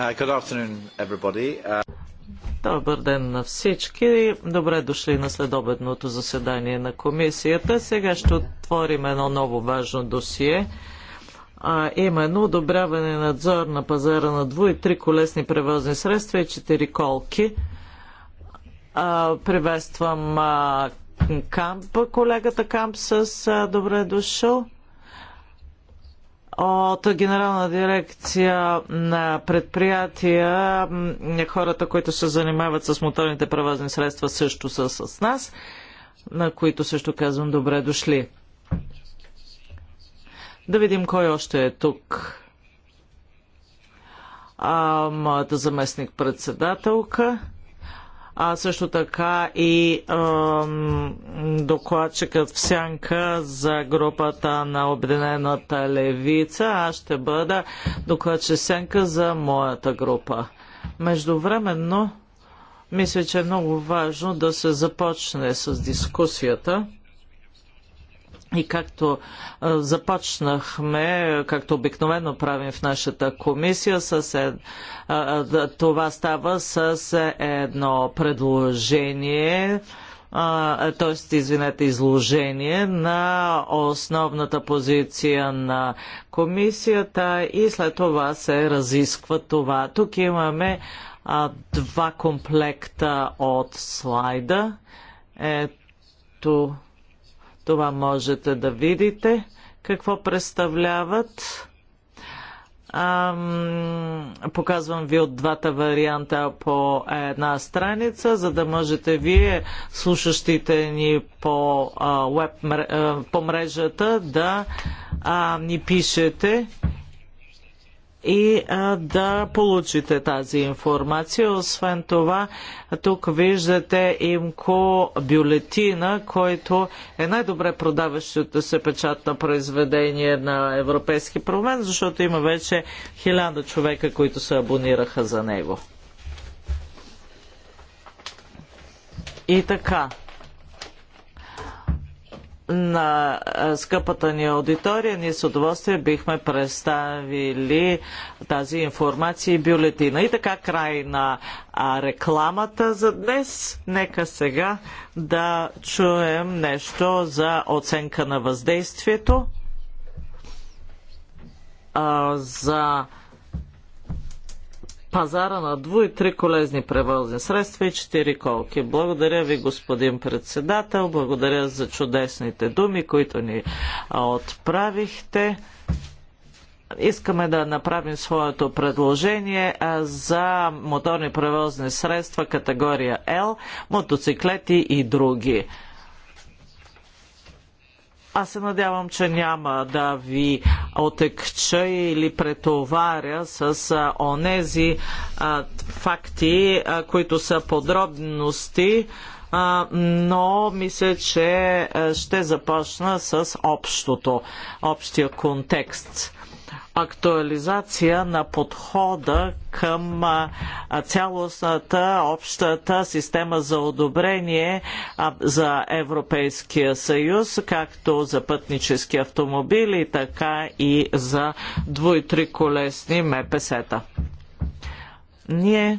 Uh, uh, Добър ден на всички. Добре дошли на следобедното заседание на комисията. Сега ще отворим едно ново важно досие, а именно одобряване надзор на пазара на дво и три колесни превозни средства и четири колки. А, приветствам а, Камп, колегата Камп с а, добре дошъл от Генерална дирекция на предприятия, хората, които се занимават с моторните превозни средства, също са с нас, на които също казвам добре дошли. Да видим кой още е тук. А, моята заместник-председателка а също така и ам, докладчикът в сянка за групата на Обединената левица. Аз ще бъда докладчик сянка за моята група. Междувременно, мисля, че е много важно да се започне с дискусията и както започнахме, както обикновено правим в нашата комисия, с това става с едно предложение, т.е. извинете, изложение на основната позиция на комисията и след това се разисква това. Тук имаме два комплекта от слайда. Ето това можете да видите какво представляват. Ам, показвам ви от двата варианта по една страница, за да можете вие, слушащите ни по, а, веб, а, по мрежата, да а, ни пишете и а, да получите тази информация. Освен това, тук виждате имко бюлетина, който е най-добре продаващото се печатно произведение на Европейски парламент, защото има вече хиляда човека, които се абонираха за него. И така на скъпата ни аудитория, ние с удоволствие бихме представили тази информация и бюлетина. И така край на рекламата за днес. Нека сега да чуем нещо за оценка на въздействието, за пазара на дво и три колезни превозни средства и четири колки. Благодаря ви, господин председател. Благодаря за чудесните думи, които ни отправихте. Искаме да направим своето предложение за моторни превозни средства категория L, мотоциклети и други. Аз се надявам, че няма да ви отекча или претоваря с а, онези а, факти, а, които са подробности, а, но мисля, че ще започна с общото, общия контекст актуализация на подхода към цялостната общата система за одобрение за Европейския съюз, както за пътнически автомобили, така и за двой МПС-та. Ние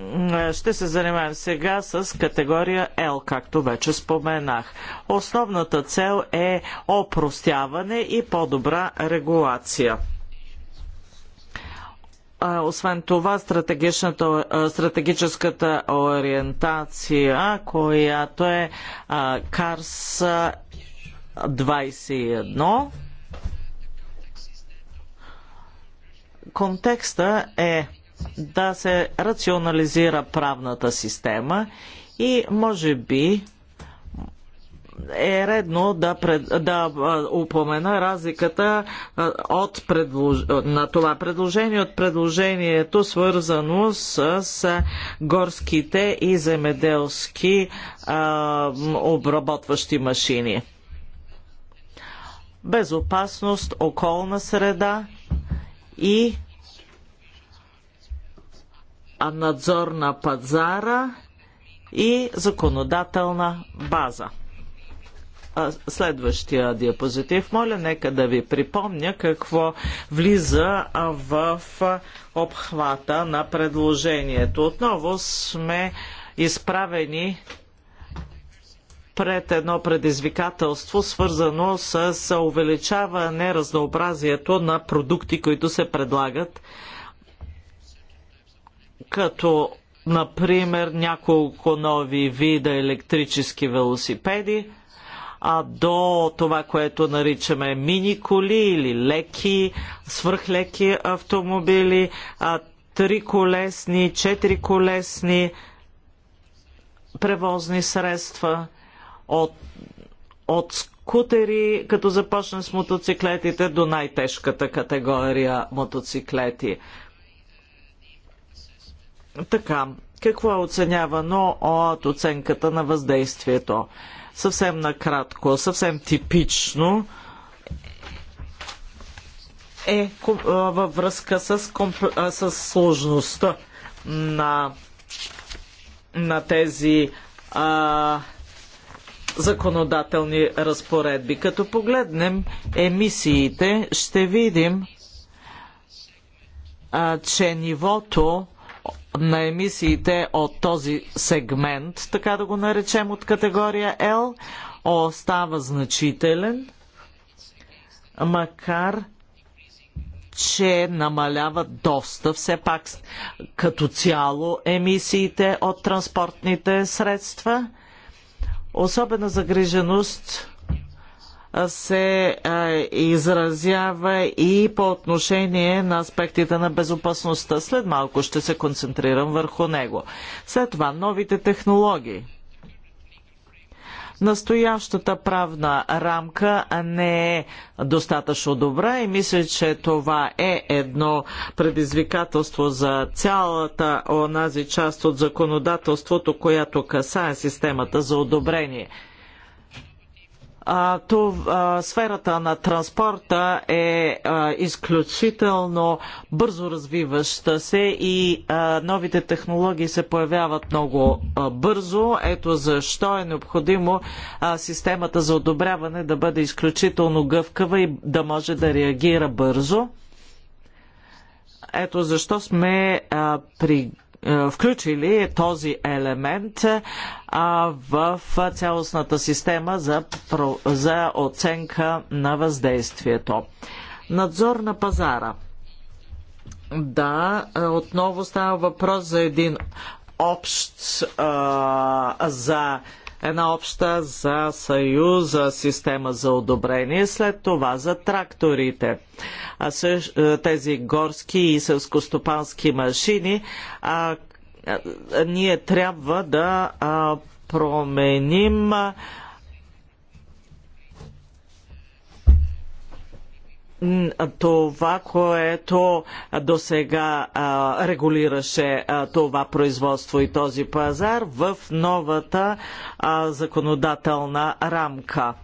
е, ще се занимаем сега с категория L, както вече споменах. Основната цел е опростяване и по-добра регулация. Освен това, стратегическата ориентация, която е КАРС 21, контекста е да се рационализира правната система и може би е редно да, пред, да упомена разликата от предлож... на това предложение от предложението свързано с, с горските и земеделски а, обработващи машини. Безопасност, околна среда и надзор на пазара и законодателна база. Следващия диапозитив, моля, нека да ви припомня какво влиза в обхвата на предложението. Отново сме изправени пред едно предизвикателство, свързано с увеличаване разнообразието на продукти, които се предлагат като например няколко нови вида електрически велосипеди, а до това, което наричаме мини коли или леки, свръхлеки автомобили, а триколесни, четириколесни превозни средства от, от скутери, като започнем с мотоциклетите до най-тежката категория мотоциклети. Така, какво е оценявано от оценката на въздействието? Съвсем накратко, съвсем типично е във връзка с, комп... с сложността на, на тези а, законодателни разпоредби. Като погледнем емисиите, ще видим, а, че нивото на емисиите от този сегмент, така да го наречем от категория L, остава значителен, макар че намаляват доста все пак като цяло емисиите от транспортните средства. Особена загриженост се изразява и по отношение на аспектите на безопасността. След малко ще се концентрирам върху него. След това новите технологии. Настоящата правна рамка не е достатъчно добра и мисля, че това е едно предизвикателство за цялата онази част от законодателството, която касае системата за одобрение – сферата на транспорта е изключително бързо развиваща се и новите технологии се появяват много бързо. Ето защо е необходимо системата за одобряване да бъде изключително гъвкава и да може да реагира бързо. Ето защо сме а, при е, включили този елемент е, в цялостната система за, за оценка на въздействието. Надзор на пазара. Да, е, отново става въпрос за един общ а, за една обща за Съюза система за одобрение, след това за тракторите. А съж, е, тези горски и селскостопански машини, а, а, ние трябва да а, променим. А, това, което до сега регулираше това производство и този пазар в новата а, законодателна рамка.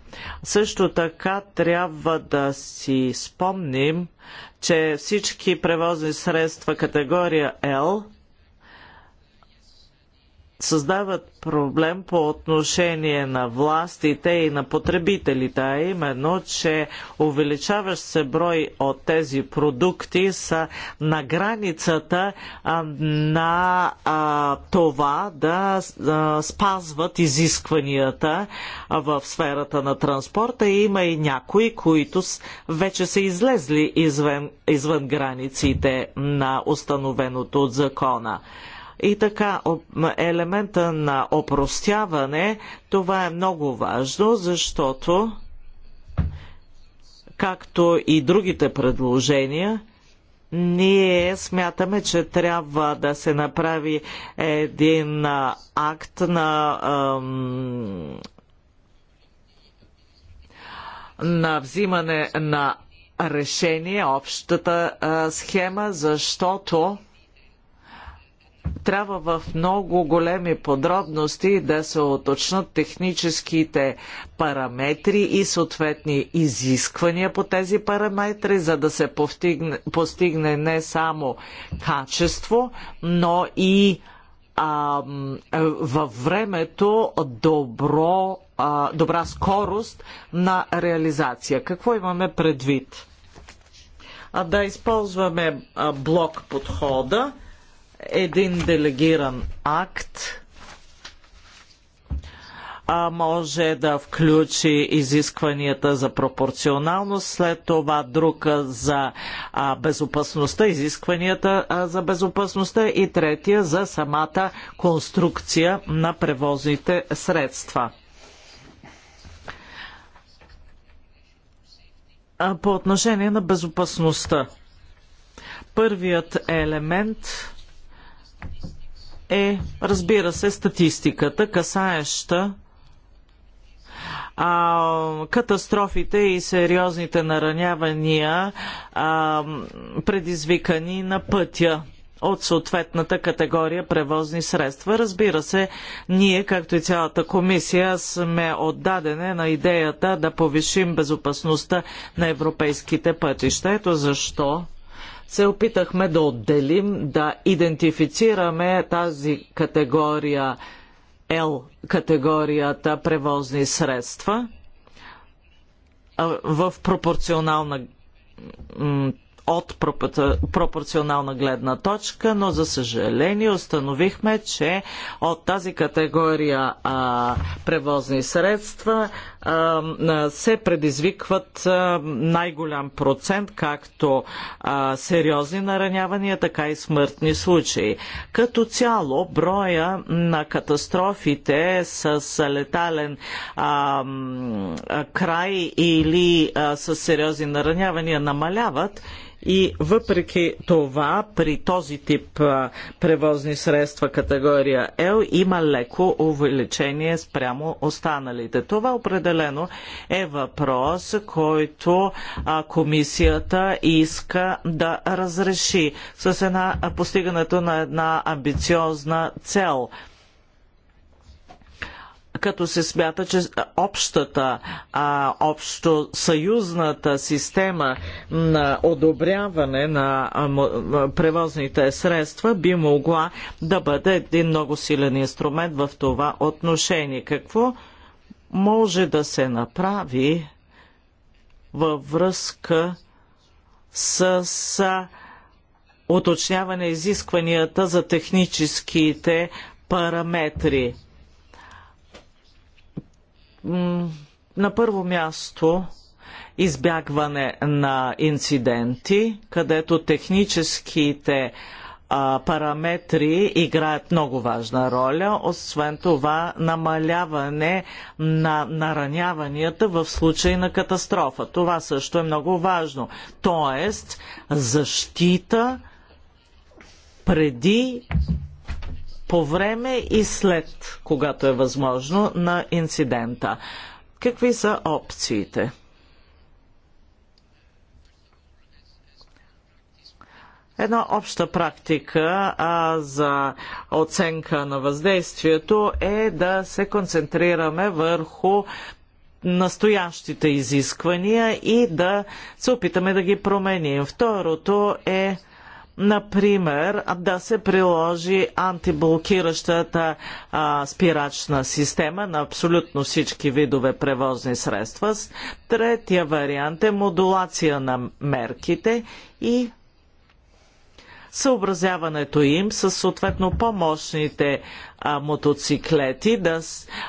Също така трябва да си спомним, че всички превозни средства категория L създават проблем по отношение на властите и на потребителите, а именно, че увеличаващ се брой от тези продукти са на границата на това да спазват изискванията в сферата на транспорта. Има и някои, които вече са излезли извън, извън границите на установеното от закона. И така, елемента на опростяване, това е много важно, защото, както и другите предложения, ние смятаме, че трябва да се направи един акт на на взимане на решение, общата схема, защото трябва в много големи подробности да се оточнат техническите параметри и съответни изисквания по тези параметри, за да се постигне, постигне не само качество, но и а, е, във времето добро, а, добра скорост на реализация. Какво имаме предвид? А да използваме блок подхода един делегиран акт а може да включи изискванията за пропорционалност, след това друг за безопасността, изискванията за безопасността и третия за самата конструкция на превозните средства. По отношение на безопасността. Първият елемент е, разбира се, статистиката, касаеща а, катастрофите и сериозните наранявания, а, предизвикани на пътя от съответната категория превозни средства. Разбира се, ние, както и цялата комисия, сме отдадени на идеята да повишим безопасността на европейските пътища. Ето защо се опитахме да отделим, да идентифицираме тази категория L категорията превозни средства в пропорционална от пропорционална гледна точка, но за съжаление установихме, че от тази категория а, превозни средства се предизвикват най-голям процент, както сериозни наранявания, така и смъртни случаи. Като цяло, броя на катастрофите с летален край или с сериозни наранявания намаляват и въпреки това, при този тип превозни средства категория L има леко увеличение спрямо останалите. Това определено определено е въпрос, който комисията иска да разреши с една, постигането на една амбициозна цел като се смята, че общата, а, общо съюзната система на одобряване на превозните средства би могла да бъде един много силен инструмент в това отношение. Какво може да се направи във връзка с уточняване изискванията за техническите параметри. На първо място избягване на инциденти, където техническите параметри а, параметри играят много важна роля. Освен това, намаляване на нараняванията в случай на катастрофа. Това също е много важно. Тоест, защита преди по време и след, когато е възможно, на инцидента. Какви са опциите? Една обща практика а, за оценка на въздействието е да се концентрираме върху настоящите изисквания и да се опитаме да ги променим. Второто е, например, да се приложи антиблокиращата а, спирачна система на абсолютно всички видове превозни средства. Третия вариант е модулация на мерките и съобразяването им с съответно по-мощните мотоциклети, да,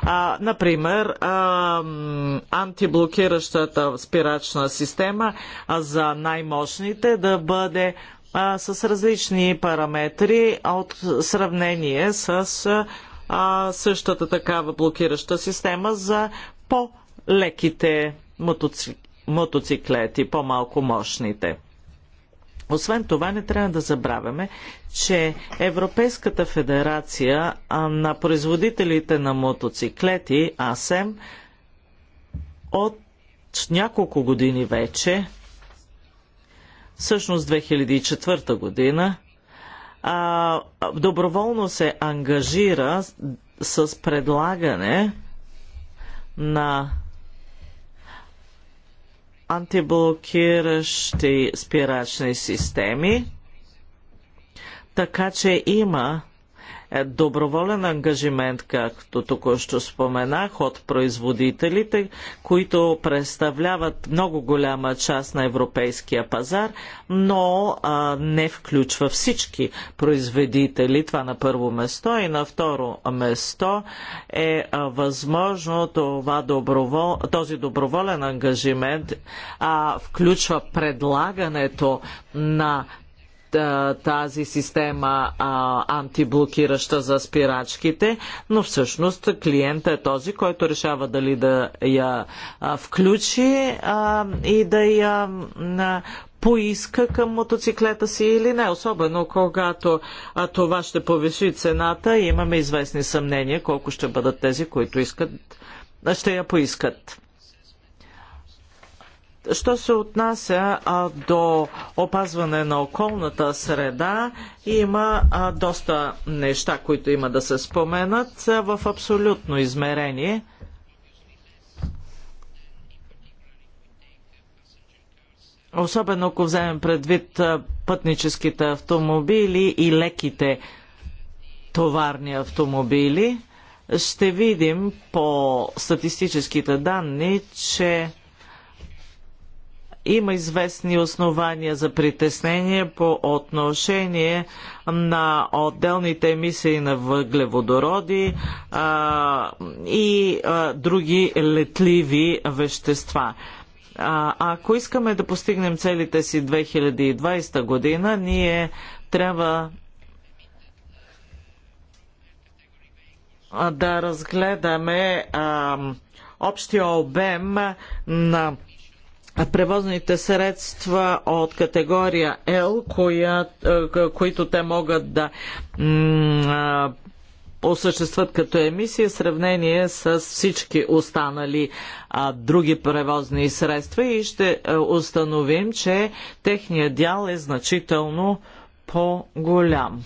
а, например а, антиблокиращата спирачна система а за най-мощните да бъде а, с различни параметри от сравнение с а, същата такава блокираща система за по-леките мотоциклети, по-малко мощните. Освен това, не трябва да забравяме, че Европейската федерация на производителите на мотоциклети, АСЕМ, от няколко години вече, всъщност 2004 година, доброволно се ангажира с предлагане на антиблокиращи спирачни системи, така че има е доброволен ангажимент, както току-що споменах, от производителите, които представляват много голяма част на европейския пазар, но а, не включва всички производители. Това на първо место и на второ место е а, възможно това добровол... този доброволен ангажимент а, включва предлагането на е, тази система а, антиблокираща за спирачките, но всъщност клиента е този, който решава дали да я а, включи а, и да я а, поиска към мотоциклета си или не, особено когато а, това ще повиши цената имаме известни съмнения колко ще бъдат тези, които искат, ще я поискат. Що се отнася а, до опазване на околната среда, има а, доста неща, които има да се споменат а, в абсолютно измерение. Особено ако вземем предвид а, пътническите автомобили и леките товарни автомобили, ще видим по статистическите данни, че има известни основания за притеснение по отношение на отделните емисии на въглеводороди а, и а, други летливи вещества. А, ако искаме да постигнем целите си 2020 година, ние трябва да разгледаме а, общия обем на превозните средства от категория L, коя, е, които те могат да осъществят като емисия в сравнение с всички останали а, други превозни средства и ще а, е, установим, че техният дял е значително по-голям.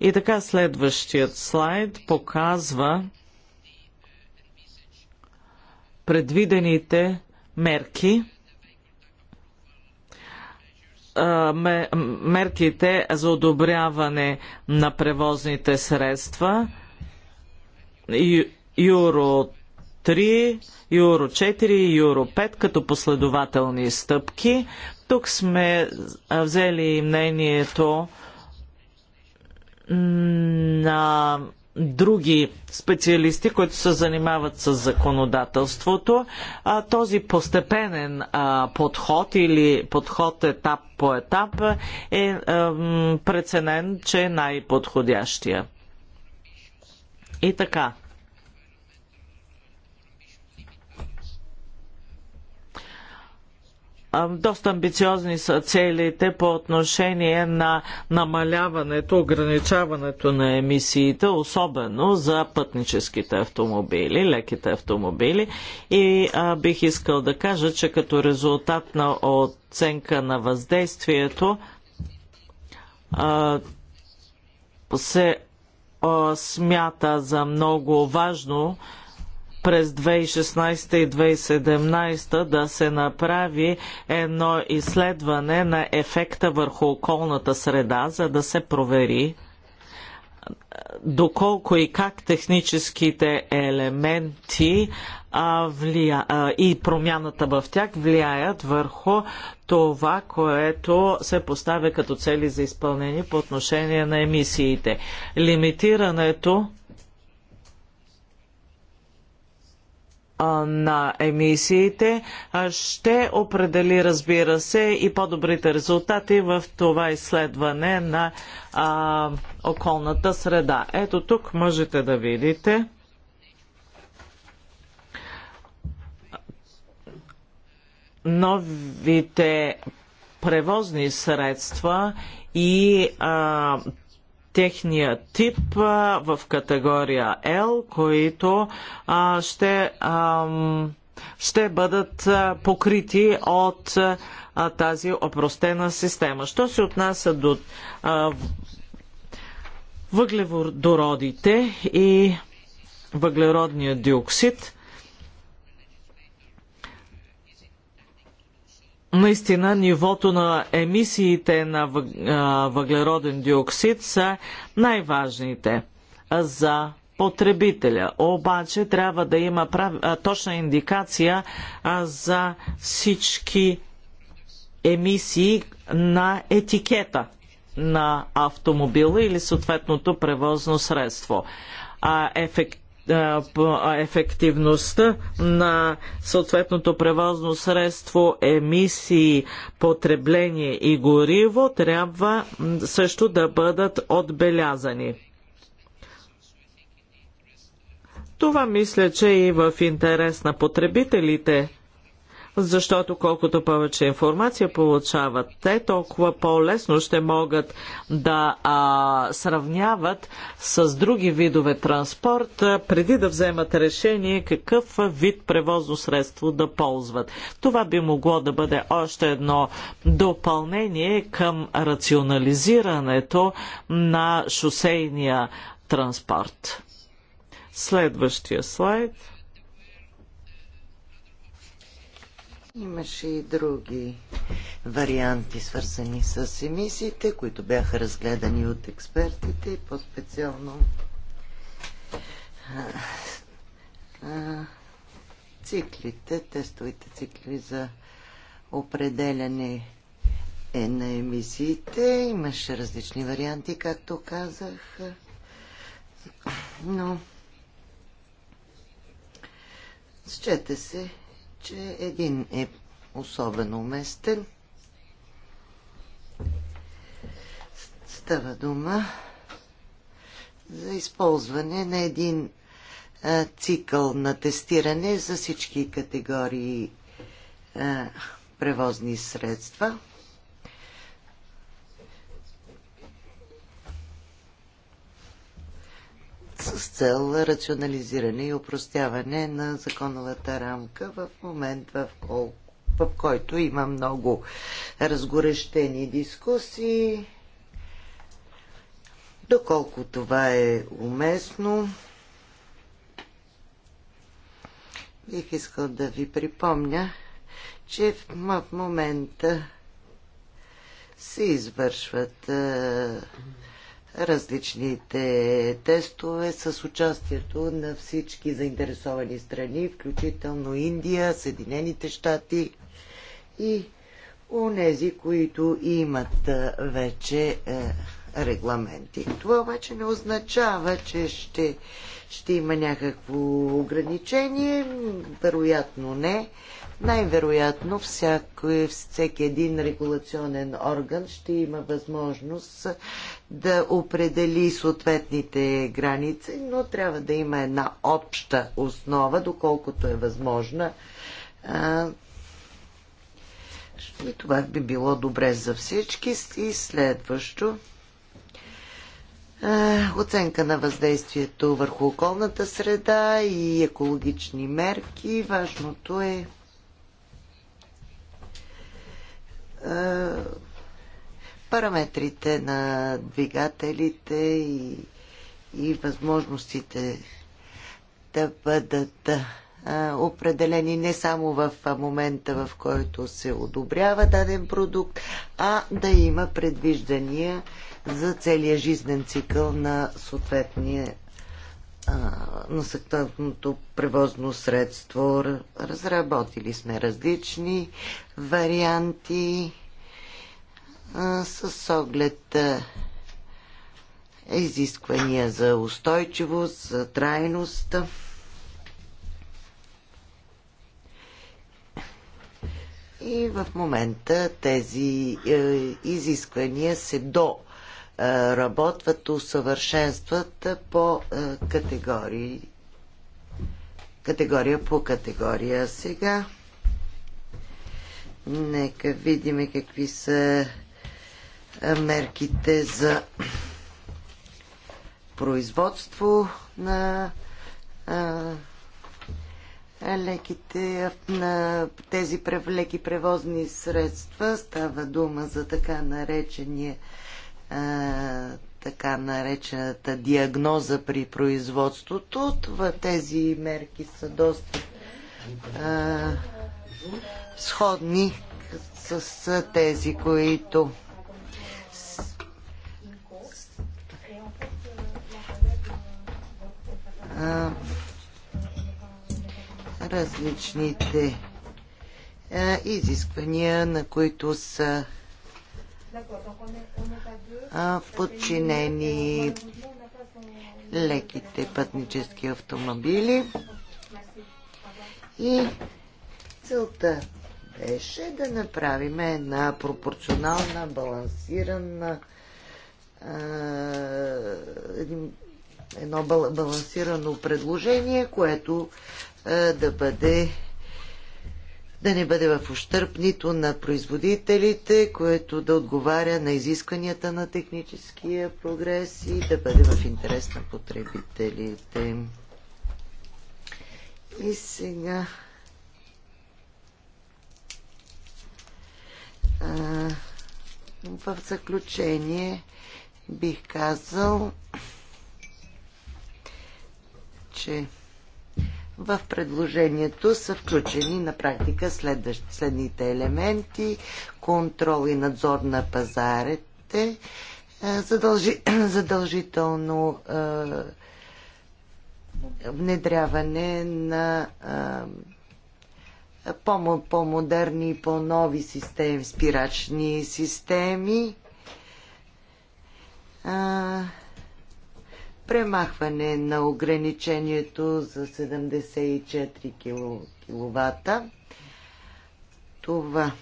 И така следващият слайд показва предвидените мерки мерките за одобряване на превозните средства Юро 3, Юро 4, Юро 5 като последователни стъпки. Тук сме взели мнението на други специалисти, които се занимават с законодателството. А, този постепенен а, подход или подход етап по етап е а, преценен, че е най-подходящия. И така. доста амбициозни са целите по отношение на намаляването, ограничаването на емисиите, особено за пътническите автомобили, леките автомобили. И а, бих искал да кажа, че като резултат на оценка на въздействието а, се а, смята за много важно а, през 2016 и 2017 да се направи едно изследване на ефекта върху околната среда, за да се провери доколко и как техническите елементи а, влия, а, и промяната в тях влияят върху това, което се поставя като цели за изпълнение по отношение на емисиите. Лимитирането на емисиите ще определи, разбира се, и по-добрите резултати в това изследване на а, околната среда. Ето тук можете да видите новите превозни средства и а, техния тип в категория L, които ще, ще бъдат покрити от тази опростена система. Що се отнася до въглеводородите и въглеродния диоксид, наистина нивото на емисиите на въглероден диоксид са най-важните за потребителя. Обаче трябва да има прав... точна индикация за всички емисии на етикета на автомобила или съответното превозно средство. А ефект ефективността на съответното превозно средство, емисии, потребление и гориво трябва също да бъдат отбелязани. Това мисля, че е и в интерес на потребителите – защото колкото повече информация получават те, толкова по-лесно ще могат да а, сравняват с други видове транспорт, а, преди да вземат решение какъв вид превозно средство да ползват. Това би могло да бъде още едно допълнение към рационализирането на шосейния транспорт. Следващия слайд – Имаше и други варианти, свързани с емисиите, които бяха разгледани от експертите и по-специално циклите, тестовите цикли за определяне е на емисиите. Имаше различни варианти, както казах. Но счете се, че един е особено уместен. Става дума за използване на един а, цикъл на тестиране за всички категории а, превозни средства. с цел рационализиране и упростяване на законовата рамка в момент, в, колко в който има много разгорещени дискусии. Доколко това е уместно, бих искал да ви припомня, че в момента се извършват различните тестове с участието на всички заинтересовани страни, включително Индия, Съединените щати и унези, които имат вече е, регламенти. Това обаче не означава, че ще, ще има някакво ограничение. Вероятно не най-вероятно всеки един регулационен орган ще има възможност да определи съответните граници, но трябва да има една обща основа, доколкото е възможна. И това би било добре за всички. И следващо оценка на въздействието върху околната среда и екологични мерки. Важното е Е, параметрите на двигателите и, и възможностите да бъдат е, определени не само в момента, в който се одобрява даден продукт, а да има предвиждания за целия жизнен цикъл на съответния на сектантното превозно средство. Разработили сме различни варианти а, с оглед а, изисквания за устойчивост, за трайност. И в момента тези е, изисквания се до е, работват, усъвършенстват по е, категории. Категория по категория. Сега нека видим какви са е, мерките за производство на а, леките, на тези леки превозни средства. Става дума за така наречения така наречената диагноза при производството. Това, тези мерки са доста а, сходни с, с тези, които а, различните а, изисквания, на които са подчинени леките пътнически автомобили. И целта беше да направим една пропорционална, балансирана едно балансирано предложение, което да бъде да не бъде в ущърп нито на производителите, което да отговаря на изискванията на техническия прогрес и да бъде в интерес на потребителите. И сега... А, в заключение бих казал, че в предложението са включени на практика следните елементи контрол и надзор на пазарите, е, задължи, задължително е, внедряване на е, по-модерни и по-нови системи, спирачни системи. Е, премахване на ограничението за 74 киловата. Това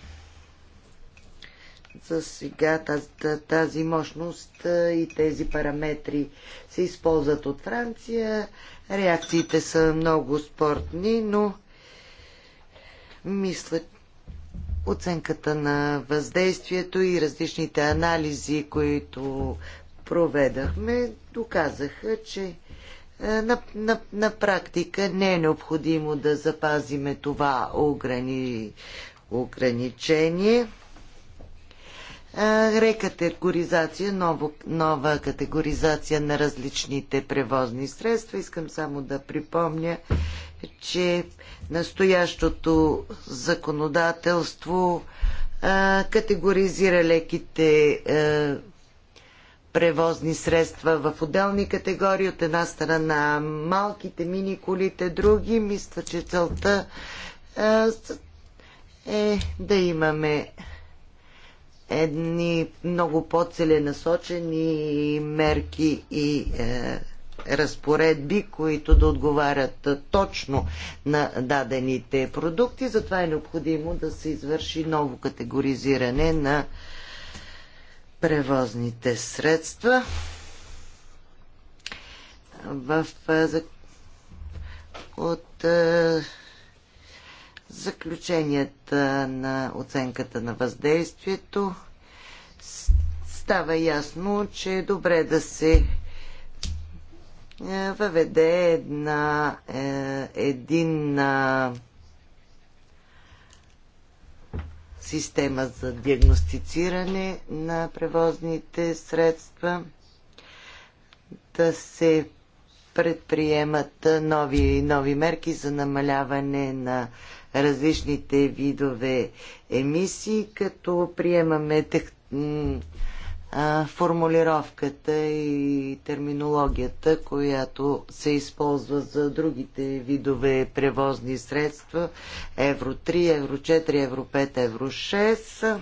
за сега тази, тази мощност и тези параметри се използват от Франция. Реакциите са много спортни, но мисля, оценката на въздействието и различните анализи, които проведахме, доказаха, че е, на, на, на практика не е необходимо да запазиме това ограни, ограничение. Е, рекатегоризация, нова, нова категоризация на различните превозни средства. Искам само да припомня, че настоящото законодателство е, категоризира леките превозни средства в отделни категории. От една страна малките мини колите, други. Мисля, че целта е да имаме едни много по-целенасочени мерки и е, разпоредби, които да отговарят точно на дадените продукти. Затова е необходимо да се извърши ново категоризиране на превозните средства. В, от заключенията на оценката на въздействието става ясно, че е добре да се е, въведе една, е, един система за диагностициране на превозните средства, да се предприемат нови, нови мерки за намаляване на различните видове емисии, като приемаме тех формулировката и терминологията, която се използва за другите видове превозни средства Евро 3, Евро 4, Евро 5, Евро 6.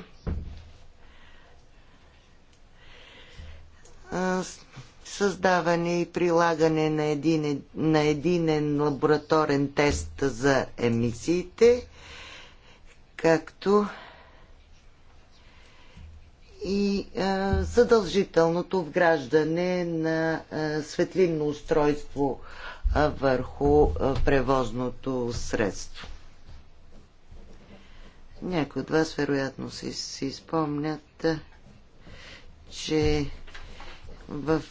създаване и прилагане на един, на единен лабораторен тест за емисиите, както и а, задължителното вграждане на а, светлинно устройство а, върху а, превозното средство. Някои от вас вероятно си, си спомнят, а, че в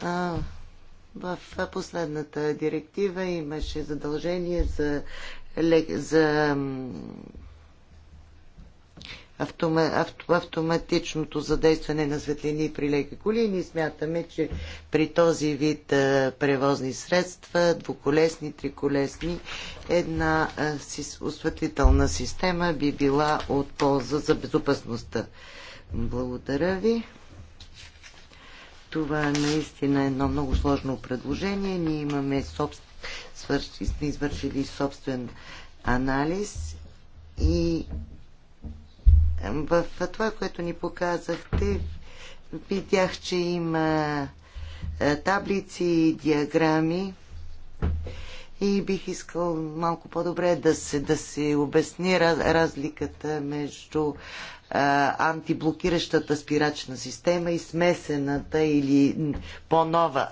а, в последната директива имаше задължение за, за автоматичното задействане на светлини при леки коли. Ние смятаме, че при този вид превозни средства, двуколесни, триколесни, една осветлителна система би била от полза за безопасността. Благодаря ви. Това е наистина едно много сложно предложение. Ние имаме сме извършили собствен анализ и в това, което ни показахте, видях, че има е, таблици и диаграми и бих искал малко по-добре да се, да се обясни разликата между антиблокиращата спирачна система и смесената или по-нова,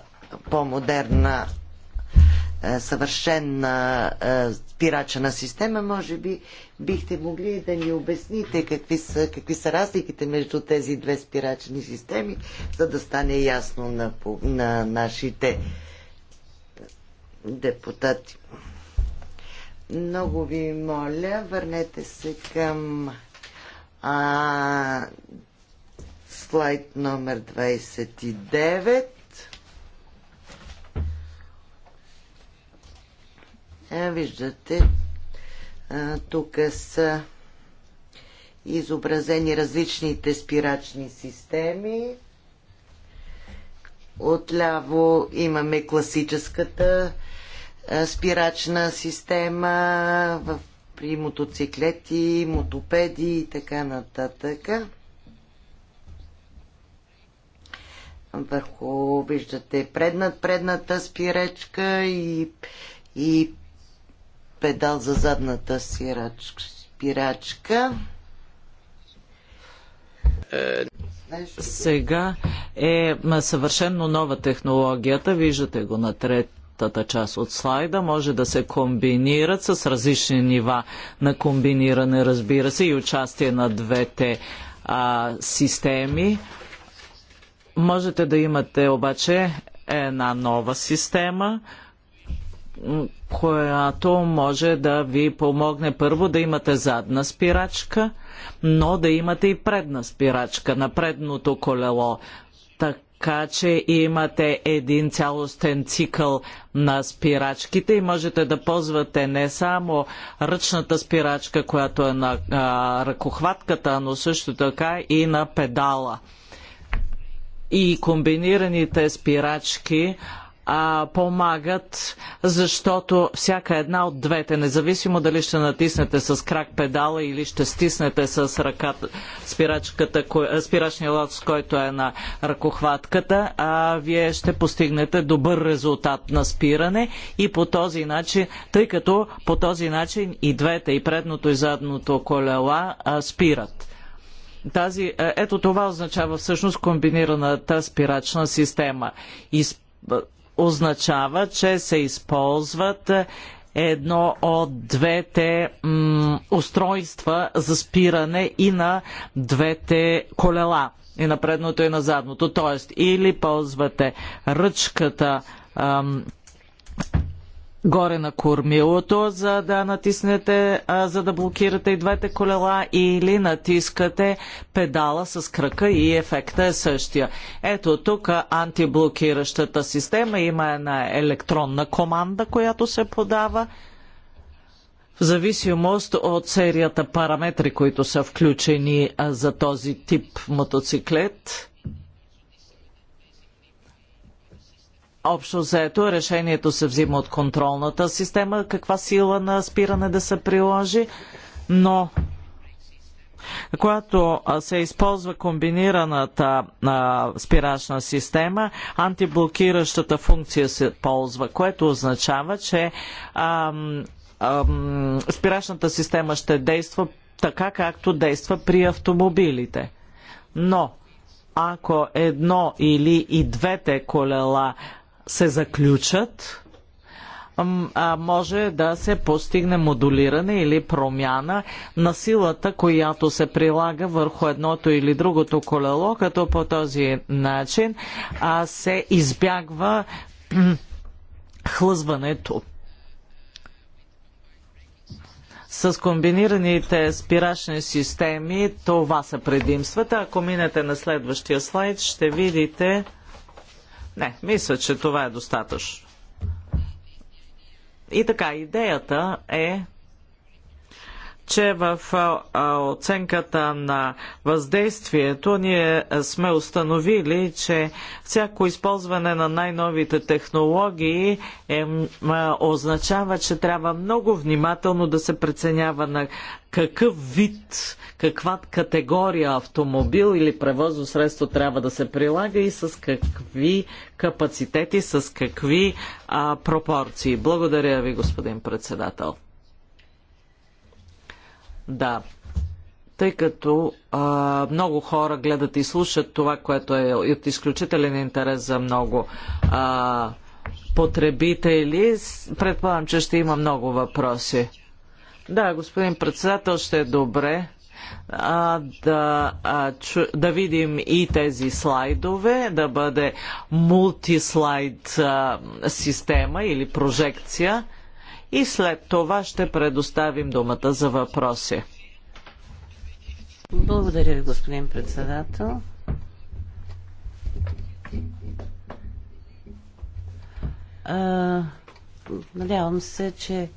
по-модерна съвършена спирачна система. Може би бихте могли да ни обясните какви са, какви са разликите между тези две спирачни системи, за да стане ясно на, на нашите депутати. Много ви моля, върнете се към а, слайд номер 29. Е, виждате, а, тук са изобразени различните спирачни системи. Отляво имаме класическата спирачна система в при мотоциклети, мотопеди и така нататък. Върху виждате преднат, предната спирачка и, и педал за задната спирачка. Сега е съвършенно нова технологията. Виждате го на трет останалата част от слайда може да се комбинират с различни нива на комбиниране, разбира се, и участие на двете а, системи. Можете да имате обаче една нова система, която може да ви помогне първо да имате задна спирачка, но да имате и предна спирачка на предното колело, така че имате един цялостен цикъл на спирачките и можете да ползвате не само ръчната спирачка, която е на а, ръкохватката, но също така и на педала. И комбинираните спирачки а, помагат, защото всяка една от двете, независимо дали ще натиснете с крак педала или ще стиснете с ръката, спирачката, спирачния лад, с който е на ръкохватката, а вие ще постигнете добър резултат на спиране и по този начин, тъй като по този начин и двете, и предното и задното колела а, спират. Тази, е, ето това означава всъщност комбинираната спирачна система. И означава, че се използват едно от двете устройства за спиране и на двете колела, и на предното и на задното. Тоест, или ползвате ръчката горе на кормилото, за да натиснете, а, за да блокирате и двете колела или натискате педала с кръка и ефекта е същия. Ето тук антиблокиращата система има една електронна команда, която се подава в зависимост от серията параметри, които са включени за този тип мотоциклет общо заето решението се взима от контролната система, каква сила на спиране да се приложи, но когато се използва комбинираната а, спирачна система, антиблокиращата функция се ползва, което означава, че ам, ам, спирачната система ще действа така, както действа при автомобилите. Но ако едно или и двете колела се заключат, може да се постигне модулиране или промяна на силата, която се прилага върху едното или другото колело, като по този начин се избягва хлъзването. С комбинираните спирачни системи това са предимствата. Ако минете на следващия слайд, ще видите не, мисля, че това е достатъчно. И така, идеята е че в оценката на въздействието ние сме установили, че всяко използване на най-новите технологии е, означава, че трябва много внимателно да се преценява на какъв вид, каква категория автомобил или превозно средство трябва да се прилага и с какви капацитети, с какви а, пропорции. Благодаря ви, господин председател. Да. Тъй като а, много хора гледат и слушат това, което е от изключителен интерес за много а, потребители, предполагам, че ще има много въпроси. Да, господин председател, ще е добре а, да, а, чу, да видим и тези слайдове, да бъде мултислайд а, система или прожекция и след това ще предоставим думата за въпроси. Благодаря ви, господин председател. А, надявам се, че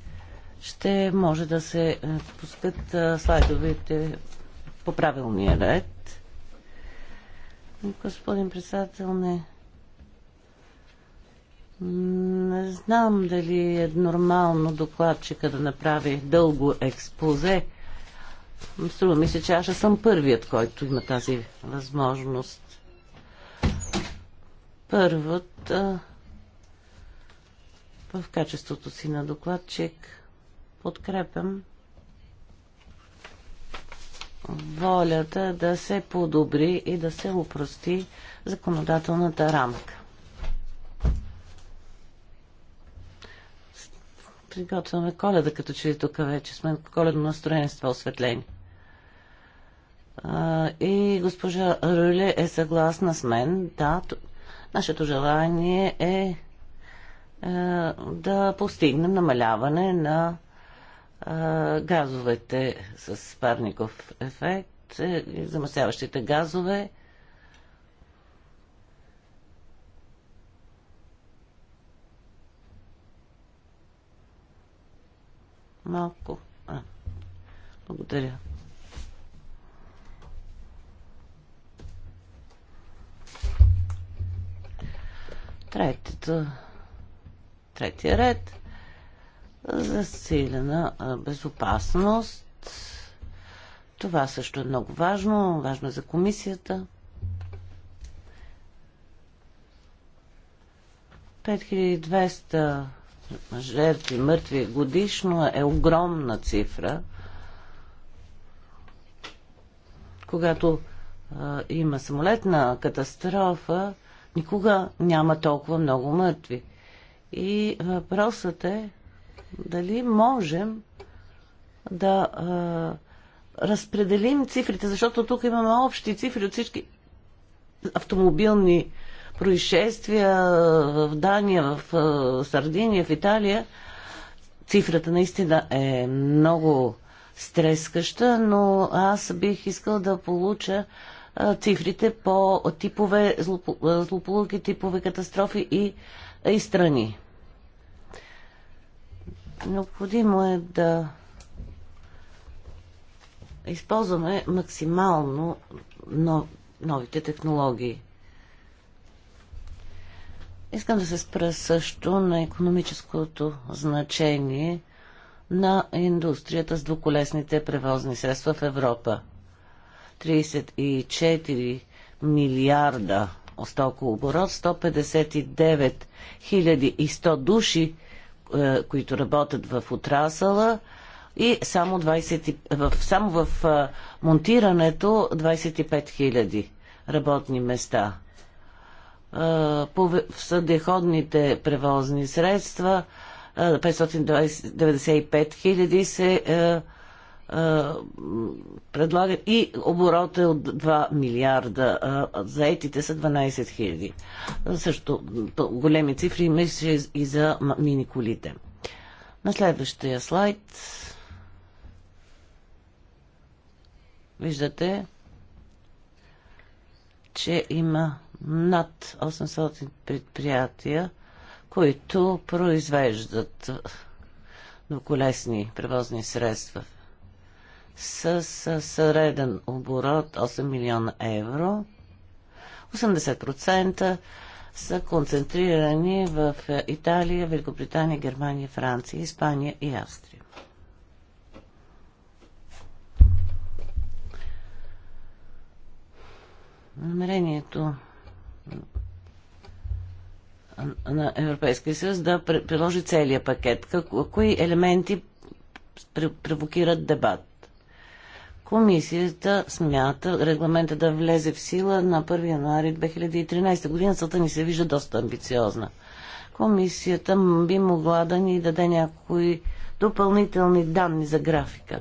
ще може да се пускат слайдовете по правилния ред. Господин председател, не не знам дали е нормално докладчика да направи дълго експозе. Струва ми се, че аз съм първият, който има тази възможност. Първата в качеството си на докладчик подкрепям волята да се подобри и да се упрости законодателната рамка. приготвяме коледа, като че ли тук вече сме коледно настроение с това осветление. И госпожа Руле е съгласна с мен. Да, нашето желание е, е да постигнем намаляване на газовете с парников ефект, е, замърсяващите газове малко. А, благодаря. Третата, третия ред засилена безопасност. Това също е много важно. Важно е за комисията. 5200 жертви, мъртви годишно е огромна цифра. Когато а, има самолетна катастрофа, никога няма толкова много мъртви. И въпросът е дали можем да а, разпределим цифрите, защото тук имаме общи цифри от всички автомобилни происшествия в Дания, в Сардиния, в Италия. Цифрата наистина е много стрескаща, но аз бих искал да получа цифрите по типове злополуки, типове катастрофи и, и страни. Необходимо е да използваме максимално новите технологии. Искам да се спра също на економическото значение на индустрията с двуколесните превозни средства в Европа. 34 милиарда стоко оборот, 159 100 души, е, които работят в отрасъла и само, 20, в, само в е, монтирането 25 000 работни места в съдеходните превозни средства 595 хиляди се предлагат и оборота е от 2 милиарда. Заетите са 12 хиляди. Също големи цифри мисля и за миниколите. На следващия слайд виждате, че има над 800 предприятия, които произвеждат двуколесни превозни средства с среден оборот 8 милиона евро. 80% са концентрирани в е, Италия, Великобритания, Германия, Франция, Испания и Австрия. Намерението на Европейския съюз да приложи целият пакет? Как, кои елементи провокират дебат? Комисията смята регламента да влезе в сила на 1 януари 2013 година. Целта ни се вижда доста амбициозна. Комисията би могла да ни даде някои допълнителни данни за графика.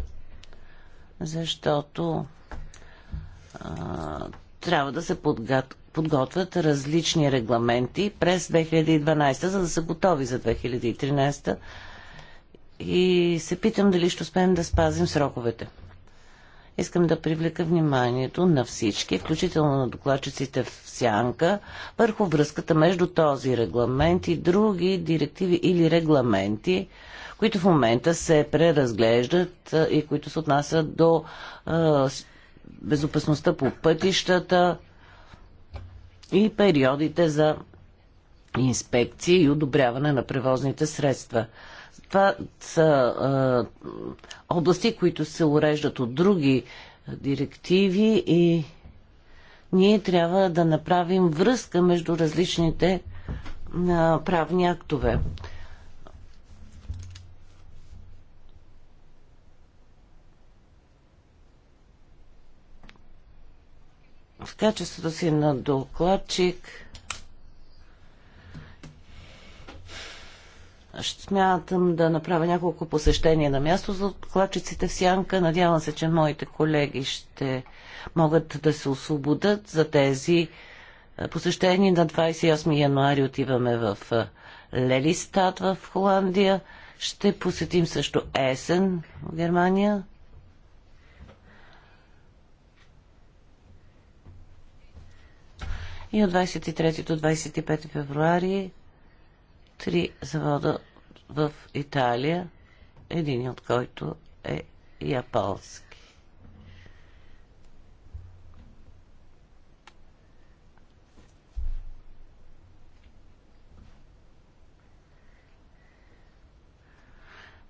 Защото а, трябва да се подгад, подготвят различни регламенти през 2012, за да са готови за 2013. И се питам дали ще успеем да спазим сроковете. Искам да привлека вниманието на всички, включително на докладчиците в Сянка, върху връзката между този регламент и други директиви или регламенти, които в момента се преразглеждат и които се отнасят до безопасността по пътищата, и периодите за инспекции и одобряване на превозните средства. Това са а, области, които се уреждат от други директиви и ние трябва да направим връзка между различните а, правни актове. в качеството си на докладчик ще смятам да направя няколко посещения на място за докладчиците в Сянка. Надявам се, че моите колеги ще могат да се освободят за тези е, посещения. На 28 януари отиваме в е, Лелистат в Холандия. Ще посетим също Есен в Германия. и от 23 до 25 февруари три завода в Италия, един от който е японски.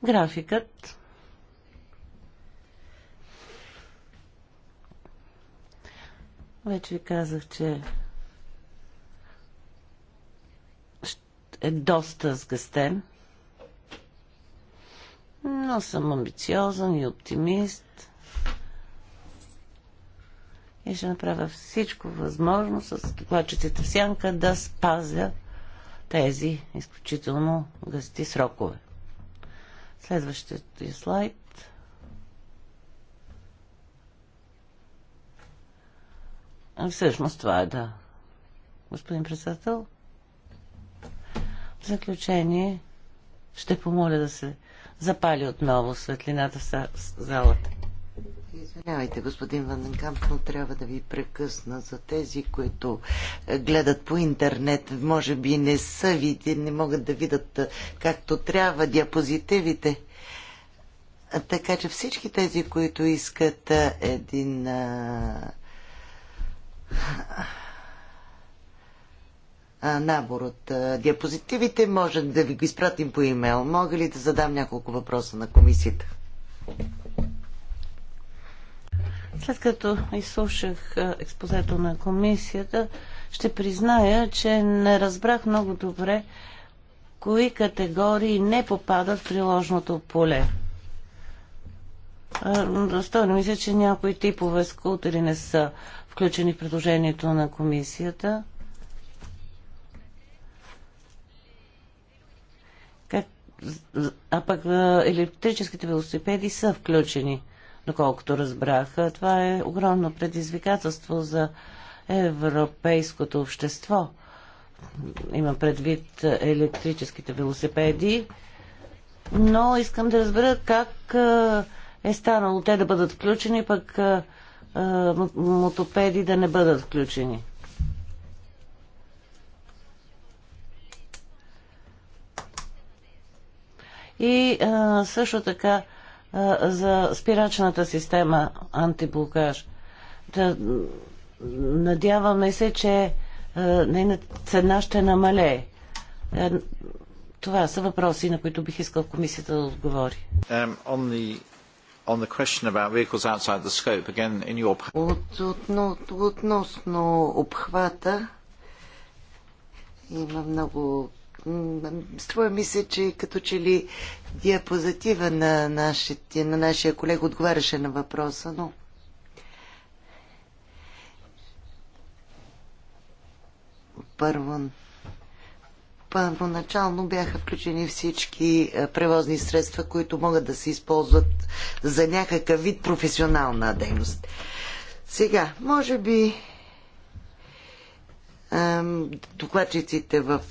Графикът вече ви казах, че е доста сгъстен, но съм амбициозен и оптимист. И ще направя всичко възможно с докладчиците в сянка да спазя тези изключително гъсти срокове. Следващия слайд. Всъщност това е да. Господин председател, заключение ще помоля да се запали отново светлината в залата. Извинявайте, господин Ванденкамп, но трябва да ви прекъсна за тези, които е, гледат по интернет. Може би не са види, не могат да видят е, както трябва диапозитивите. Така че всички тези, които искат е, един набор от диапозитивите. Може да ви го изпратим по имейл. Мога ли да задам няколко въпроса на комисията? След като изслушах експозето на комисията, ще призная, че не разбрах много добре кои категории не попадат в приложното поле. Стойно мисля, че някои типове скутери не са включени в предложението на комисията. а пък електрическите велосипеди са включени, доколкото разбрах. Това е огромно предизвикателство за европейското общество. Има предвид електрическите велосипеди, но искам да разбера как е станало те да бъдат включени, пък мотопеди да не бъдат включени. и а, също така а, за спирачната система антиблокаж. Да, надяваме се, че нейната цена ще намалее. Е, това са въпроси, на които бих искал комисията да отговори. относно обхвата има много Струва ми се, че като че ли диапозитива на, нашите, на нашия колега отговаряше на въпроса, но първо първоначално бяха включени всички е, превозни средства, които могат да се използват за някакъв вид професионална дейност. Сега, може би докладчиците в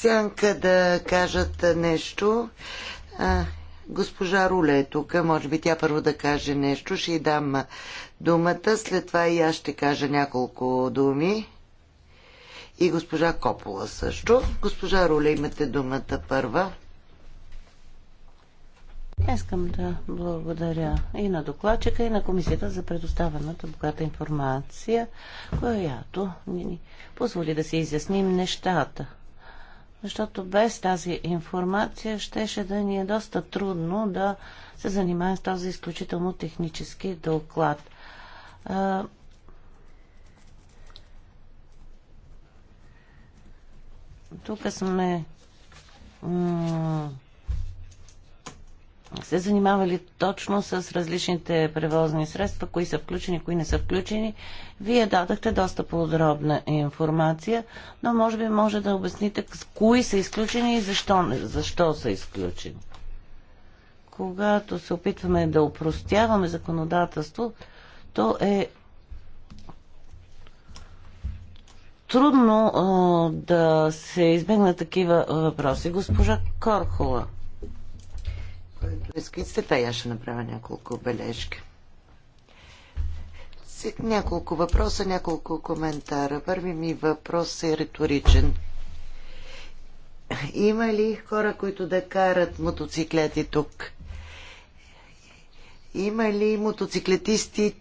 сянка да кажат нещо. А, госпожа Руле е тук. Може би тя първо да каже нещо. Ще й дам думата. След това и аз ще кажа няколко думи. И госпожа Копола също. Госпожа Руле, имате думата първа. Искам да благодаря и на докладчика, и на комисията за предоставената богата информация, която ни позволи да си изясним нещата защото без тази информация щеше да ни е доста трудно да се занимаем с този изключително технически доклад. Тук сме се занимавали точно с различните превозни средства, кои са включени, кои не са включени. Вие дадахте доста подробна информация, но може би може да обясните кои са изключени и защо, защо са изключени. Когато се опитваме да упростяваме законодателство, то е трудно а, да се избегнат такива въпроси. Госпожа Корхола който я ще направя няколко бележки. няколко въпроса, няколко коментара. Първи ми въпрос е риторичен. Има ли хора, които да карат мотоциклети тук? Има ли мотоциклетисти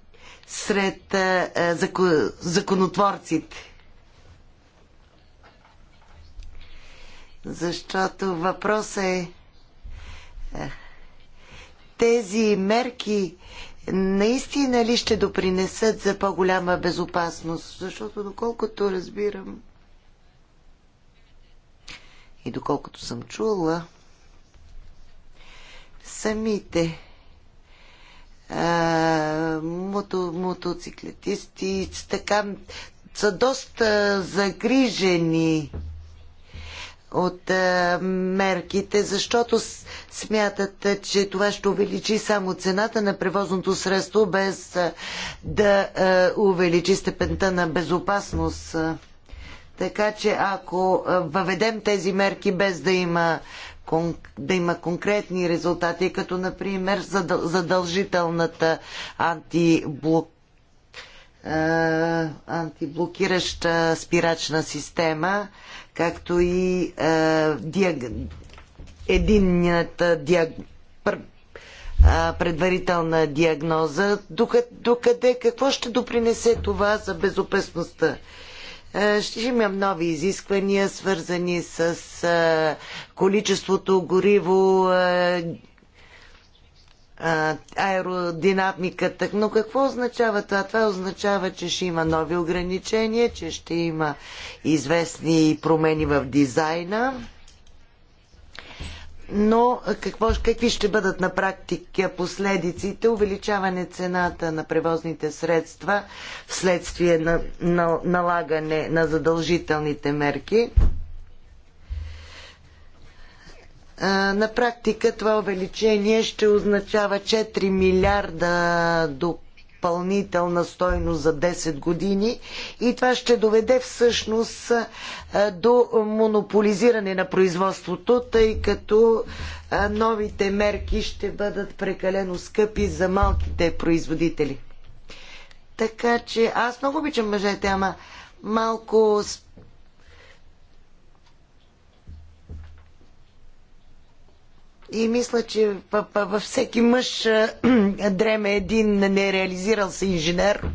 сред а, а, закон, законотворците? Защото въпросът е, е тези мерки наистина ли ще допринесат за по-голяма безопасност? Защото доколкото разбирам и доколкото съм чула, самите а, мото, мотоциклетисти така са доста загрижени от а, е, мерките, защото смятат, е, че това ще увеличи само цената на превозното средство, без а, е, да а, увеличи степента на безопасност. Така че ако въведем тези мерки без да има, да има конкретни резултати, като например задължителната антиблок антиблокираща спирачна система, както и а, диаг... единната диаг... Пр... а, предварителна диагноза. Докъде, докъде, какво ще допринесе това за безопасността? Ще имам нови изисквания, свързани с а, количеството гориво, а, аеродинамиката. Но какво означава това? Това означава, че ще има нови ограничения, че ще има известни промени в дизайна. Но какво, какви ще бъдат на практика последиците? Увеличаване цената на превозните средства вследствие на, на налагане на задължителните мерки на практика това увеличение ще означава 4 милиарда допълнителна стойност за 10 години и това ще доведе всъщност до монополизиране на производството, тъй като новите мерки ще бъдат прекалено скъпи за малките производители. Така че аз много обичам мъжете, ама малко И мисля, че във всеки мъж дреме един нереализирал се инженер,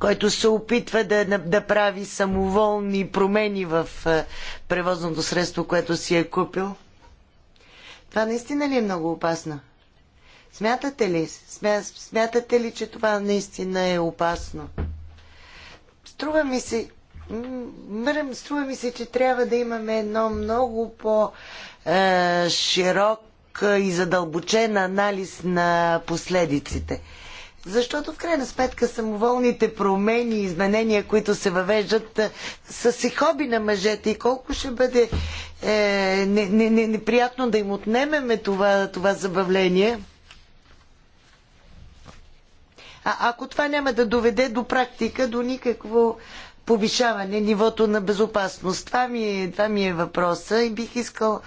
който се опитва да, да прави самоволни промени в превозното средство, което си е купил. Това наистина ли е много опасно? Смятате ли, смя, смятате ли, че това наистина е опасно? Струва ми се, струва ми се, че трябва да имаме едно много по-широк и задълбочен анализ на последиците. Защото в крайна сметка самоволните промени и изменения, които се въвеждат, е, са си хоби на мъжете и колко ще бъде е, не, не, не, неприятно да им отнемеме това, това забавление. А ако това няма да доведе до практика, до никакво повишаване нивото на безопасност. Това ми е, това ми е въпроса и бих искал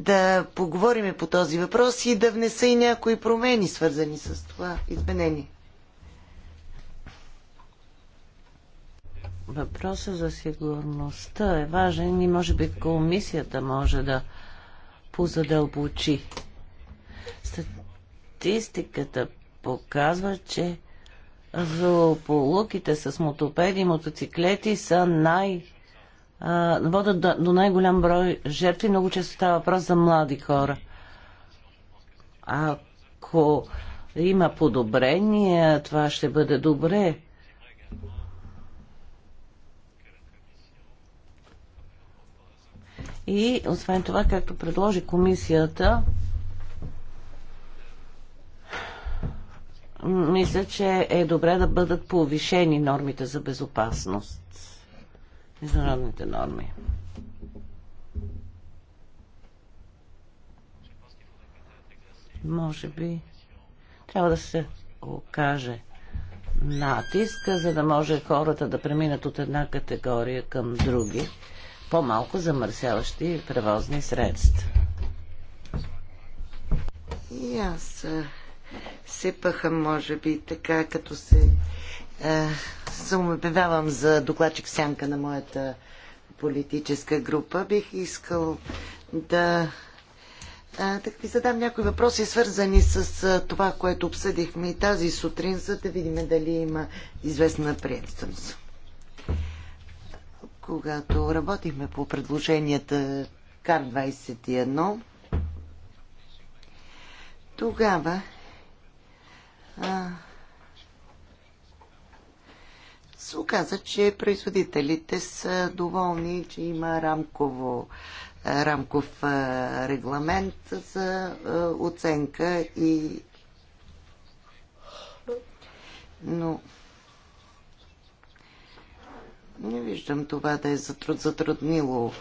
да поговорим по този въпрос и да внеса и някои промени, свързани с това изменение. Въпросът за сигурността е важен и може би комисията може да позадълбочи. Статистиката показва, че злополуките с мотопеди, мотоциклети са най... А, водят до, до най-голям брой жертви. Много често става въпрос за млади хора. Ако има подобрение, това ще бъде добре. И освен това, както предложи комисията, мисля, че е добре да бъдат повишени нормите за безопасност. Международните норми. Може би трябва да се окаже натиска, за да може хората да преминат от една категория към други, по-малко замърсяващи превозни средства. И аз сипаха, може би, така, като се е, за докладчик сянка на моята политическа група. Бих искал да а, е, так ви задам някои въпроси, свързани с а, е, това, което обсъдихме и тази сутрин, за да видим дали има известна приемственост. Когато работихме по предложенията КАР-21, тогава се оказа, че производителите са доволни, че има рамково, рамков регламент за оценка и но не виждам това да е затруднило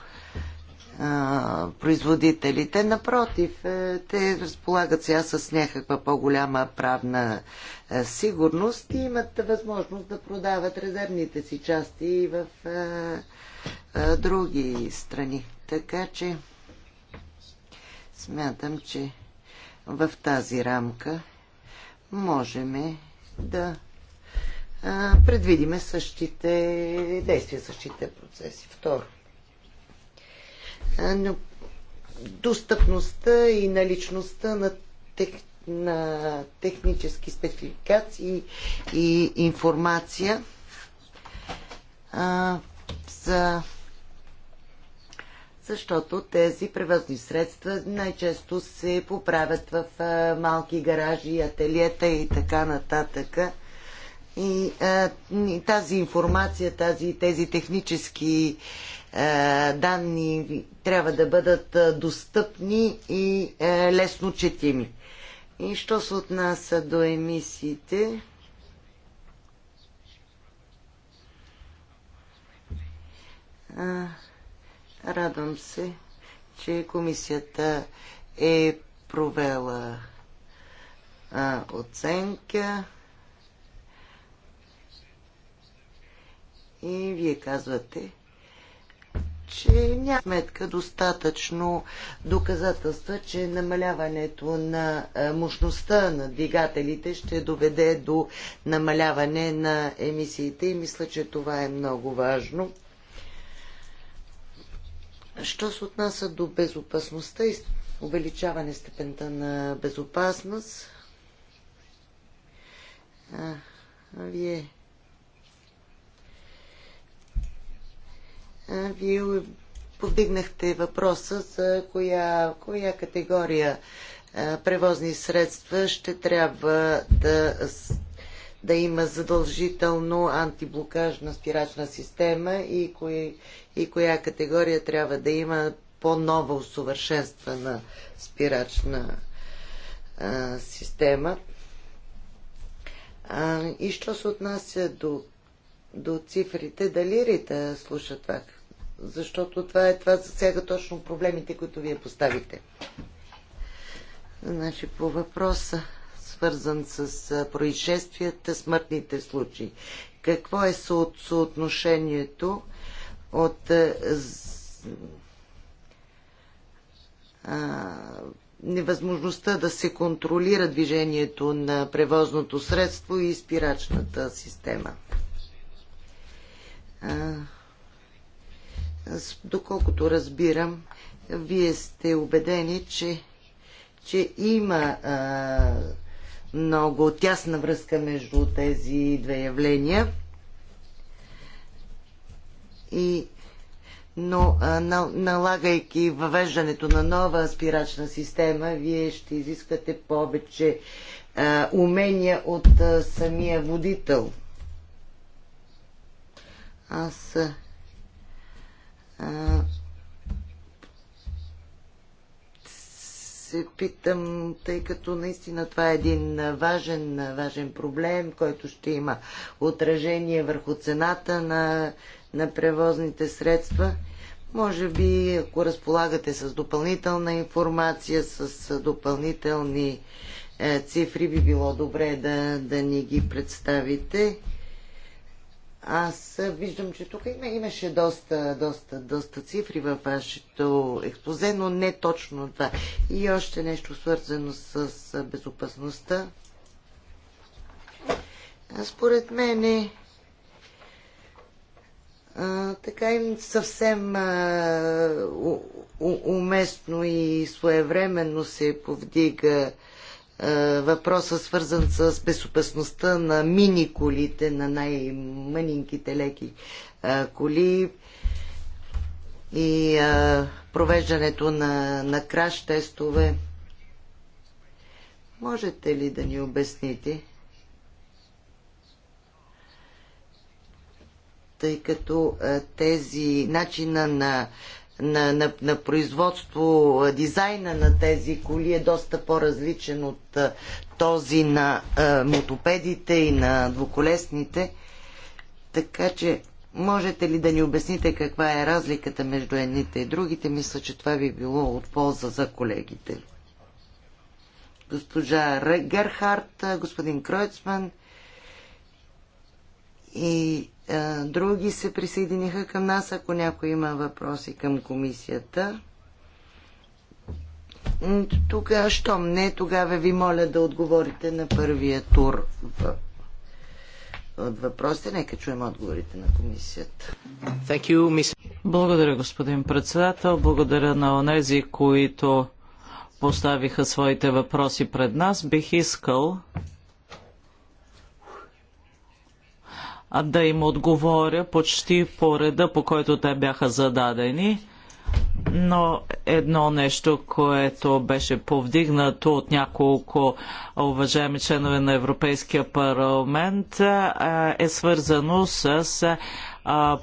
производителите. Напротив, е, те разполагат сега с някаква по-голяма правна е, сигурност и имат възможност да продават резервните си части и в е, други страни. Така че смятам, че в тази рамка можеме да предвидиме същите действия, същите процеси. Второ достъпността и наличността на, тех, на технически спецификации и информация а, за защото тези превозни средства най-често се поправят в а, малки гаражи, ателиета и така нататък. И а, тази информация, тази, тези технически е, данни трябва да бъдат е, достъпни и е, лесно четими. И що се отнася до емисиите? Радвам се, че комисията е провела оценка. И вие казвате, че няма сметка достатъчно доказателства, че намаляването на е, мощността на двигателите ще доведе до намаляване на емисиите и мисля, че това е много важно. Що се отнася до безопасността и увеличаване степента на безопасност, а, вие Вие повдигнахте въпроса за коя, коя категория превозни средства ще трябва да, да има задължително антиблокажна спирачна система и, кои, и коя категория трябва да има по-нова усъвършенствана спирачна а, система. А, и що се отнася до, до цифрите, дали Рита слуша това, защото това, е, това засяга точно проблемите, които вие поставите. Значи по въпроса, свързан с происшествията, смъртните случаи. Какво е съотношението от а, невъзможността да се контролира движението на превозното средство и спирачната система? А, доколкото разбирам, вие сте убедени, че, че има а, много тясна връзка между тези две явления. И, но а, налагайки въвеждането на нова аспирачна система, вие ще изискате повече а, умения от а, самия водител. Аз а, се питам, тъй като наистина това е един важен, важен проблем, който ще има отражение върху цената на, на превозните средства. Може би, ако разполагате с допълнителна информация, с допълнителни е, цифри, би било добре да, да ни ги представите. Аз виждам, че тук има, имаше доста, доста, доста цифри във вашето експозе, но не точно това. И още нещо свързано с безопасността. Според мен е а, така им съвсем а, у, уместно и своевременно се повдига е, въпроса свързан с безопасността на мини колите, на най-мънинките леки е, коли и е, провеждането на, на краш тестове. Можете ли да ни обясните? Тъй като тези начина на на, на, на производство, дизайна на тези коли е доста по-различен от този на а, мотопедите и на двуколесните. Така че, можете ли да ни обясните каква е разликата между едните и другите? Мисля, че това би било от полза за колегите. Госпожа Герхарт, господин Кройцман и е, други се присъединиха към нас. Ако някой има въпроси към комисията, тук, щом не, тогава ви моля да отговорите на първия тур в... от въпросите. Нека чуем отговорите на комисията. You, Благодаря, господин председател. Благодаря на онези, които поставиха своите въпроси пред нас. Бих искал да им отговоря почти по реда, по който те бяха зададени. Но едно нещо, което беше повдигнато от няколко уважаеми членове на Европейския парламент, е свързано с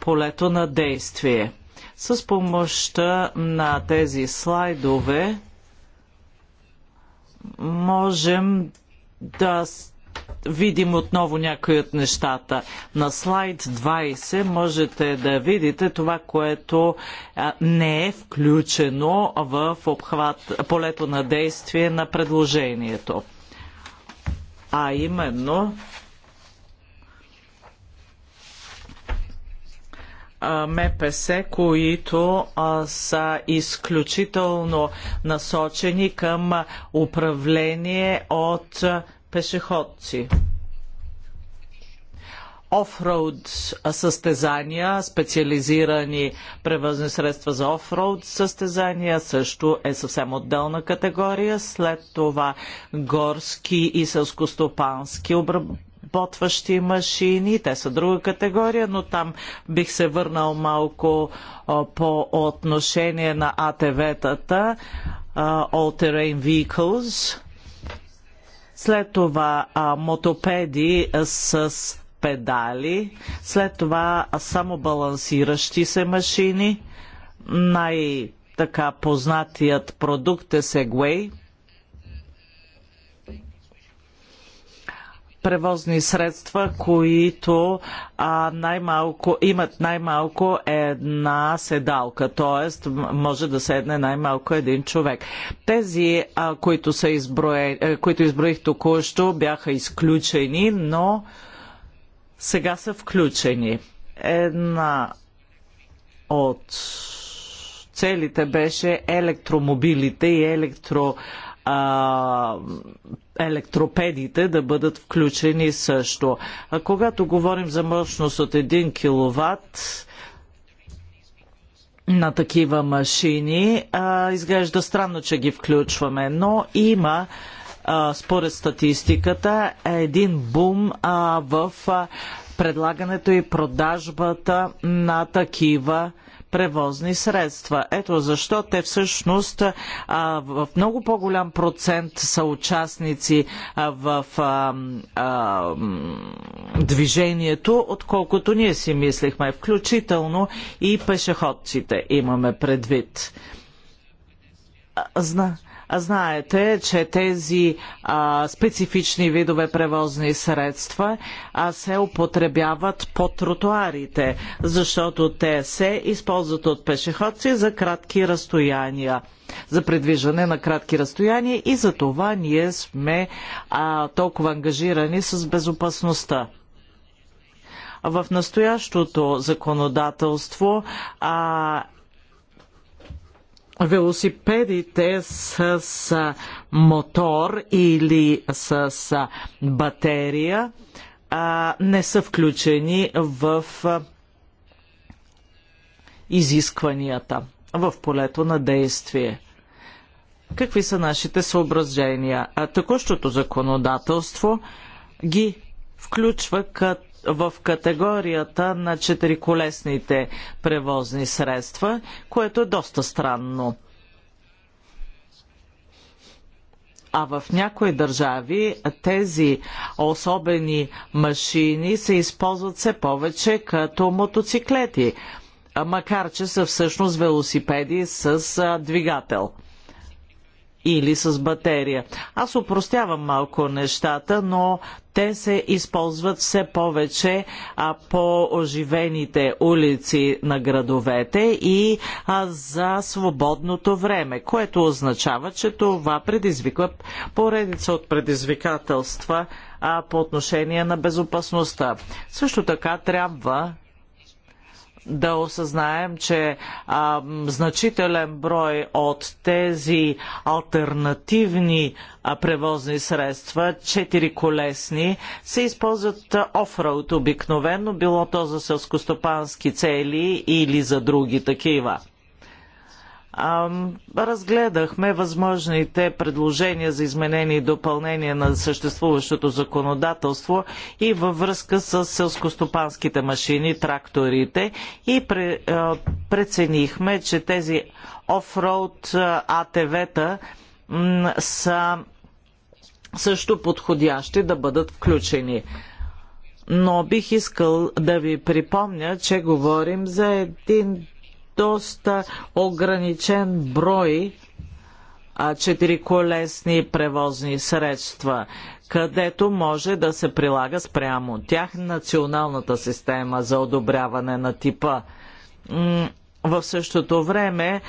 полето на действие. С помощта на тези слайдове можем да видим отново някои от нещата. На слайд 20 можете да видите това, което не е включено в обхват, полето на действие на предложението. А именно МПС, които а, са изключително насочени към управление от пешеходци. Офроуд състезания, специализирани превъзни средства за офроуд състезания също е съвсем отделна категория. След това горски и селскостопански обработващи машини. Те са друга категория, но там бих се върнал малко по отношение на АТВ-тата, All Terrain Vehicles – след това а, мотопеди с педали, след това само балансиращи се машини, най- така познатият продукт е Segway, превозни средства, които най-малко, имат най-малко една седалка, т.е. може да седне най-малко един човек. Тези, а, които, са изброени, а, които изброих току-що, бяха изключени, но сега са включени. Една от целите беше електромобилите и електро а, електропедите да бъдат включени също. А когато говорим за мощност от 1 киловатт, на такива машини. А, изглежда странно, че ги включваме, но има а, според статистиката един бум а, в а, предлагането и продажбата на такива а, превозни средства. Ето защо те всъщност а, в много по-голям процент са участници а, в а, а, движението, отколкото ние си мислихме, включително и пешеходците имаме предвид. А, зна... Знаете, че тези а, специфични видове превозни средства а, се употребяват по тротуарите, защото те се използват от пешеходци за кратки разстояния за предвижване на кратки разстояния и за това ние сме а, толкова ангажирани с безопасността в настоящото законодателство а, велосипедите с, с мотор или с, с батерия а, не са включени в а, изискванията, в полето на действие. Какви са нашите съображения? А, текущото законодателство ги включва в категорията на четириколесните превозни средства, което е доста странно. А в някои държави тези особени машини се използват все повече като мотоциклети, макар че са всъщност велосипеди с двигател или с батерия. Аз упростявам малко нещата, но те се използват все повече а, по оживените улици на градовете и а, за свободното време, което означава, че това предизвиква поредица от предизвикателства а, по отношение на безопасността. Също така трябва да осъзнаем, че а, значителен брой от тези альтернативни а, превозни средства, четириколесни, се използват офроуд обикновено, било то за селскостопански цели или за други такива разгледахме възможните предложения за изменение и допълнение на съществуващото законодателство и във връзка с селскостопанските машини, тракторите и преценихме, че тези оф-роуд АТВ-та са също подходящи да бъдат включени. Но бих искал да ви припомня, че говорим за един доста ограничен брой четириколесни превозни средства, където може да се прилага спрямо тях националната система за одобряване на типа. В същото време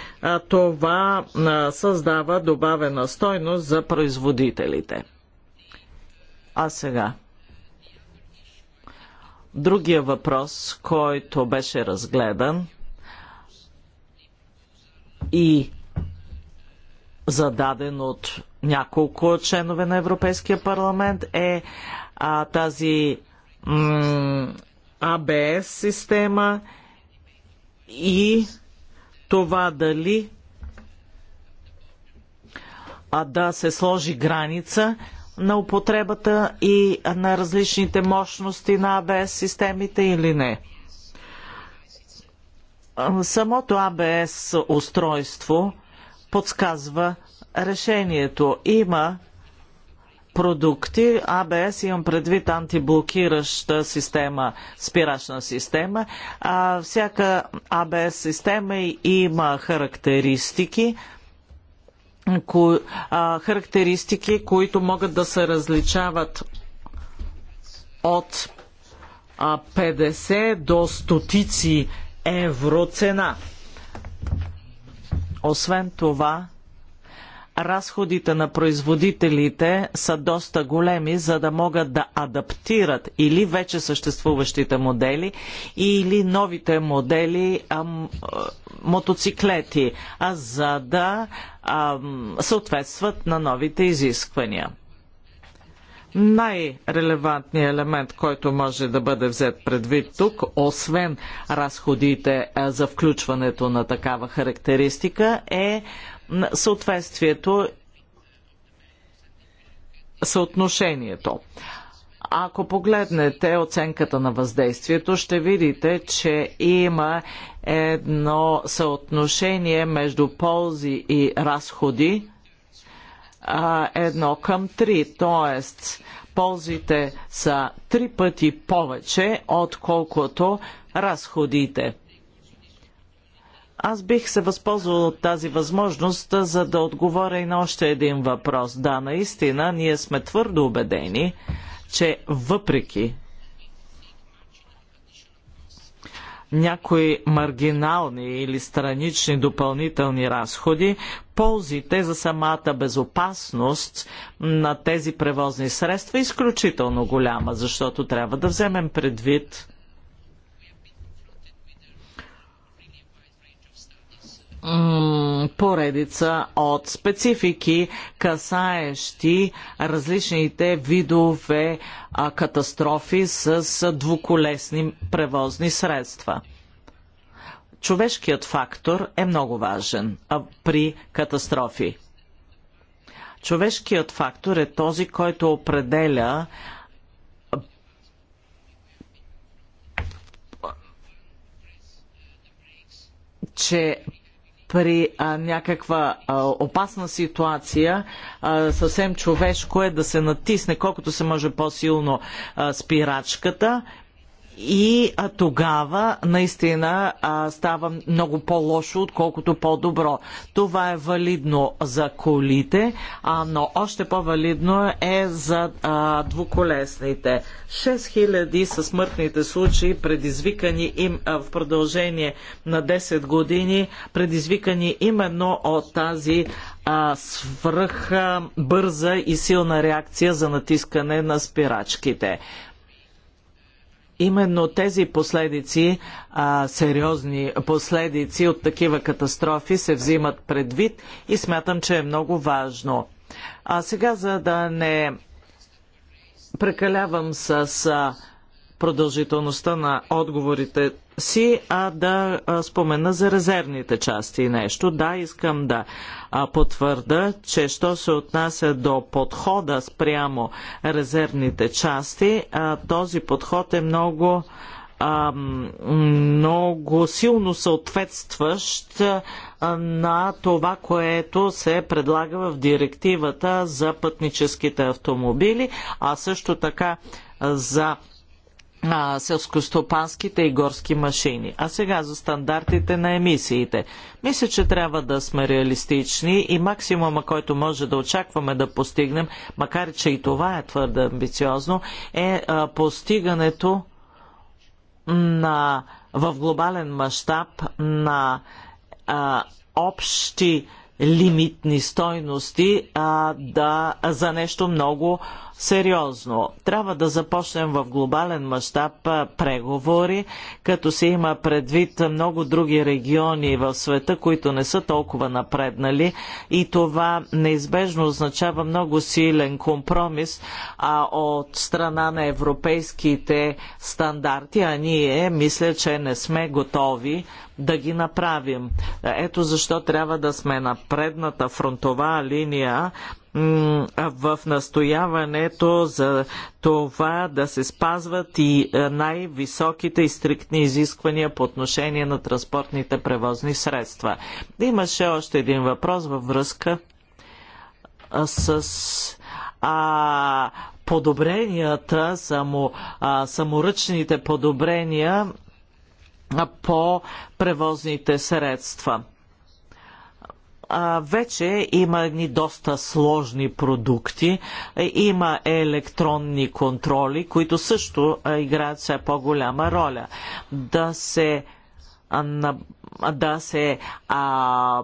това създава добавена стойност за производителите. А сега. Другия въпрос, който беше разгледан – и зададен от няколко членове на Европейския парламент е а, тази АБС система и това дали а да се сложи граница на употребата и на различните мощности на АБС системите или не самото АБС устройство подсказва решението. Има продукти, АБС имам предвид антиблокираща система, спирачна система. А, всяка АБС система има характеристики, ко, а, характеристики, които могат да се различават от а, 50 до стотици евро цена. Освен това, разходите на производителите са доста големи, за да могат да адаптират или вече съществуващите модели, или новите модели ам, е, мотоциклети, а за да ам, съответстват на новите изисквания най-релевантният елемент, който може да бъде взет предвид тук, освен разходите за включването на такава характеристика, е съответствието, съотношението. Ако погледнете оценката на въздействието, ще видите, че има едно съотношение между ползи и разходи, а, едно към 3, т.е. ползите са три пъти повече, отколкото разходите. Аз бих се възползвал от тази възможност, за да отговоря и на още един въпрос. Да, наистина, ние сме твърдо убедени, че въпреки някои маргинални или странични допълнителни разходи, ползите за самата безопасност на тези превозни средства е изключително голяма, защото трябва да вземем предвид поредица от специфики, касаещи различните видове а, катастрофи с двуколесни превозни средства. Човешкият фактор е много важен а, при катастрофи. Човешкият фактор е този, който определя че при а, някаква а, опасна ситуация, а, съвсем човешко е да се натисне колкото се може по-силно спирачката и а, тогава наистина а, става много по-лошо, отколкото по-добро. Това е валидно за колите, а, но още по-валидно е за а, двуколесните. 6000 са смъртните случаи, предизвикани им а, в продължение на 10 години, предизвикани именно от тази свръхбърза свръх бърза и силна реакция за натискане на спирачките именно тези последици, а, сериозни последици от такива катастрофи се взимат предвид и смятам, че е много важно. А сега, за да не прекалявам с а, продължителността на отговорите си, а да а, спомена за резервните части нещо. Да, искам да потвърда, че що се отнася до подхода спрямо резервните части, този подход е много много силно съответстващ на това, което се предлага в директивата за пътническите автомобили, а също така за селскостопанските и горски машини. А сега за стандартите на емисиите. Мисля, че трябва да сме реалистични и максимума, който може да очакваме да постигнем, макар че и това е твърде амбициозно, е а, постигането на, в глобален мащаб на а, общи лимитни стойности а, да, за нещо много сериозно. Трябва да започнем в глобален мащаб преговори, като се има предвид много други региони в света, които не са толкова напреднали и това неизбежно означава много силен компромис а, от страна на европейските стандарти, а ние мисля, че не сме готови да ги направим. Ето защо трябва да сме на предната фронтова линия в настояването за това да се спазват и е, най-високите и стриктни изисквания по отношение на транспортните превозни средства. Имаше още един въпрос във връзка с а, подобренията, само, а, саморъчните подобрения по превозните средства а, вече има едни доста сложни продукти. Е, има електронни контроли, които също а, е, играят все по-голяма роля. Да се на, да се а,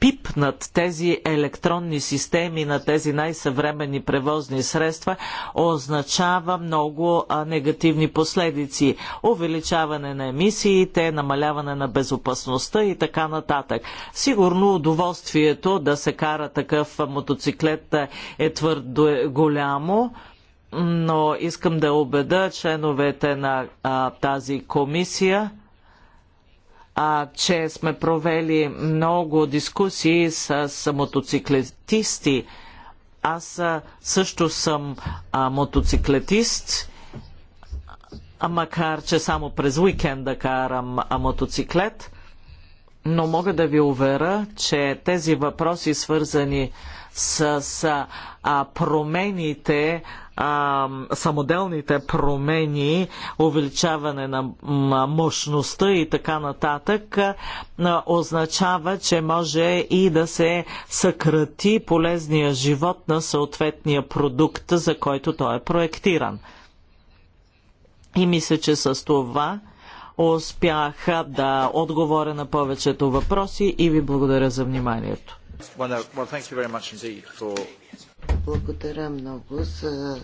пипнат тези електронни системи на тези най-съвремени превозни средства означава много а, негативни последици. Увеличаване на емисиите, намаляване на безопасността и така нататък. Сигурно удоволствието да се кара такъв мотоциклет е твърдо е голямо но искам да убеда членовете на а, тази комисия, а, че сме провели много дискусии с, с мотоциклетисти. Аз а, също съм а, мотоциклетист, а макар че само през уикенда карам а, мотоциклет, но мога да ви уверя, че тези въпроси свързани с а, промените, а, самоделните промени, увеличаване на мощността и така нататък, а, означава, че може и да се съкрати полезния живот на съответния продукт, за който той е проектиран. И мисля, че с това успяха да отговоря на повечето въпроси и ви благодаря за вниманието. Благодаря много за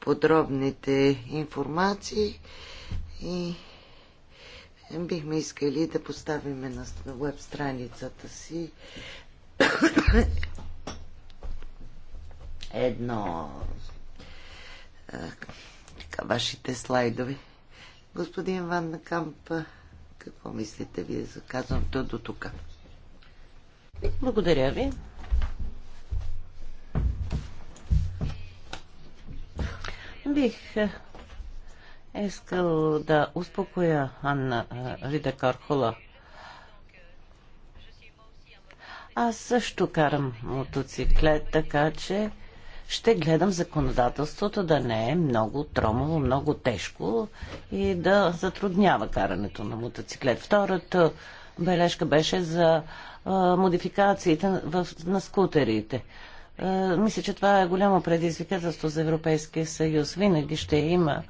подробните информации и бихме искали да поставим на веб страницата си едно така, вашите слайдове. Господин Ван Камп, какво мислите вие за казаното до тук? Благодаря ви. Бих е, искал да успокоя Анна е, Рида Кархола. Аз също карам мотоциклет, така че ще гледам законодателството да не е много тромово, много тежко и да затруднява карането на мотоциклет. Втората бележка беше за модификациите в, на скутерите. Мисля, че това е голямо предизвикателство за Европейския съюз. Винаги ще има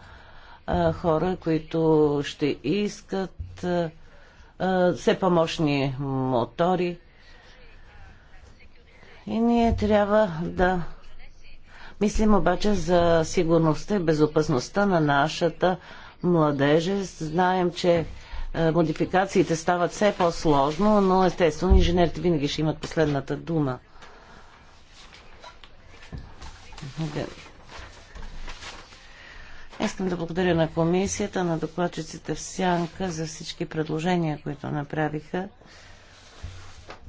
хора, които ще искат все помощни мотори. И ние трябва да мислим обаче за сигурността и безопасността на нашата младежа. Знаем, че е, модификациите стават все по-сложно, но естествено инженерите винаги ще имат последната дума. Искам да благодаря на комисията, на докладчиците в Сянка за всички предложения, които направиха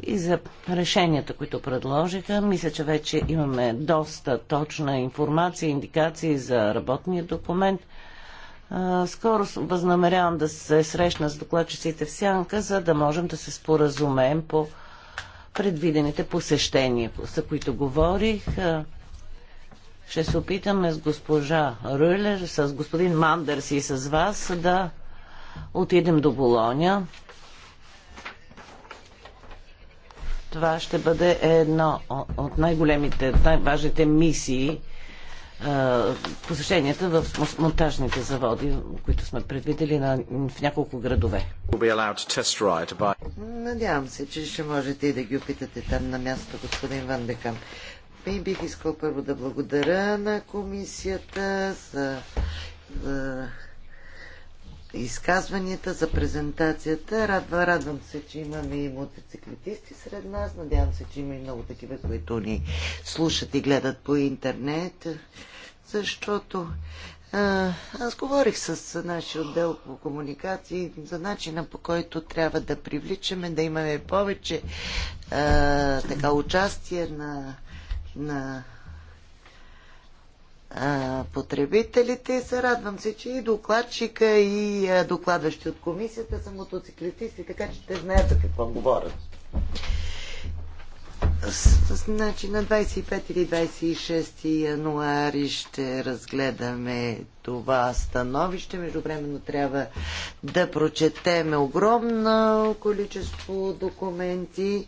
и за решенията, които предложиха. Мисля, че вече имаме доста точна информация, индикации за работния документ – скоро възнамерявам да се срещна с докладчиците в Сянка, за да можем да се споразумеем по предвидените посещения, за които говорих. ще се опитаме с госпожа Рюлер, с господин Мандърс и с вас да отидем до Болоня. Това ще бъде едно от най-големите, най-важните мисии, посещенията в монтажните заводи, които сме предвидели на, в няколко градове. Надявам се, че ще можете и да ги опитате там на място, господин Ван Декам. И бих искал първо да благодаря на комисията за, за изказванията, за презентацията. Радва, радвам се, че имаме и мотоциклетисти сред нас. Надявам се, че има и много такива, които ни слушат и гледат по интернет, защото а, аз говорих с нашия отдел по комуникации за начина по който трябва да привличаме, да имаме повече а, така участие на, на а, потребителите. Се радвам се, че и докладчика, и докладващи от комисията са мотоциклетисти, така че те знаят за какво говорят. Значи на 25 или 26 януари ще разгледаме това становище. Междувременно трябва да прочетеме огромно количество документи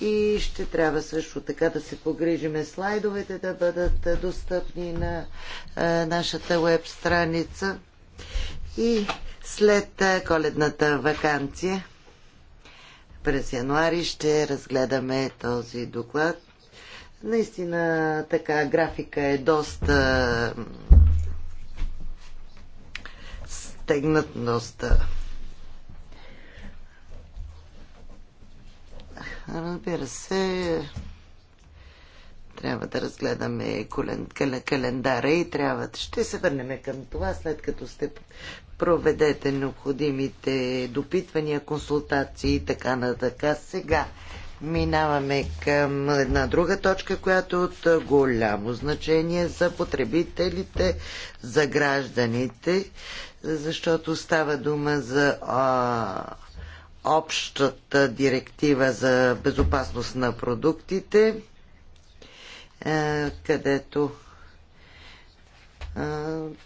и ще трябва също така да се погрижиме слайдовете да бъдат достъпни на е, нашата веб страница. И след е, коледната вакансия през януари ще разгледаме този доклад. Наистина така графика е доста стегнат, доста Разбира се, трябва да разгледаме календара и трябва. Ще се върнем към това, след като сте проведете необходимите допитвания, консултации и така така. Сега минаваме към една друга точка, която е от голямо значение за потребителите, за гражданите, защото става дума за а, общата директива за безопасност на продуктите, а, където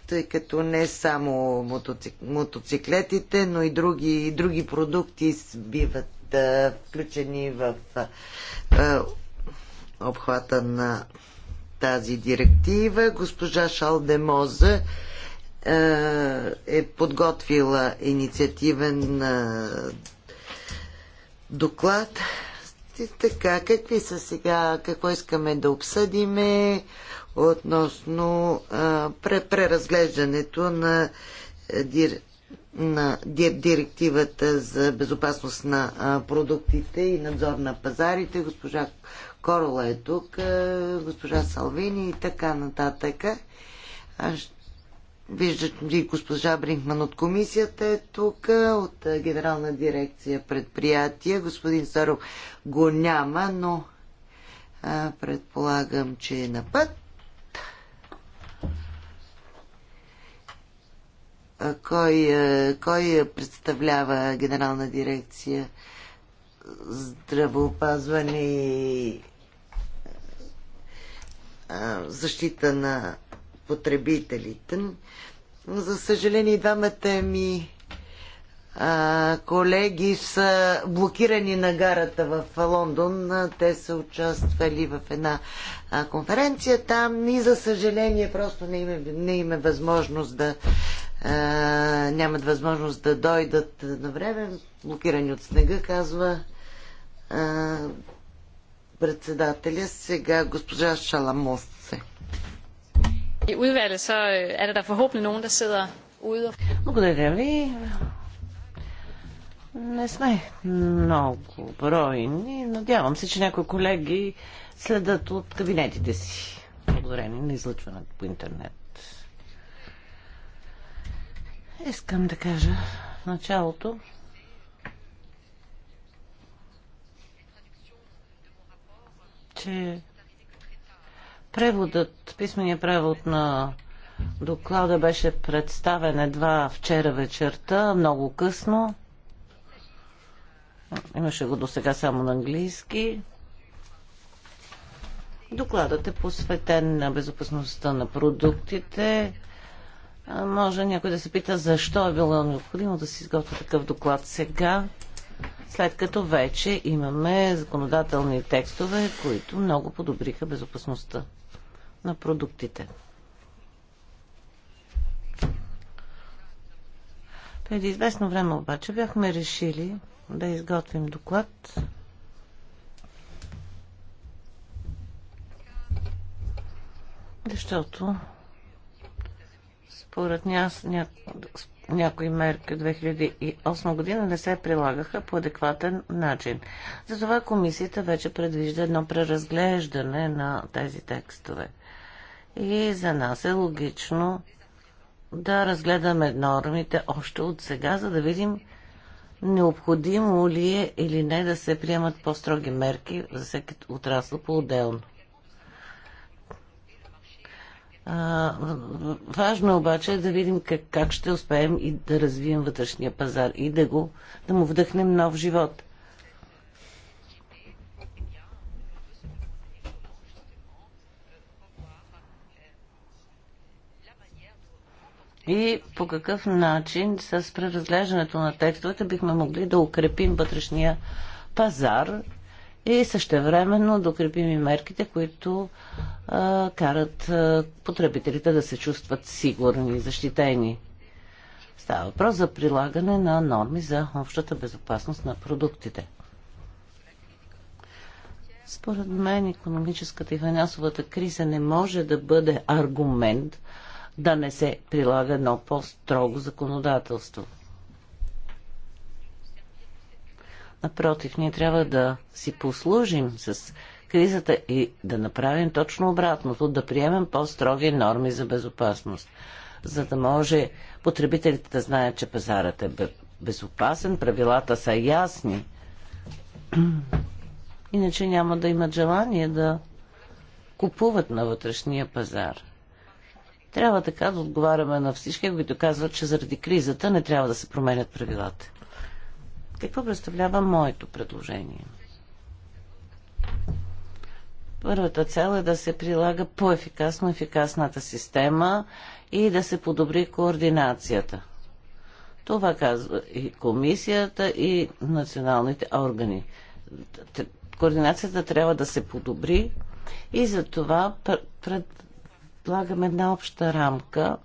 тъй като не само мотоциклетите, но и други, други продукти биват включени в обхвата на тази директива. Госпожа Шалдемоза е подготвила инициативен доклад. така, какви са сега, какво искаме да обсъдиме, относно преразглеждането на, е, дир... на директивата за безопасност на продуктите и надзор на пазарите. Госпожа Корола е тук, госпожа Салвини и така нататък. Аз Виждат и госпожа Бринкман от комисията е тук, от Генерална дирекция предприятия. Господин Саров го няма, но а, предполагам, че е на път. кой, е, кой е представлява генерална дирекция здравоопазване и е, защита на потребителите. За съжаление, двамата ми а, колеги са блокирани на гарата в Лондон. Те са участвали в една а, конференция там и за съжаление просто не има, не има възможност да нямат възможност да дойдат на време, блокирани от снега, казва а, председателя. Сега госпожа Шаламосце. I udvalget, så øh, er der da forhåbentlig nogen, der sidder ude. Благодаря ви. Не сме много бройни. Надявам се, че някои колеги следат от кабинетите си. Благодарение на излъчването по интернет. Искам да кажа в началото, че преводът, писменият превод на доклада беше представен едва вчера вечерта, много късно. Имаше го до сега само на английски. Докладът е посветен на безопасността на продуктите, може някой да се пита защо е било необходимо да се изготвя такъв доклад сега, след като вече имаме законодателни текстове, които много подобриха безопасността на продуктите. Преди известно време обаче бяхме решили да изготвим доклад защото според нас ня... някои мерки от 2008 година не се прилагаха по адекватен начин. Затова комисията вече предвижда едно преразглеждане на тези текстове. И за нас е логично да разгледаме нормите още от сега, за да видим необходимо ли е или не да се приемат по-строги мерки за всеки отрасъл по-отделно. А, важно е обаче е да видим как, как ще успеем и да развием вътрешния пазар и да, го, да му вдъхнем нов живот. И по какъв начин с преразглеждането на текстовете бихме могли да укрепим вътрешния пазар и същевременно да укрепим и мерките, които а, карат а, потребителите да се чувстват сигурни и защитени. Става въпрос за прилагане на норми за общата безопасност на продуктите. Според мен економическата и финансовата криза не може да бъде аргумент да не се прилага едно по-строго законодателство. Напротив, ние трябва да си послужим с кризата и да направим точно обратното, да приемем по-строги норми за безопасност, за да може потребителите да знаят, че пазарът е безопасен, правилата са ясни. Иначе няма да имат желание да купуват на вътрешния пазар. Трябва така да отговаряме на всички, които казват, че заради кризата не трябва да се променят правилата. Какво представлява моето предложение? Първата цел е да се прилага по-ефикасно ефикасната система и да се подобри координацията. Това казва и комисията, и националните органи. Координацията трябва да се подобри и за това предлагам една обща рамка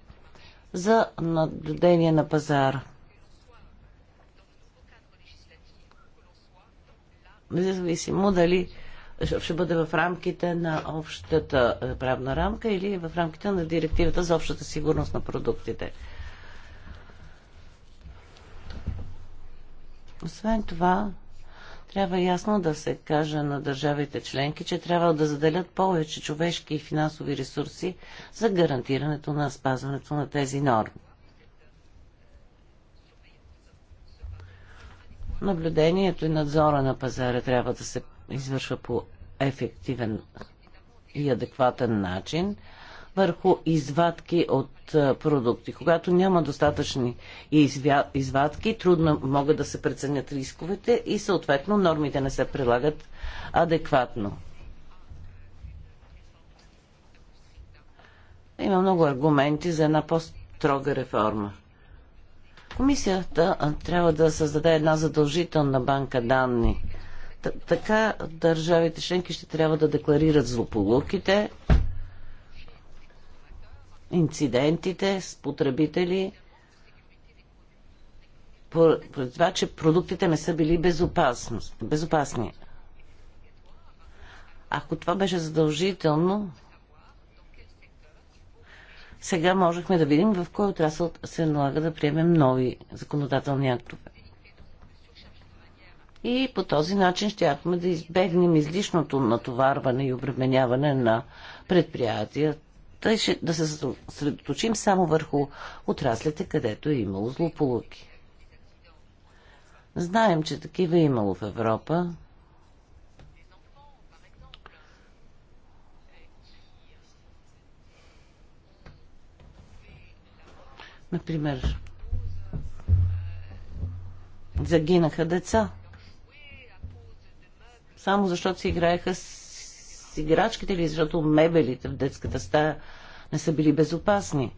за наблюдение на пазара. независимо дали ще бъде в рамките на общата е, правна рамка или е в рамките на директивата за общата сигурност на продуктите. Освен това, трябва ясно да се каже на държавите членки, че трябва да заделят повече човешки и финансови ресурси за гарантирането на спазването на тези норми. Наблюдението и надзора на пазара трябва да се извършва по ефективен и адекватен начин върху извадки от продукти. Когато няма достатъчни извадки, трудно могат да се преценят рисковете и съответно нормите не се прилагат адекватно. Има много аргументи за една по-строга реформа. Комисията трябва да създаде една задължителна банка данни. така държавите членки ще трябва да декларират злополуките, инцидентите с потребители, поради това, че продуктите не са били безопасни. Ако това беше задължително, сега можехме да видим в кой отрасъл се налага да приемем нови законодателни актове. И по този начин щяхме да избегнем излишното натоварване и обременяване на предприятията тъй да се съсредоточим само върху отраслите, където е имало злополуки. Знаем, че такива е имало в Европа. Например, загинаха деца. Само защото си играеха с играчките или защото мебелите в детската стая не са били безопасни.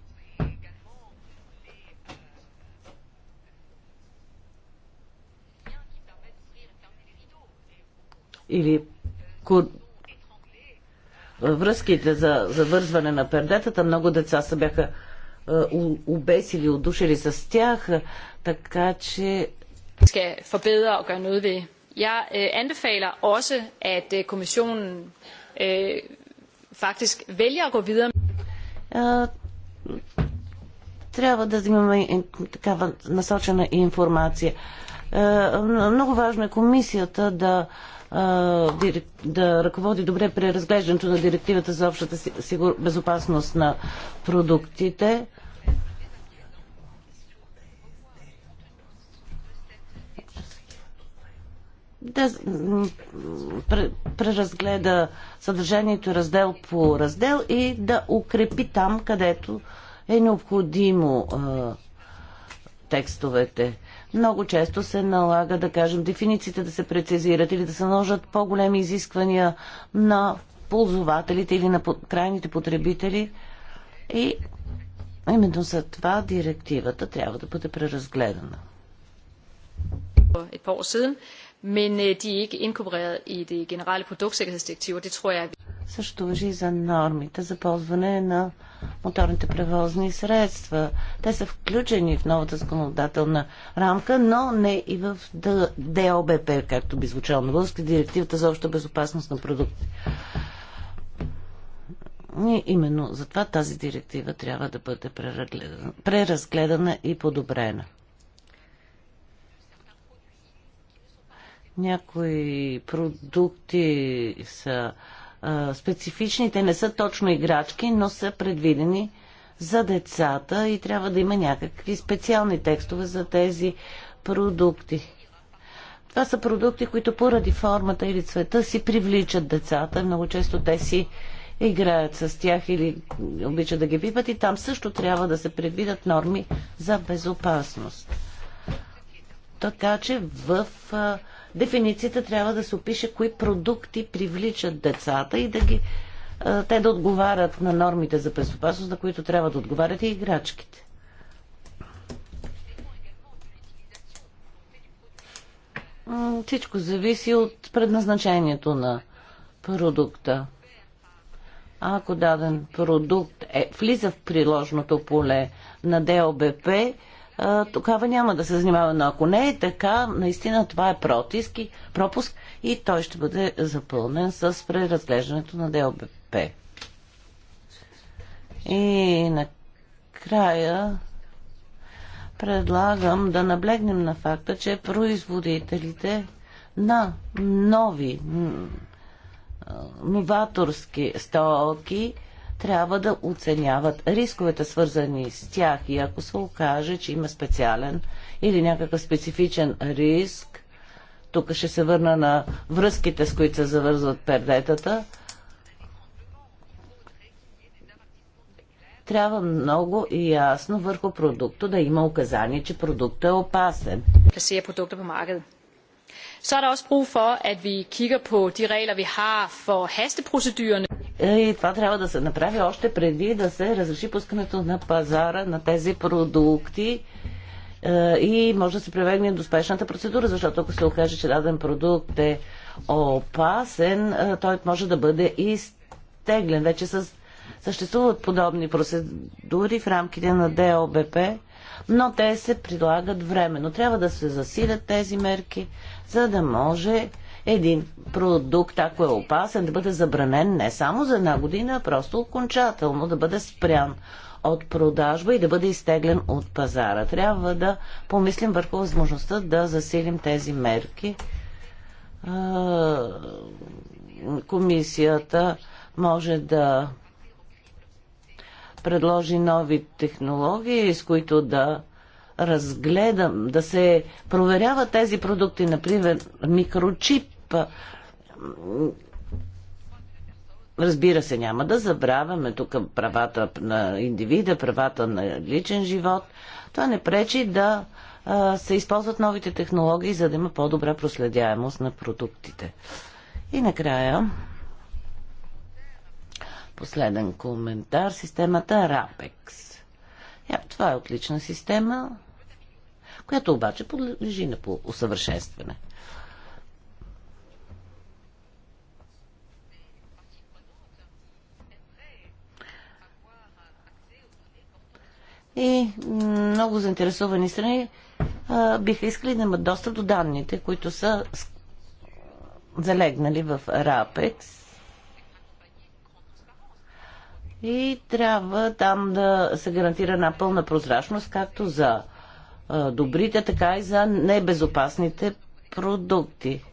Или връзките за завързване на пердетата, много деца са бяха обесили, удушили с тях, така че... Skal forbedre og gøre noget ved. Jeg øh, anbefaler også, at øh, kommissionen øh, faktisk vælger at gå videre. Øh, трябва да имаме такава насочена информация. Е, много важно е комисията да е, да ръководи добре при разглеждането на директивата за общата сигур... безопасност на продуктите. да преразгледа съдържанието раздел по раздел и да укрепи там, където е необходимо текстовете много често се налага, да кажем, дефинициите да се прецизират или да се наложат по-големи изисквания на ползвателите или на крайните потребители. И именно за това директивата трябва да бъде преразгледана. men øh, de er ikke inkorporeret i det generelle produktsikkerhedsdirektiv, og det tror jeg също въжи за нормите за ползване на моторните превозни средства. Те са включени в новата законодателна рамка, но не и в ДОБП, както би звучало на български, директивата за обща безопасност на продукти. И именно затова тази директива трябва да бъде преразгледана и подобрена. Някои продукти са Специфичните не са точно играчки, но са предвидени за децата и трябва да има някакви специални текстове за тези продукти. Това са продукти, които поради формата или цвета си привличат децата. Много често те си играят с тях или обичат да ги пипат и там също трябва да се предвидят норми за безопасност. Така че в дефиницията трябва да се опише кои продукти привличат децата и да ги те да отговарят на нормите за безопасност, на които трябва да отговарят и играчките. Всичко зависи от предназначението на продукта. Ако даден продукт е, влиза в приложното поле на ДОБП, тогава няма да се занимава. Но ако не е така, наистина това е протиски, пропуск и той ще бъде запълнен с преразглеждането на ДЛБП. И накрая предлагам да наблегнем на факта, че производителите на нови новаторски столки, трябва да оценяват рисковете, свързани с тях. И ако се окаже, че има специален или някакъв специфичен риск, тук ще се върна на връзките, с които се завързват пердетата, трябва много и ясно върху продукто да има указание, че продуктът е опасен. Пласира продукта по маркет. Så er der også brug for, at vi kigger på de regler, vi har for hasteprocedurerne. И това трябва да се направи още преди да се разреши пускането на пазара на тези продукти е, и може да се превегне до спешната процедура, защото ако се окаже, че даден продукт е опасен, е, той може да бъде изтеглен. Вече съществуват подобни процедури в рамките на ДОБП, но те се прилагат временно. Трябва да се засилят тези мерки, за да може един продукт, ако е опасен, да бъде забранен не само за една година, а просто окончателно да бъде спрян от продажба и да бъде изтеглен от пазара. Трябва да помислим върху възможността да засилим тези мерки. Комисията може да предложи нови технологии, с които да разгледам, да се проверяват тези продукти, например микрочип, Разбира се, няма да забравяме тук правата на индивида, правата на личен живот. Това не пречи да се използват новите технологии, за да има по-добра проследяемост на продуктите. И накрая, последен коментар, системата RAPEX. Я, е, това е отлична система, която обаче подлежи на усъвършенстване. и много заинтересовани страни а, биха искали да имат достъп до данните, които са залегнали в РАПЕКС. И трябва там да се гарантира една пълна прозрачност, както за добрите, така и за небезопасните продукти.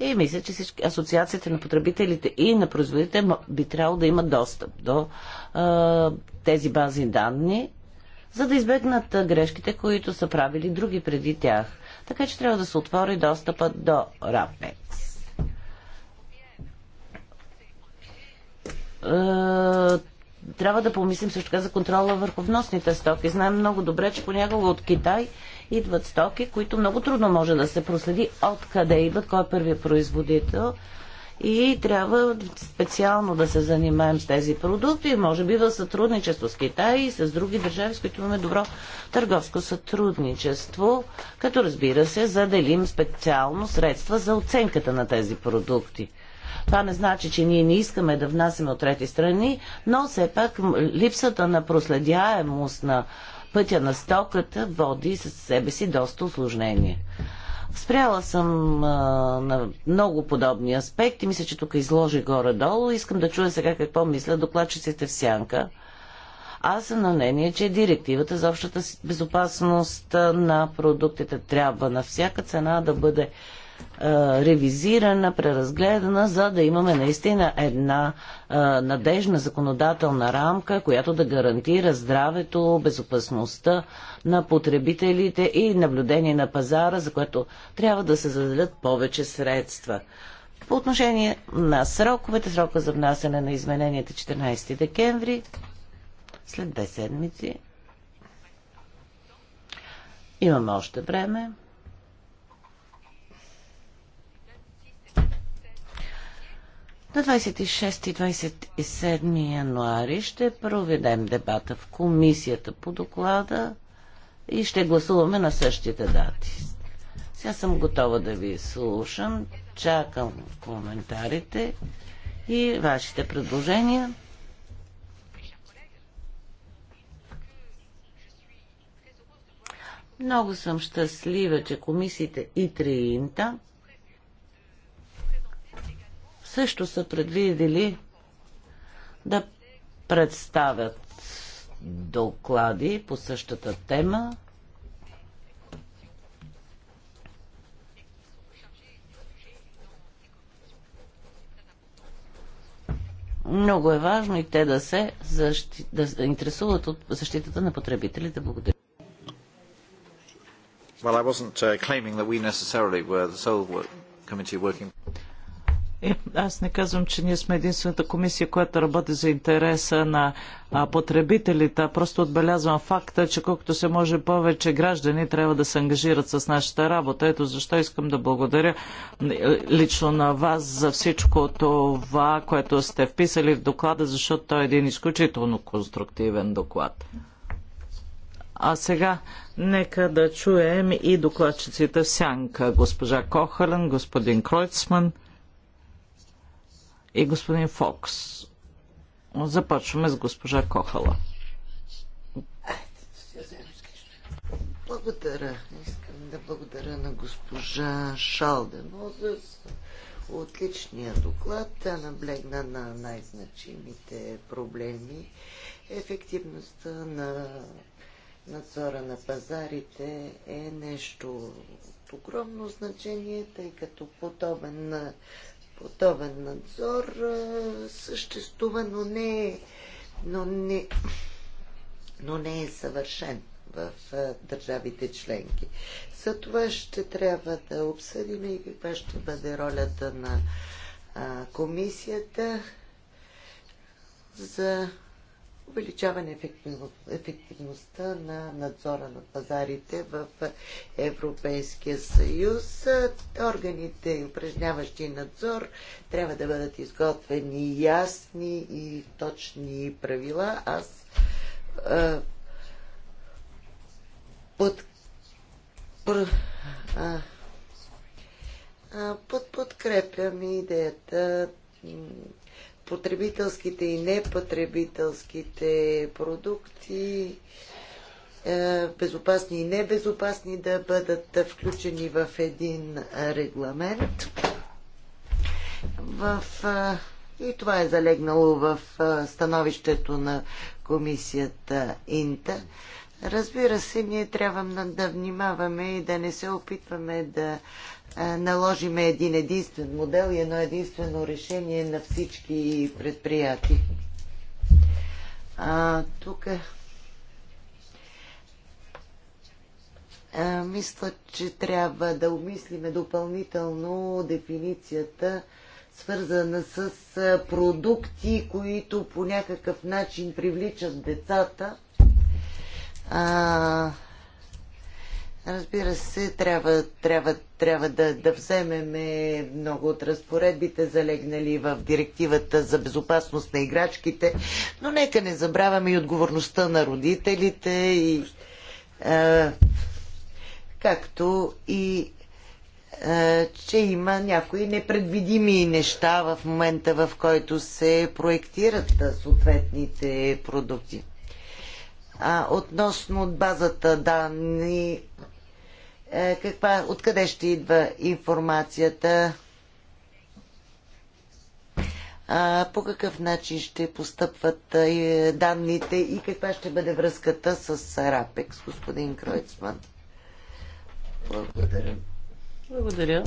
И мисля, че всички асоциациите на потребителите и на производителите би трябвало да имат достъп до а, тези бази данни, за да избегнат грешките, които са правили други преди тях. Така че трябва да се отвори достъпа до RAPEX. Трябва да помислим също така за контрола върху вносните стоки. Знаем много добре, че понякога от Китай идват стоки, които много трудно може да се проследи откъде идват, кой е първият производител. И трябва специално да се занимаем с тези продукти, може би в сътрудничество с Китай и с други държави, с които имаме добро търговско сътрудничество, като разбира се, заделим специално средства за оценката на тези продукти. Това не значи, че ние не искаме да внасяме от трети страни, но все пак липсата на проследяемост на пътя на стоката води със себе си доста осложнение. Спряла съм а, на много подобни аспекти. Мисля, че тук изложи горе-долу. Искам да чуя сега какво мисля докладчиците в сянка. Аз съм на мнение, че директивата за общата безопасност на продуктите трябва на всяка цена да бъде е, ревизирана, преразгледана, за да имаме наистина една е, надежна законодателна рамка, която да гарантира здравето, безопасността на потребителите и наблюдение на пазара, за което трябва да се заделят повече средства. По отношение на сроковете, срока за внасяне на измененията 14 е декември, след две седмици. Имаме още време. На 26 и 27 януари ще проведем дебата в комисията по доклада и ще гласуваме на същите дати. Сега съм готова да ви слушам, чакам коментарите и вашите предложения. Много съм щастлива, че комисиите и триинта също са предвидели да представят доклади по същата тема. Много е важно и те да се защи... да интересуват от защитата на потребителите. Благодаря. Well, I wasn't uh, claiming that we necessarily were the sole work committee working. Аз не казвам, че ние сме единствената комисия, която работи за интереса на потребителите. Просто отбелязвам факта, че колкото се може повече граждани трябва да се ангажират с нашата работа. Ето защо искам да благодаря е, лично на вас за всичко това, което сте вписали в доклада, защото той е един изключително конструктивен доклад. А сега нека да чуем и докладчиците в сянка. Госпожа Кохален, господин Кройцман и господин Фокс. Започваме с госпожа Кохала. Благодаря. Искам да благодаря на госпожа Шалдено за отличния доклад. Тя наблегна на най-значимите проблеми. Ефективността на надзора на пазарите е нещо от огромно значение, тъй като подобен подобен надзор съществува, но не е но не, но не е съвършен в държавите членки. За това ще трябва да обсъдим и каква ще бъде ролята на комисията за увеличаване ефективността на надзора на пазарите в Европейския съюз. Органите, упражняващи надзор, трябва да бъдат изготвени ясни и точни правила. Аз под, пр, а, а, под, подкрепям идеята потребителските и непотребителските продукти, е, безопасни и небезопасни, да бъдат включени в един регламент. В, е, и това е залегнало в е, становището на комисията Инта. Разбира се, ние трябва да внимаваме и да не се опитваме да наложиме един единствен модел и едно единствено решение на всички предприятия. А, тук а, мисля, че трябва да обмислиме допълнително дефиницията, свързана с продукти, които по някакъв начин привличат децата а, разбира се, трябва, трябва, трябва да, да вземем много от разпоредбите, залегнали в директивата за безопасност на играчките, но нека не забравяме и отговорността на родителите и а, както и че има някои непредвидими неща в момента, в който се проектират съответните продукти. А, относно базата данни, е, каква, откъде ще идва информацията? А, по какъв начин ще постъпват е, данните и каква ще бъде връзката с РАПЕКС, господин Кройцман? Благодаря. Благодаря.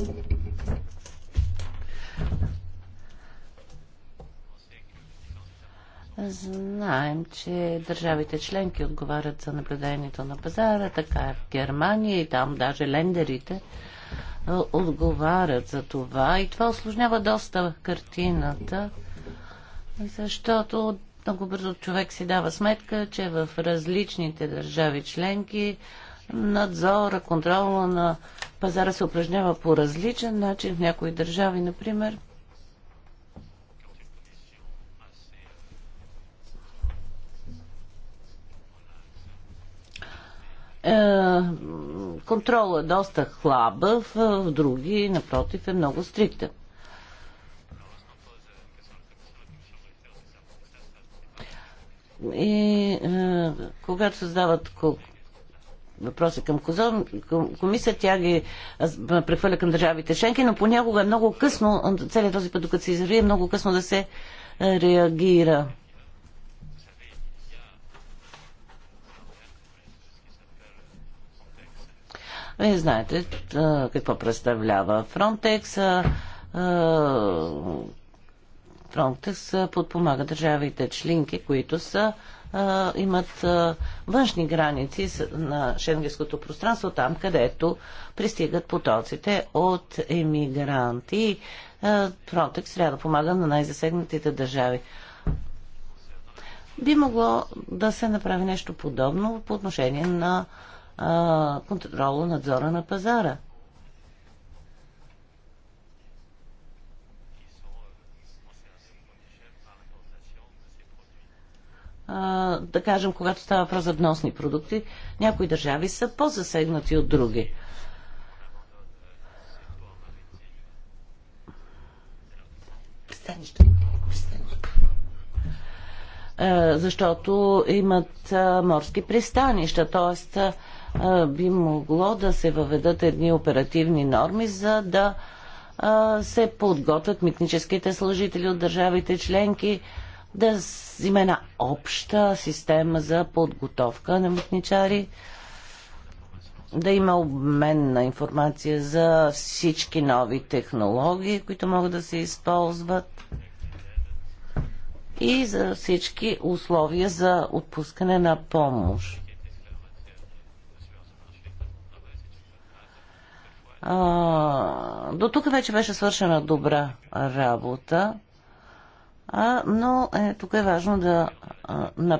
Знаем, че държавите членки отговарят за наблюдението на пазара, така е в Германия и там даже лендерите отговарят за това и това осложнява доста картината, защото много бързо човек си дава сметка, че в различните държави членки надзора, контрола на пазара се упражнява по различен начин. В някои държави, например, Е, контрол е доста хлабав, е, в други, напротив, е много стриктен. И е, когато създават въпроси към Козон, комисия, тя ги прехвърля към държавите Шенки, но понякога е много късно, целият този път, докато се изяви, е много късно да се е, реагира. Вие знаете какво представлява Фронтекс. Фронтекс подпомага държавите членки, които са имат външни граници на шенгенското пространство, там където пристигат потоците от емигранти. Фронтекс трябва да помага на най-засегнатите държави. Би могло да се направи нещо подобно по отношение на контрола, надзора на пазара. да кажем, когато става въпрос за вносни продукти, някои държави са по-засегнати от други. Е, защото имат морски пристанища, т.е би могло да се въведат едни оперативни норми, за да се подготвят митническите служители от държавите членки да има една обща система за подготовка на митничари, да има обмен на информация за всички нови технологии, които могат да се използват и за всички условия за отпускане на помощ. А, до тук вече беше свършена добра работа, а, но е, тук е важно да, а, на,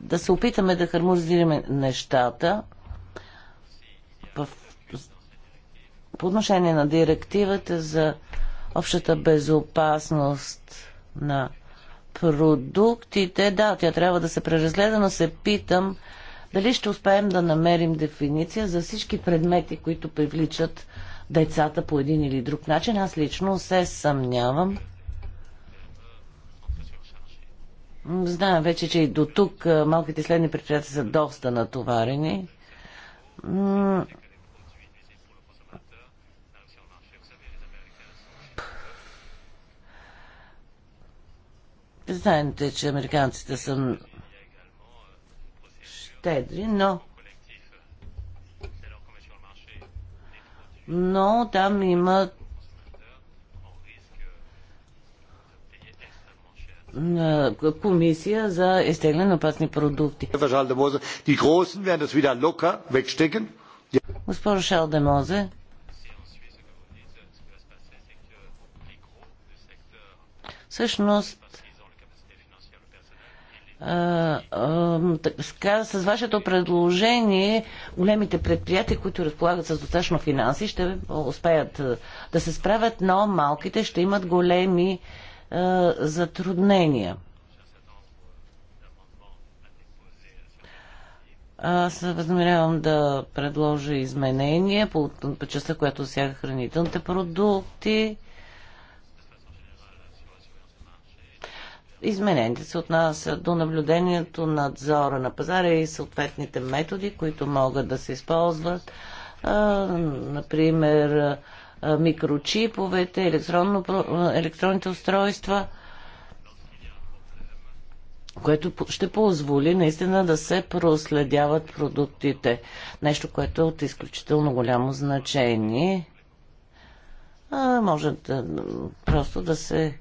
да се опитаме да хармонизираме нещата в, по отношение на директивата за общата безопасност на продуктите. Да, тя трябва да се преразгледа, но се питам дали ще успеем да намерим дефиниция за всички предмети, които привличат децата по един или друг начин. Аз лично се съмнявам. Знаем вече, че и до тук малките следни предприятия са доста натоварени. Знаете, че американците са щедри, но но там има комисия за изтеглен опасни продукти. Госпожо Шалдемозе, всъщност така, с вашето предложение големите предприятия, които разполагат с достатъчно финанси, ще успеят да се справят, но малките ще имат големи а, затруднения. Аз възнамерявам да предложа изменения по, по частта, която сяга хранителните продукти. Измененията се отнасят до наблюдението, надзора на пазара и съответните методи, които могат да се използват. Например, микрочиповете, електронно, електронните устройства, което ще позволи наистина да се проследяват продуктите. Нещо, което е от изключително голямо значение. може да, просто да се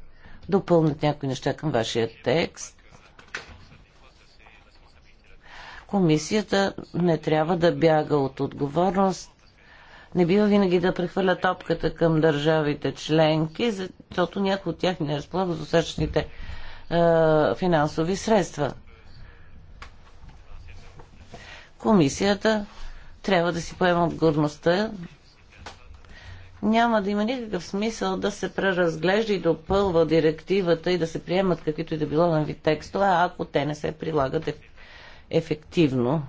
допълнят някои неща към вашия текст. Комисията не трябва да бяга от отговорност. Не бива винаги да прехвърля топката към държавите членки, защото някои от тях не разполагат с достатъчните е, финансови средства. Комисията трябва да си поема отговорността няма да има никакъв смисъл да се преразглежда и допълва директивата и да се приемат каквито и да било нови текстове, ако те не се прилагат ефективно.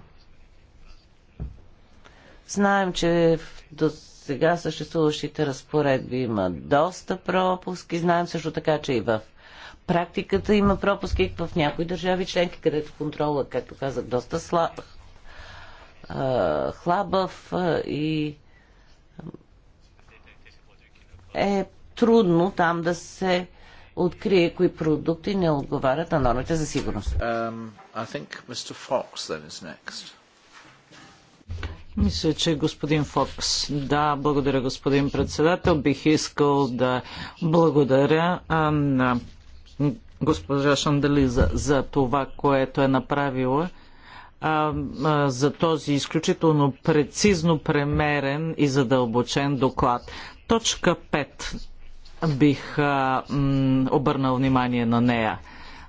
Знаем, че до сега съществуващите разпоредби има доста пропуски. Знаем също така, че и в практиката има пропуски в някои държави членки, където контрола, както казах, доста слаб, хлабав и е трудно там да се открие кои продукти не отговарят на нормите за сигурност. Um, Fox, Мисля, че господин Фокс. Да, благодаря, господин председател. Бих искал да благодаря на госпожа Шанделиза за това, което е направила а, а, за този изключително прецизно премерен и задълбочен доклад. Точка 5 бих а, м, обърнал внимание на нея.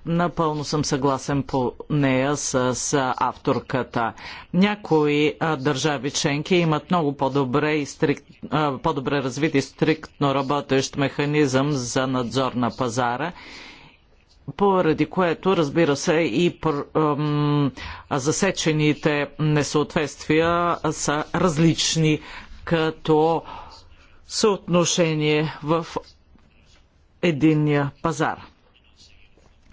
Напълно съм съгласен по нея с, с авторката. Някои държави членки имат много по-добре, и стрикт, а, по-добре развит и стриктно работещ механизъм за надзор на пазара поради което, разбира се, и засечените несъответствия са различни, като съотношение в единния пазар.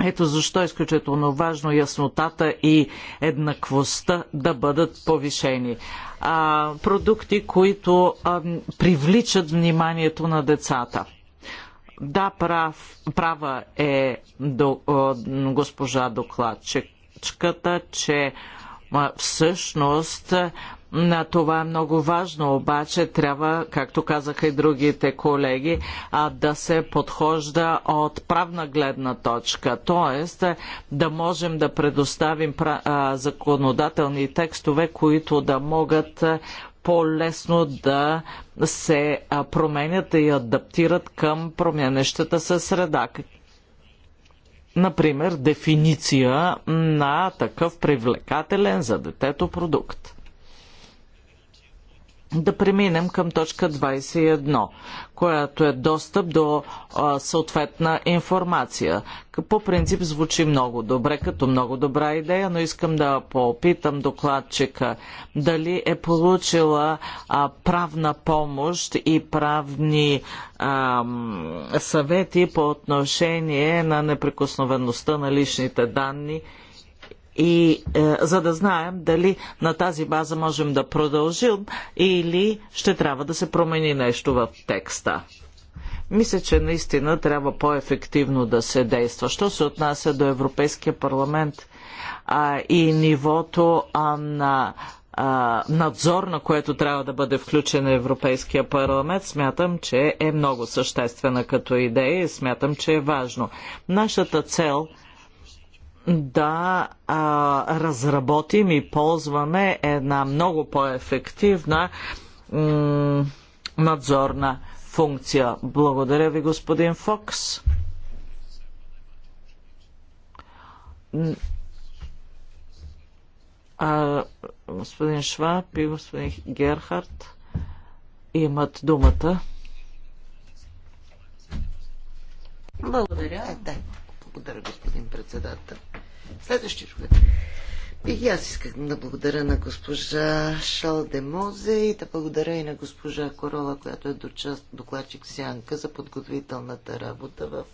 Ето защо е изключително важно яснотата и еднаквостта да бъдат повишени. А, продукти, които а, привличат вниманието на децата. Да, прав, права е до, а, госпожа докладчиката, че а, всъщност на това е много важно, обаче трябва, както казаха и другите колеги, да се подхожда от правна гледна точка, т.е. да можем да предоставим законодателни текстове, които да могат по-лесно да се променят и адаптират към променещата се среда. Например, дефиниция на такъв привлекателен за детето продукт да преминем към точка 21, която е достъп до а, съответна информация. По принцип звучи много добре, като много добра идея, но искам да попитам докладчика дали е получила а, правна помощ и правни а, съвети по отношение на неприкосновеността на личните данни и е, за да знаем дали на тази база можем да продължим или ще трябва да се промени нещо в текста. Мисля, че наистина трябва по-ефективно да се действа. Що се отнася до Европейския парламент а, и нивото а, на а, надзор, на което трябва да бъде включен Европейския парламент, смятам, че е много съществена като идея и смятам, че е важно. Нашата цел е да а, разработим и ползваме една много по-ефективна надзорна функция. Благодаря ви, господин Фокс. А, господин Шваб и господин Герхард имат думата. Благодаря. Е, да. Благодаря, господин председател. Следващи човек. И аз искам да благодаря на госпожа Шал Демозе и да благодаря и на госпожа Корола, която е докладчик Сянка за подготовителната работа в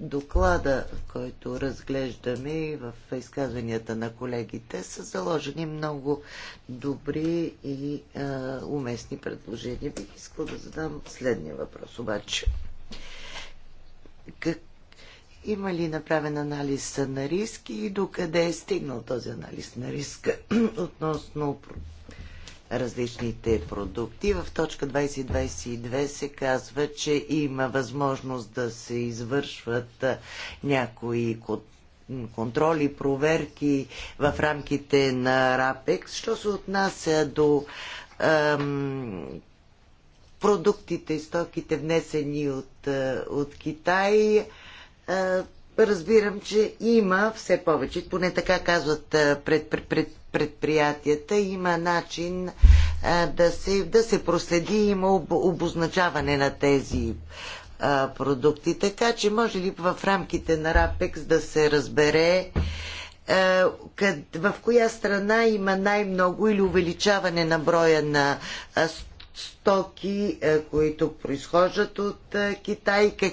доклада, който разглеждаме и в изказванията на колегите, са заложени много добри и е, уместни предложения. Бих искал да задам следния въпрос обаче. Как има ли направен анализ на риски и докъде е стигнал този анализ на риска относно различните продукти? В точка 2022 се казва, че има възможност да се извършват някои контроли, проверки в рамките на РАПЕКС. Що се отнася до ам, продуктите и стоките внесени от, от Китай, разбирам, че има все повече, поне така казват пред, пред, пред предприятията, има начин а, да, се, да се проследи, има об, обозначаване на тези а, продукти. Така че може ли в рамките на РАПЕКС да се разбере а, къд, в коя страна има най-много или увеличаване на броя на а, стоки, е, които произхождат от е, Китай, как,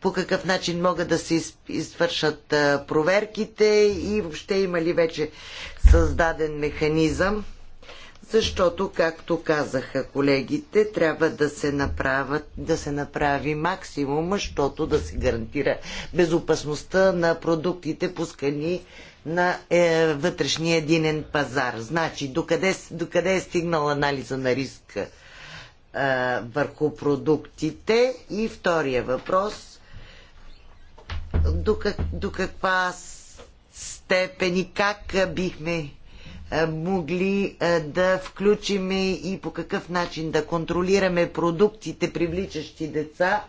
по какъв начин могат да се извършат е, проверките и въобще има ли вече създаден механизъм, защото, както казаха колегите, трябва да се, направят, да се направи максимума, защото да се гарантира безопасността на продуктите, пускани на е, вътрешния единен пазар. Значи, докъде, докъде е стигнал анализа на риска? върху продуктите? И втория въпрос до, как, до каква степен и как бихме могли да включим и по какъв начин да контролираме продуктите, привличащи деца,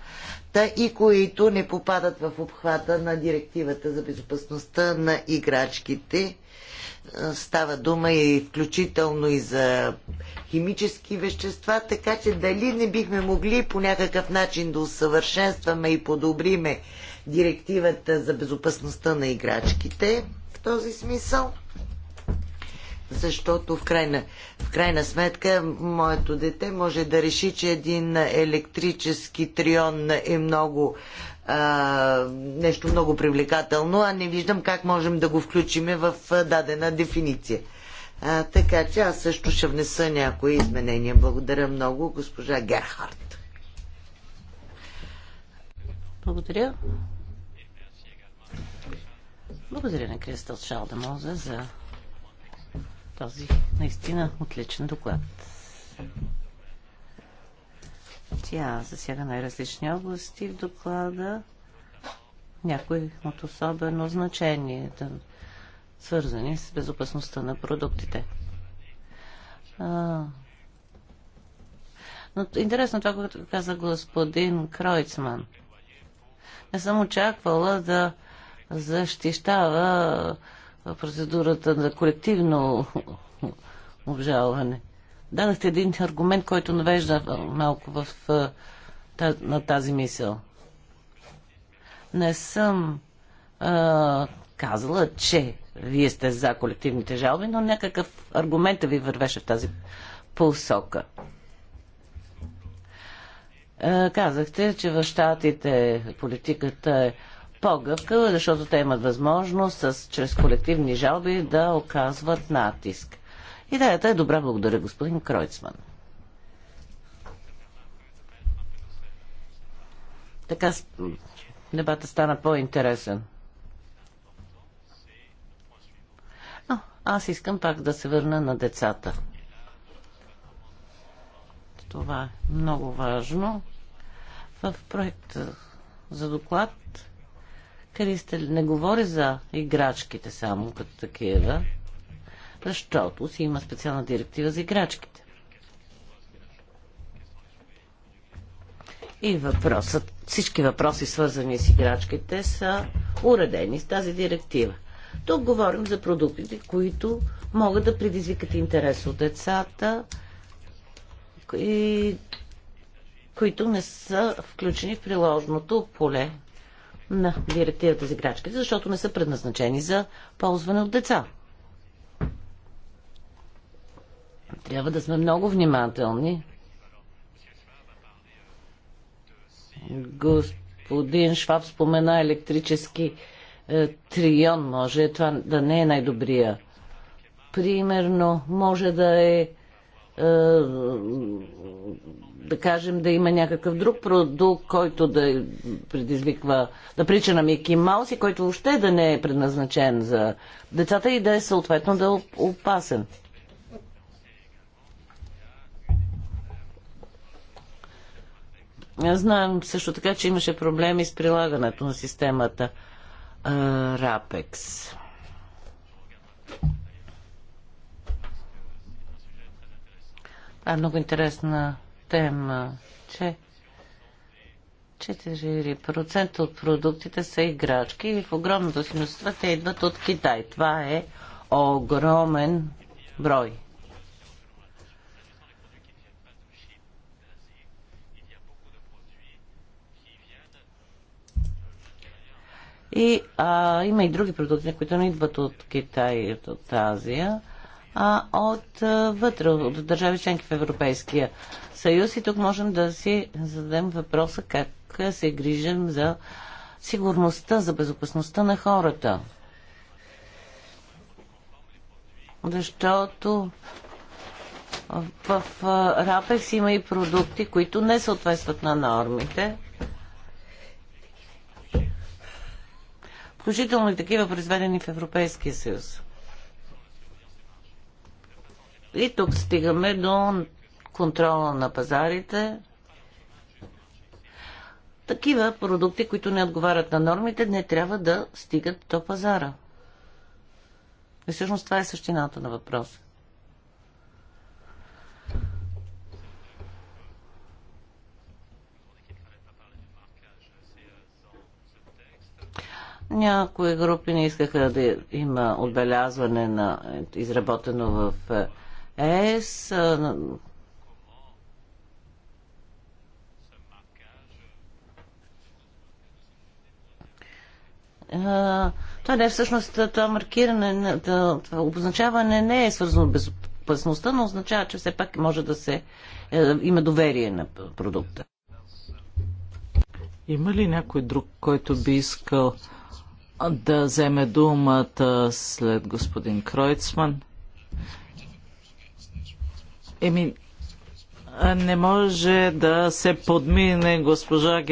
та и които не попадат в обхвата на директивата за безопасността на играчките става дума и включително и за химически вещества, така че дали не бихме могли по някакъв начин да усъвършенстваме и подобриме директивата за безопасността на играчките в този смисъл? Защото в крайна, в крайна сметка моето дете може да реши, че един електрически трион е много а, нещо много привлекателно, а не виждам как можем да го включиме в дадена дефиниция. А, така че аз също ще внеса някои изменения. Благодаря много, госпожа Герхард. Благодаря. Благодаря на Кристал Шалдамоза за този наистина отличен доклад. Тя засяга най-различни области в доклада, някои от особено значение, свързани с безопасността на продуктите. А... Но интересно това, което каза господин Кройцман. Не съм очаквала да защищава процедурата за колективно обжалване. Дадахте един аргумент, който навежда малко в, на тази мисъл. Не съм а, казала, че вие сте за колективните жалби, но някакъв аргумент ви вървеше в тази посока. А, казахте, че в щатите политиката е по-гъвкава, защото те имат възможност с, чрез колективни жалби да оказват натиск. Идеята е добра. Благодаря, господин Кройцман. Така дебата стана по-интересен. Но аз искам пак да се върна на децата. Това е много важно. В проекта за доклад Кристел не говори за играчките само като такива, защото си има специална директива за играчките. И въпросът, всички въпроси, свързани с играчките, са уредени с тази директива. Тук говорим за продуктите, които могат да предизвикат интерес от децата и които не са включени в приложното поле на директивата за играчките, защото не са предназначени за ползване от деца. Трябва да сме много внимателни. Господин Шваб спомена електрически е, трион. Може това да не е най-добрия. Примерно, може да е, е да кажем да има някакъв друг продукт, който да предизвиква, да прича на Мики Маус и който въобще да не е предназначен за децата и да е съответно да е опасен. Знаем също така, че имаше проблеми с прилагането на системата РАПЕКС. Това е много интересна тема, че 4% от продуктите са играчки и в огромното си мнозинство те идват от Китай. Това е огромен брой. И а, има и други продукти, които не идват от Китай, и от Азия, а от а, вътре, от държави членки в Европейския съюз. И тук можем да си зададем въпроса как се грижим за сигурността, за безопасността на хората. Защото в, в Рапекс има и продукти, които не съответстват на нормите включително и такива произведени в Европейския съюз. И тук стигаме до контрола на пазарите. Такива продукти, които не отговарят на нормите, не трябва да стигат до пазара. И всъщност това е същината на въпроса. Някои групи не искаха да има отбелязване на изработено в е, ЕС. Това не е всъщност това маркиране, това обозначаване не е свързано с безопасността, но означава, че все пак може да се е, има доверие на продукта. Има ли някой друг, който би искал да вземе думата след господин Кройцман. Еми, не може да се подмине госпожа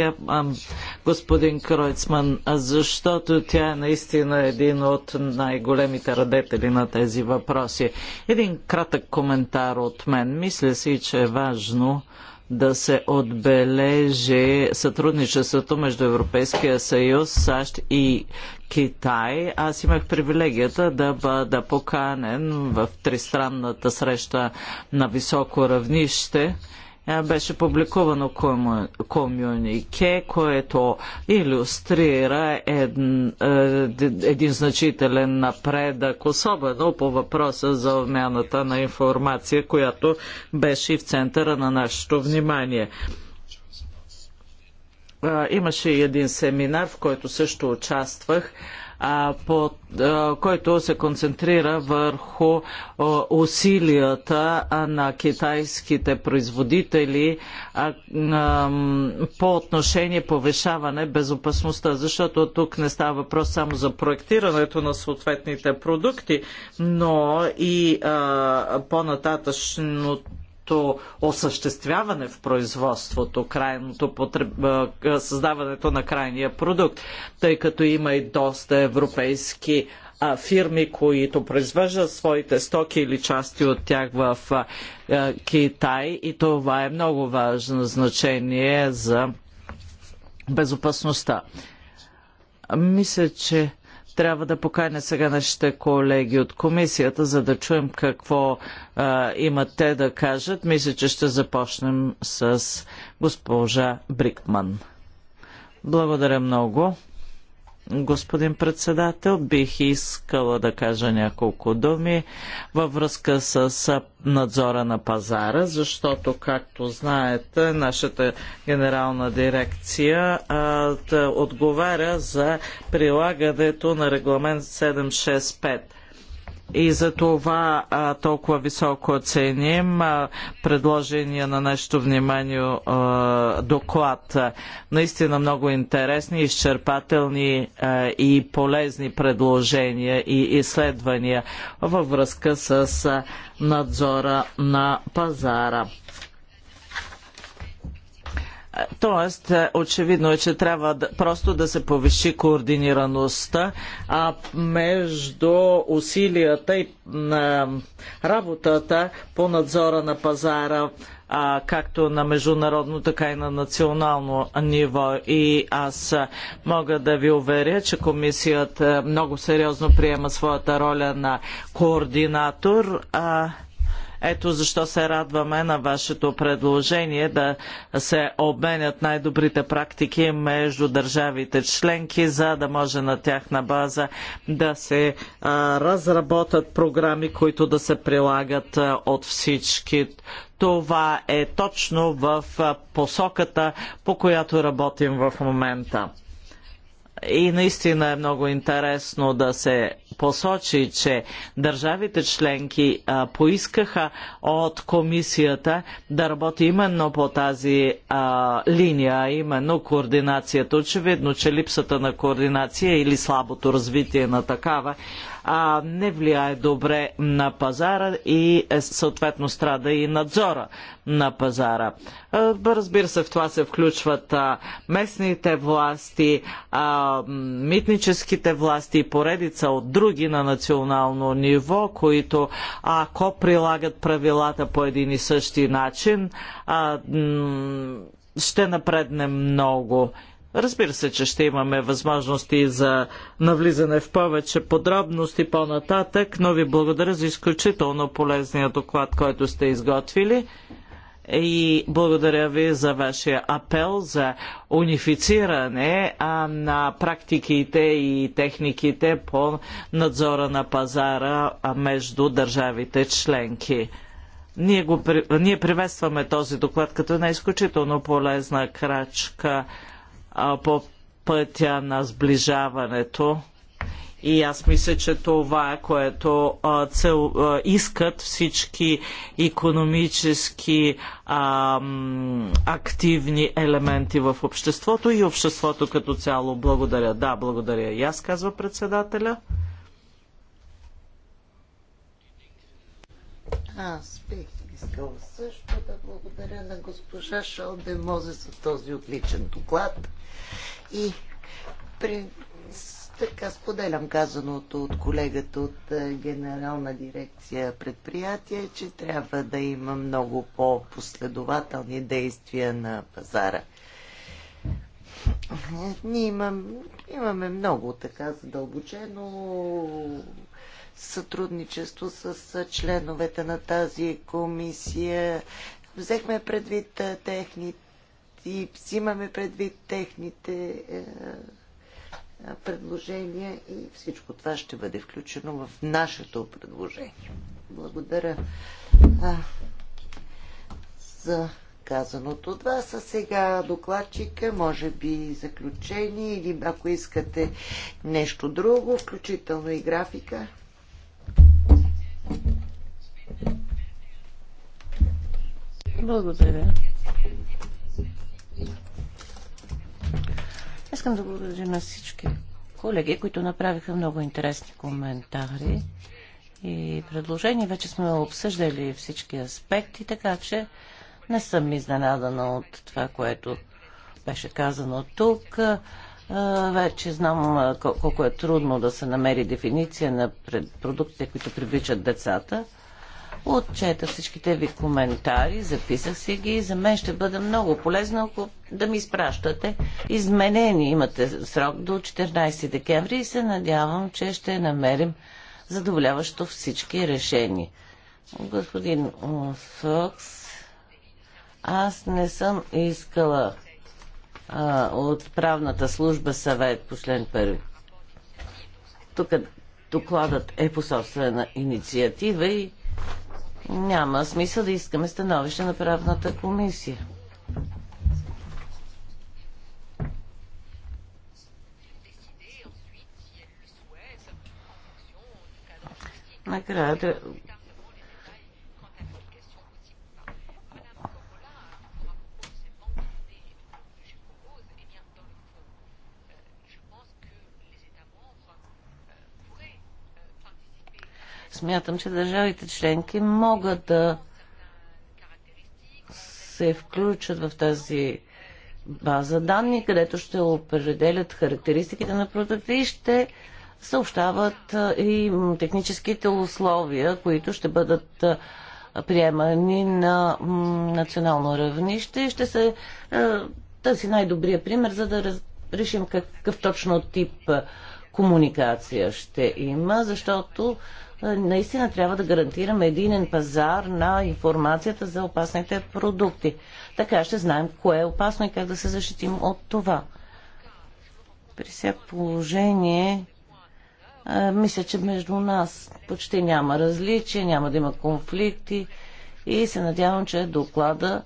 господин Кройцман, защото тя е наистина един от най-големите радетели на тези въпроси. Един кратък коментар от мен. Мисля си, че е важно да се отбележи сътрудничеството между Европейския съюз, САЩ и Китай. Аз имах привилегията да бъда поканен в тристранната среща на високо равнище е, беше публикувано комюнике, което иллюстрира един, е, един значителен напредък, особено по въпроса за обмяната на информация, която беше и в центъра на нашето внимание. Е, имаше и един семинар, в който също участвах който се концентрира върху усилията на китайските производители по отношение повишаване безопасността, защото тук не става въпрос само за проектирането на съответните продукти, но и по-нататъчното крайното осъществяване в производството, крайното потреб... създаването на крайния продукт, тъй като има и доста европейски фирми, които произвеждат своите стоки или части от тях в Китай и това е много важно значение за безопасността. Мисля, че трябва да поканя сега нашите колеги от комисията, за да чуем какво а, имат те да кажат. Мисля, че ще започнем с госпожа Брикман. Благодаря много господин председател. Бих искала да кажа няколко думи във връзка с надзора на пазара, защото, както знаете, нашата генерална дирекция а, да отговаря за прилагането на регламент 765 и за това а, толкова високо ценим а, предложения на нашето внимание а, доклад. Наистина много интересни, изчерпателни а, и полезни предложения и изследвания във връзка с а, надзора на пазара. Тоест, е, очевидно е, че трябва да, просто да се повиши координираността а между усилията и е, работата по надзора на пазара а, както на международно, така и на национално ниво. И аз е, мога да ви уверя, че комисията много сериозно приема своята роля на координатор. А, ето защо се радваме на вашето предложение да се обменят най-добрите практики между държавите членки, за да може на тяхна база да се а, разработят програми, които да се прилагат а, от всички. Това е точно в посоката, по която работим в момента. И наистина е много интересно да се посочи, че държавите членки а, поискаха от комисията да работи именно по тази а, линия, а именно координацията. Очевидно, че липсата на координация или слабото развитие на такава а, не влияе добре на пазара и е, съответно страда и надзора на пазара. Разбира се, в това се включват а, местните власти, а, митническите власти и поредица от други на национално ниво, които ако прилагат правилата по един и същи начин, а, ще напредне много. Разбира се, че ще имаме възможности за навлизане в повече подробности по-нататък, но ви благодаря за изключително полезния доклад, който сте изготвили и благодаря ви за вашия апел за унифициране на практиките и техниките по надзора на пазара между държавите членки. Ние, го, ние приветстваме този доклад като една изключително полезна крачка а, по пътя на сближаването. И аз мисля, че това е което а, цел, а, искат всички економически а, активни елементи в обществото и обществото като цяло. Благодаря. Да, благодаря. И аз казва председателя. Аз бих искал също да благодаря на госпожа Шалде Мозе за този отличен доклад и при... така споделям казаното от колегата от е, Генерална дирекция предприятия, че трябва да има много по-последователни действия на пазара. Ние имам, имаме много така задълбочено сътрудничество с членовете на тази комисия. Взехме предвид техните и взимаме предвид техните е, предложения и всичко това ще бъде включено в нашето предложение. Благодаря а, за казаното от вас. А сега докладчика, може би заключение или ако искате нещо друго, включително и графика. Благодаря. Искам да благодаря на всички колеги, които направиха много интересни коментари и предложения. Вече сме обсъждали всички аспекти, така че не съм изненадана от това, което беше казано тук. Вече знам колко е трудно да се намери дефиниция на продуктите, които привличат децата. Отчета всичките ви коментари, записах си ги. За мен ще бъде много полезно, ако да ми изпращате изменени. Имате срок до 14 декември и се надявам, че ще намерим задоволяващо всички решения. Господин Фокс, аз не съм искала а, от правната служба съвет по член първи. Тук докладът е по собствена инициатива и няма смисъл да искаме становище на правната комисия. Накрая Смятам, че държавите членки могат да се включат в тази база данни, където ще определят характеристиките на продукта и ще съобщават и техническите условия, които ще бъдат приемани на национално равнище и ще се търси най-добрия пример, за да решим какъв точно тип комуникация ще има, защото е, наистина трябва да гарантираме единен пазар на информацията за опасните продукти. Така ще знаем кое е опасно и как да се защитим от това. При всяко положение, е, мисля, че между нас почти няма различия, няма да има конфликти и се надявам, че доклада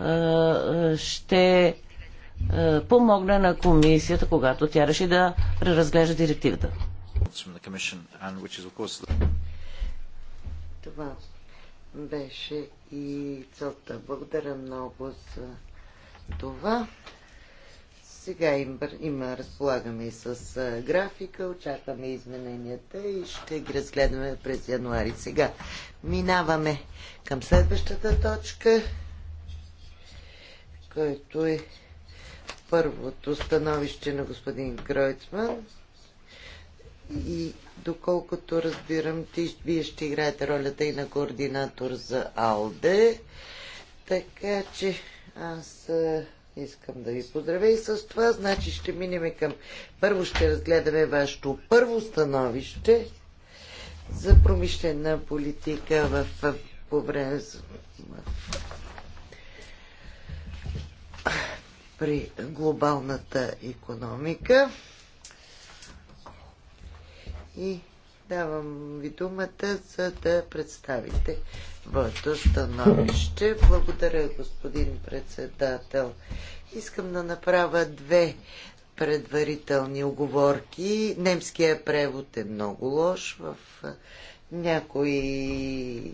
е, ще помогне на комисията, когато тя реши да преразглежда директивата. Това беше и целта. Благодаря много за това. Сега им, има, разполагаме и с графика, очакваме измененията и ще ги разгледаме през януари. Сега минаваме към следващата точка, който е първото становище на господин Кройцман и доколкото разбирам, ти, вие ще играете ролята и на координатор за АЛДЕ. Така че аз искам да ви поздравя и с това. Значи ще минем към... Първо ще разгледаме вашето първо становище за промишлена политика в, в, при глобалната економика и давам ви думата, за да представите вашето становище. Благодаря, господин председател. Искам да направя две предварителни оговорки. Немският превод е много лош. В някои,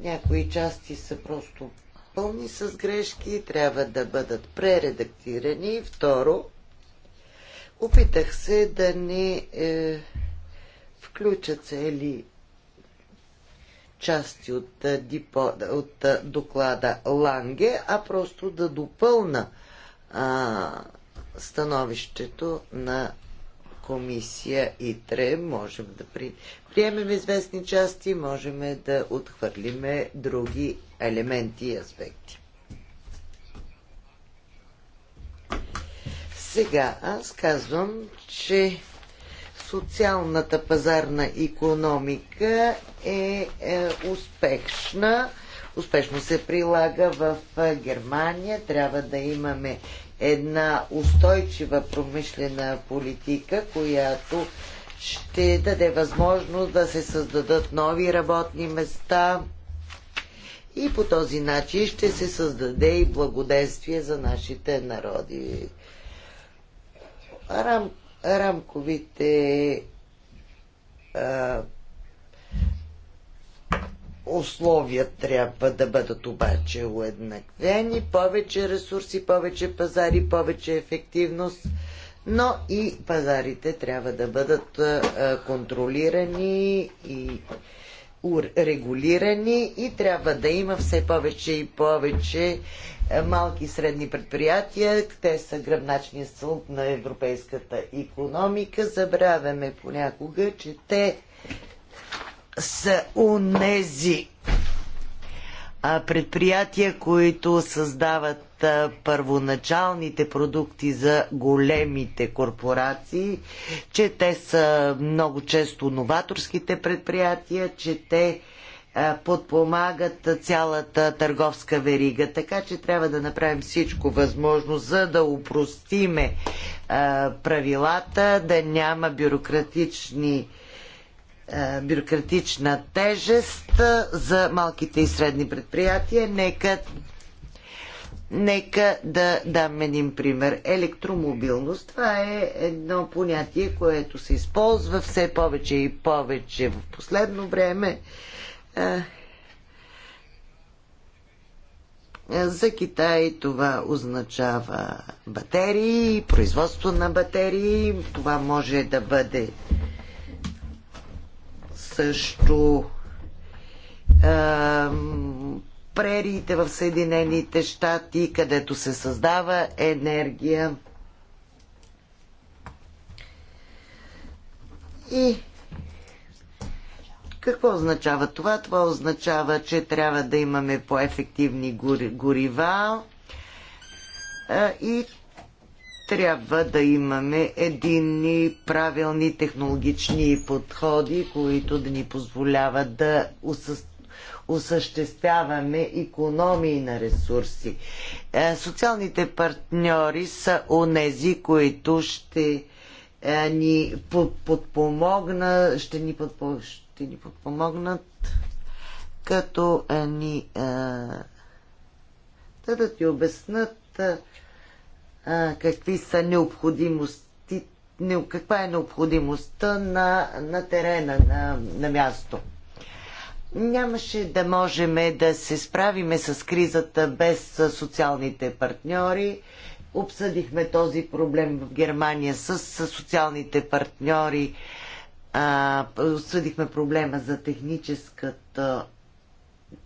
някои части са просто пълни с грешки и трябва да бъдат прередактирани. Второ, опитах се да не е, Включат се ли части от, дипо, от доклада Ланге, а просто да допълна а, становището на комисия ИТРЕ. Можем да при, приемем известни части, можем да отхвърлиме други елементи и аспекти. Сега аз казвам, че социалната пазарна економика е, е успешна. Успешно се прилага в е, Германия. Трябва да имаме една устойчива промишлена политика, която ще даде възможност да се създадат нови работни места и по този начин ще се създаде и благодействие за нашите народи. Рам, рамковите условия трябва да бъдат обаче уеднаквени, повече ресурси, повече пазари, повече ефективност, но и пазарите трябва да бъдат контролирани и регулирани и трябва да има все повече и повече е, малки и средни предприятия. Те са гръбначния стълб на европейската економика. Забравяме понякога, че те са унези предприятия, които създават първоначалните продукти за големите корпорации, че те са много често новаторските предприятия, че те подпомагат цялата търговска верига. Така че трябва да направим всичко възможно, за да упростиме правилата, да няма бюрократични бюрократична тежест за малките и средни предприятия. Нека, нека да дам един пример. Електромобилност. Това е едно понятие, което се използва все повече и повече в последно време. Е, за Китай това означава батерии, производство на батерии. Това може да бъде също е, прериите в Съединените щати, където се създава енергия. И какво означава това? Това означава, че трябва да имаме по-ефективни горива и трябва да имаме единни правилни технологични подходи, които да ни позволяват да осъществяваме економии на ресурси. Е, социалните партньори са онези, които ще е, ни подпомогна, ще ни подпомогнат ще ни подпомогнат, като е, ни а, е, да ти обяснат а, е, какви са необходимости, не, каква е необходимостта на, на терена, на, на място. Нямаше да можем да се справиме с кризата без социалните партньори. Обсъдихме този проблем в Германия с социалните партньори осъдихме проблема за техническата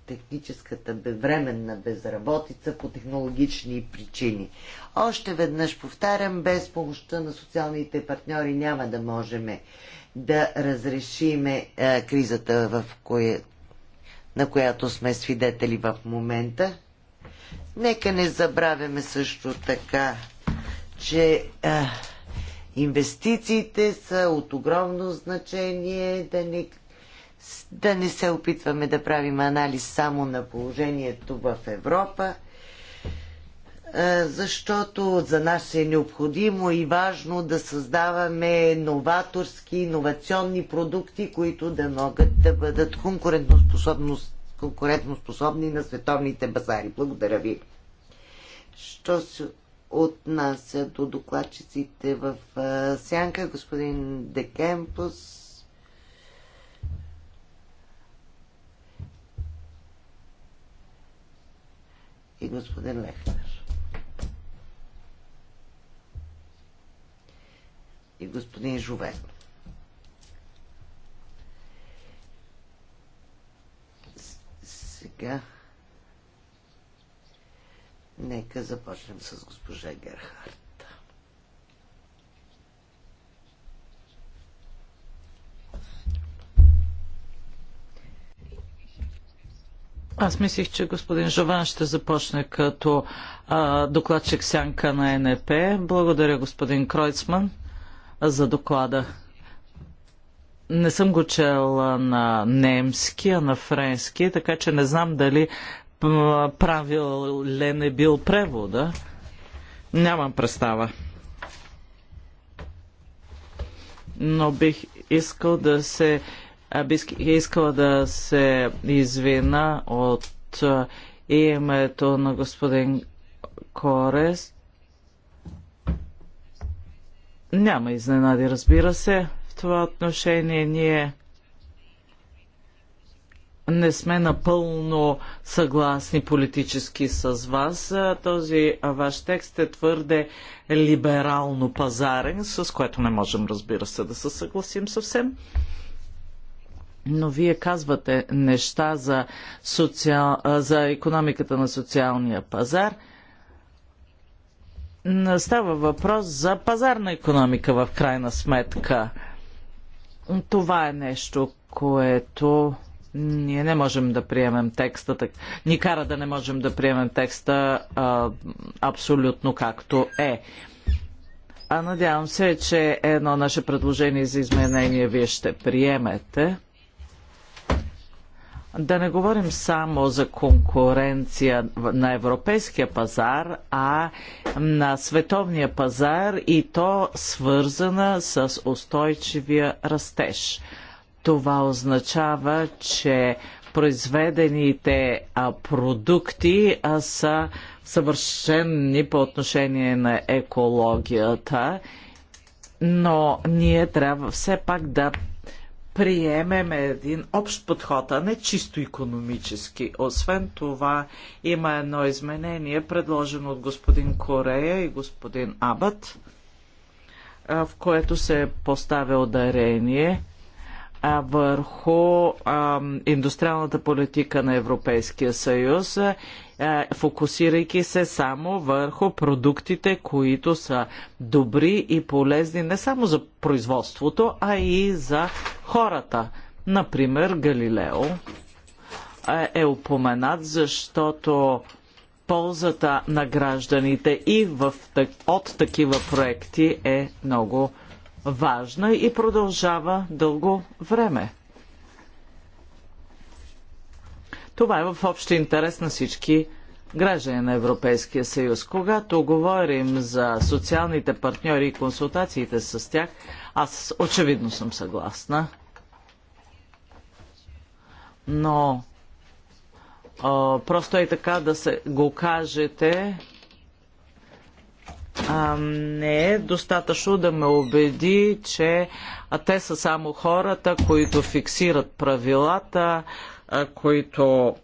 техническата временна безработица по технологични причини. Още веднъж повтарям, без помощта на социалните партньори няма да можем да разрешиме а, е, кризата, в кое, на която сме свидетели в момента. Нека не забравяме също така, че а, е, Инвестициите са от огромно значение, да не, да не се опитваме да правим анализ само на положението в Европа, защото за нас е необходимо и важно да създаваме новаторски, иновационни продукти, които да могат да бъдат конкурентоспособни на световните базари. Благодаря ви. Що се отнася до докладчиците в Сянка, господин Декемпус. и господин Лехнер. И господин Жовен. Сега. Нека започнем с госпожа Герхард. Аз мислих, че господин Жован ще започне като а, докладчик сянка на НЕП. Благодаря господин Кройцман за доклада. Не съм го чела на немски, а на френски, така че не знам дали правилен е бил превода. Нямам представа. Но бих искал да се бих искал да се извина от името на господин Корес. Няма изненади, разбира се. В това отношение ние не сме напълно съгласни политически с вас. Този ваш текст е твърде либерално пазарен, с което не можем, разбира се, да се съгласим съвсем. Но вие казвате неща за, социал... за економиката на социалния пазар. Става въпрос за пазарна економика в крайна сметка. Това е нещо, което ние не можем да приемем текста, так... ни кара да не можем да приемем текста а, абсолютно както е. А надявам се, че едно наше предложение за изменение вие ще приемете. Да не говорим само за конкуренция на европейския пазар, а на световния пазар и то свързана с устойчивия растеж. Това означава, че произведените продукти са съвършенни по отношение на екологията, но ние трябва все пак да приемем един общ подход, а не чисто економически. Освен това, има едно изменение, предложено от господин Корея и господин Абът, в което се е поставя ударение върху а, индустриалната политика на Европейския съюз, а, фокусирайки се само върху продуктите, които са добри и полезни не само за производството, а и за хората. Например, Галилео е упоменат, защото ползата на гражданите и в, от такива проекти е много важна и продължава дълго време. Това е в общи интерес на всички граждани на Европейския съюз. Когато говорим за социалните партньори и консултациите с тях, аз очевидно съм съгласна. Но а, просто е така да се го кажете а, не е достатъчно да ме убеди, че а те са само хората, които фиксират правилата, а, които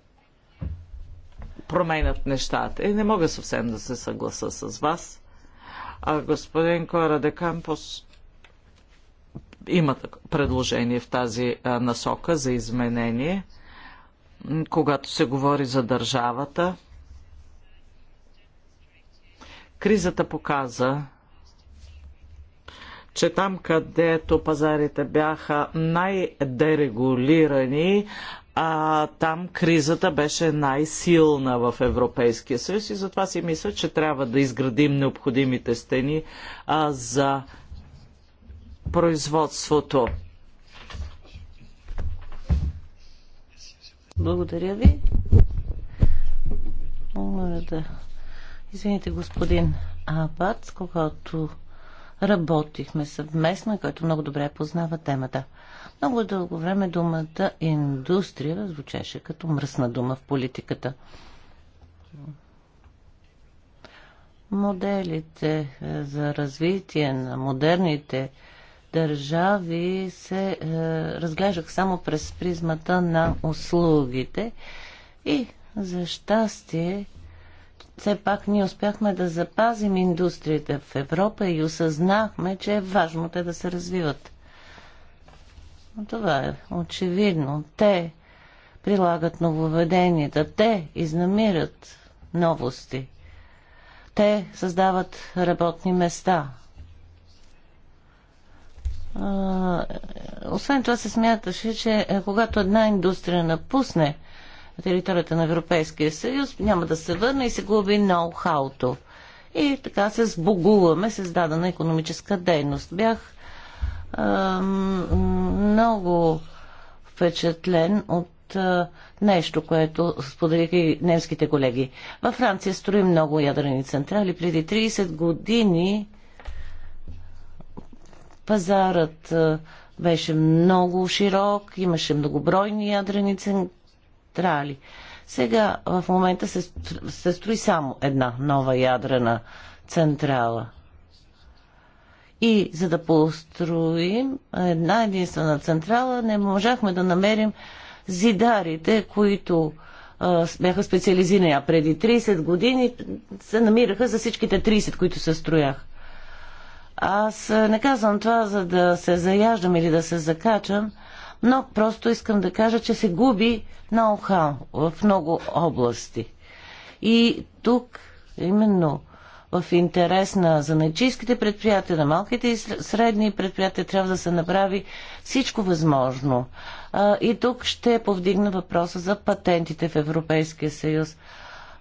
променят нещата. И не мога съвсем да се съгласа с вас. А господин Кора де Кампос има предложение в тази а, насока за изменение, когато се говори за държавата – Кризата показа, че там, където пазарите бяха най-дерегулирани, а там кризата беше най-силна в Европейския съюз и затова си мисля, че трябва да изградим необходимите стени а, за производството. Благодаря ви. Моля да Извините, господин Абат, когато работихме съвместно и който много добре познава темата. Много дълго време думата индустрия звучеше като мръсна дума в политиката. Моделите е, за развитие на модерните държави се е, разглеждах само през призмата на услугите и за щастие все пак ние успяхме да запазим индустрията в Европа и осъзнахме, че е важно те да се развиват. Но това е очевидно. Те прилагат нововведенията, те изнамират новости, те създават работни места. Освен това се смяташе, че е, когато една индустрия напусне на територията на Европейския съюз, няма да се върне и се губи ноу-хауто. И така се сбогуваме с дадена економическа дейност. Бях много впечатлен от нещо, което споделиха и немските колеги. Във Франция строи много ядрени централи. Преди 30 години пазарът беше много широк, имаше многобройни ядрени централи централи. Сега в момента се, се строи само една нова ядрена централа. И за да построим една единствена централа, не можахме да намерим зидарите, които а, бяха специализирани. А преди 30 години се намираха за всичките 30, които се строях. Аз не казвам това, за да се заяждам или да се закачам, но просто искам да кажа, че се губи ноу-хау в много области. И тук именно в интерес на занечийските предприятия, на малките и средни предприятия трябва да се направи всичко възможно. И тук ще повдигна въпроса за патентите в Европейския съюз.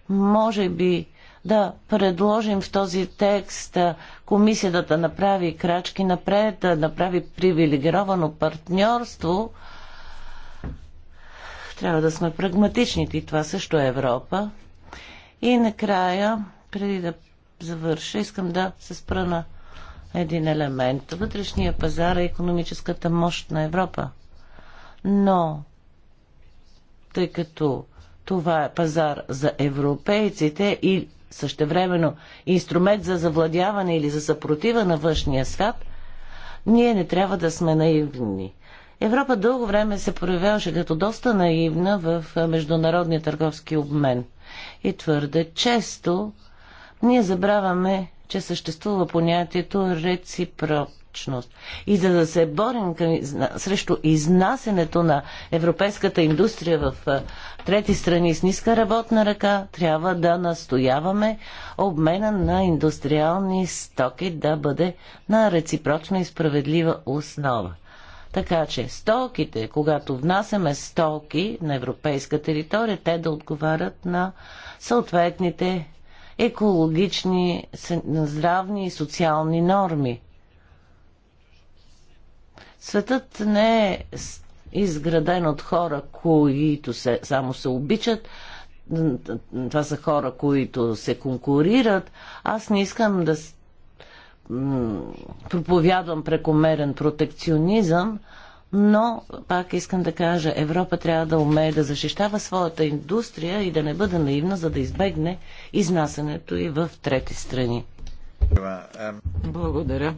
Може би да предложим в този текст комисията да направи крачки напред, да направи привилегировано партньорство, трябва да сме прагматични и това също е Европа. И накрая, преди да завърша, искам да се спра на един елемент. Вътрешния пазар е економическата мощ на Европа. Но, тъй като това е пазар за европейците и същевременно инструмент за завладяване или за съпротива на външния свят, ние не трябва да сме наивни. Европа дълго време се проявяваше като доста наивна в международния търговски обмен. И твърде често ние забравяме, че съществува понятието реципрок прозрачност и за да се борим към, срещу изнасенето на европейската индустрия в трети страни с ниска работна ръка, трябва да настояваме обмена на индустриални стоки да бъде на реципрочна и справедлива основа. Така че стоките, когато внасяме стоки на европейска територия, те да отговарят на съответните екологични, здравни и социални норми. Светът не е изграден от хора, които се, само се обичат. Това са хора, които се конкурират. Аз не искам да проповядвам прекомерен протекционизъм, но пак искам да кажа, Европа трябва да умее да защищава своята индустрия и да не бъде наивна, за да избегне изнасянето и в трети страни. Благодаря.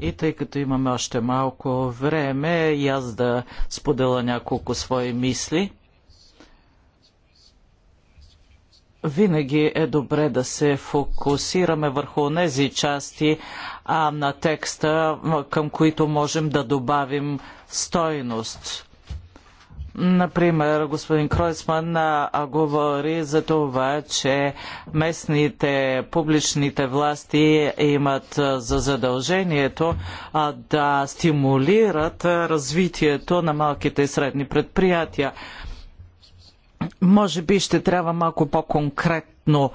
И тъй като имаме още малко време, и аз да споделя няколко свои мисли. Винаги е добре да се фокусираме върху тези части а, на текста, към които можем да добавим стойност. Например, господин Кройсман говори за това, че местните публичните власти имат за задължението да стимулират развитието на малките и средни предприятия. Може би ще трябва малко по-конкретно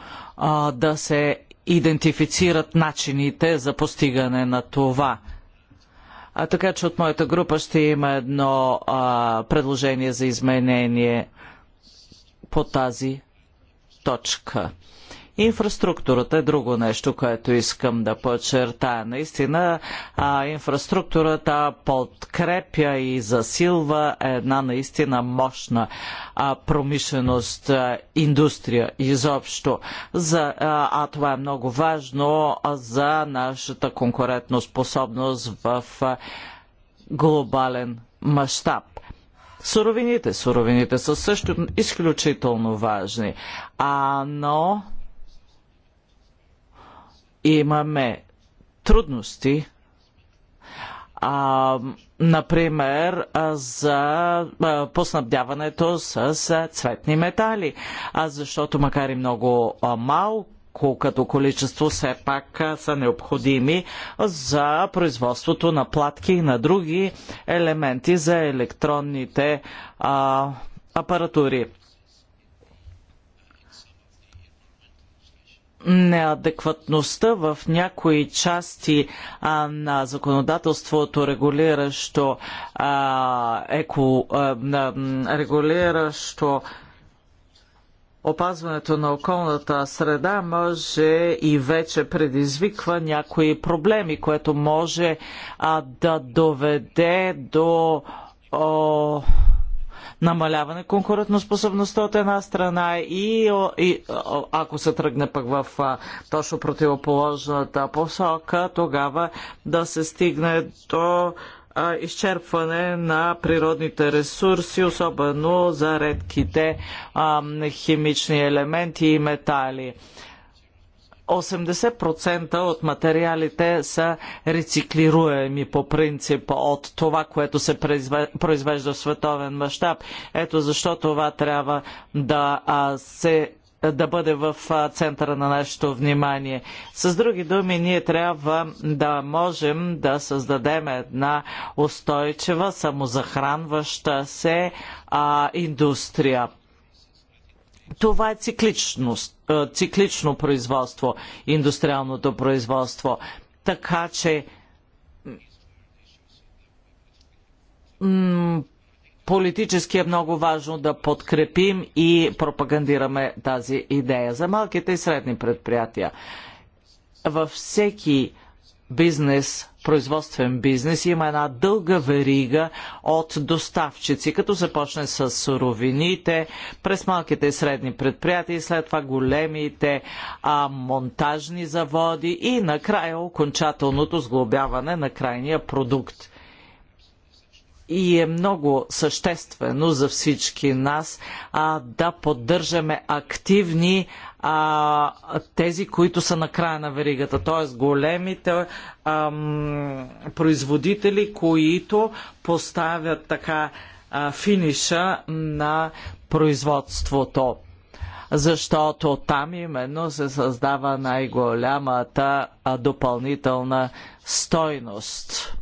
да се идентифицират начините за постигане на това. А, така че от моята група ще има едно а, предложение за изменение по тази точка. Инфраструктурата е друго нещо, което искам да подчертая. Наистина, а, инфраструктурата подкрепя и засилва една наистина мощна а, промишленост, а, индустрия изобщо. За, а, а това е много важно за нашата конкурентоспособност в а, глобален мащаб. Суровините. Суровините са също изключително важни. А, но имаме трудности, а, например, за поснабдяването с цветни метали, а защото макар и много малко, като количество все пак са необходими за производството на платки и на други елементи за електронните а, апаратури. неадекватността в някои части а, на законодателството, регулиращо а, еко, а, регулиращо опазването на околната среда може и вече предизвиква някои проблеми, което може а, да доведе до о, намаляване конкурентоспособността от една страна и, и ако се тръгне пък в точно противоположната посока, тогава да се стигне до изчерпване на природните ресурси, особено за редките а, химични елементи и метали. 80% от материалите са рециклируеми по принцип от това, което се произвежда в световен мащаб. Ето защо това трябва да се да бъде в центъра на нашето внимание. С други думи, ние трябва да можем да създадем една устойчива, самозахранваща се а, индустрия това е цикличност, е, циклично производство, индустриалното производство. Така че политически е много важно да подкрепим и пропагандираме тази идея за малките и средни предприятия. Във всеки бизнес производствен бизнес има една дълга верига от доставчици, като започне с суровините, през малките и средни предприятия след това големите а, монтажни заводи и накрая окончателното сглобяване на крайния продукт и е много съществено за всички нас а, да поддържаме активни а, тези, които са на края на веригата, т.е. големите ам, производители, които поставят така а, финиша на производството. Защото там именно се създава най-голямата допълнителна стойност.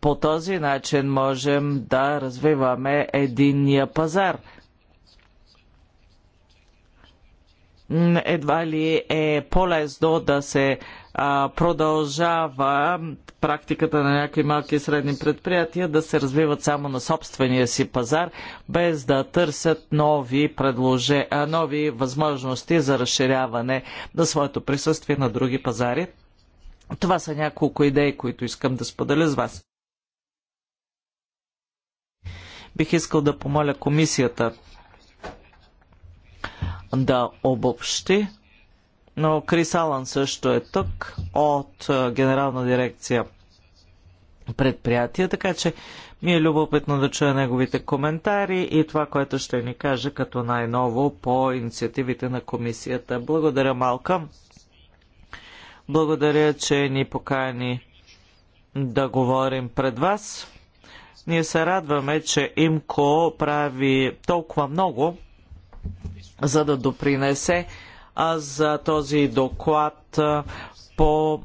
По този начин можем да развиваме единния пазар – едва ли е по-лесно да се а, продължава практиката на някои малки и средни предприятия да се развиват само на собствения си пазар, без да търсят нови, предложе, а, нови възможности за разширяване на своето присъствие на други пазари. Това са няколко идеи, които искам да споделя с вас. Бих искал да помоля комисията да обобщи, но Крис Алан също е тук от Генерална дирекция предприятия, така че ми е любопитно да чуя неговите коментари и това, което ще ни каже като най-ново по инициативите на комисията. Благодаря, Малка. Благодаря, че ни покани да говорим пред вас. Ние се радваме, че ИМКО прави толкова много за да допринесе а за този доклад а, по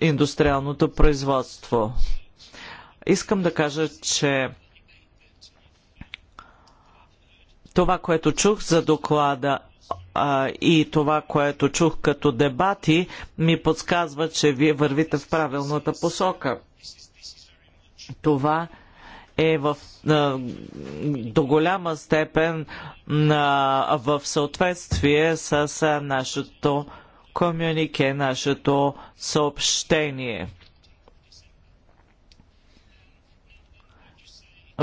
индустриалното производство. Искам да кажа, че това, което чух за доклада а, и това, което чух като дебати, ми подсказва, че вие вървите в правилната посока. Това е в, а, до голяма степен а, в съответствие с а, нашето комюнике, нашето съобщение.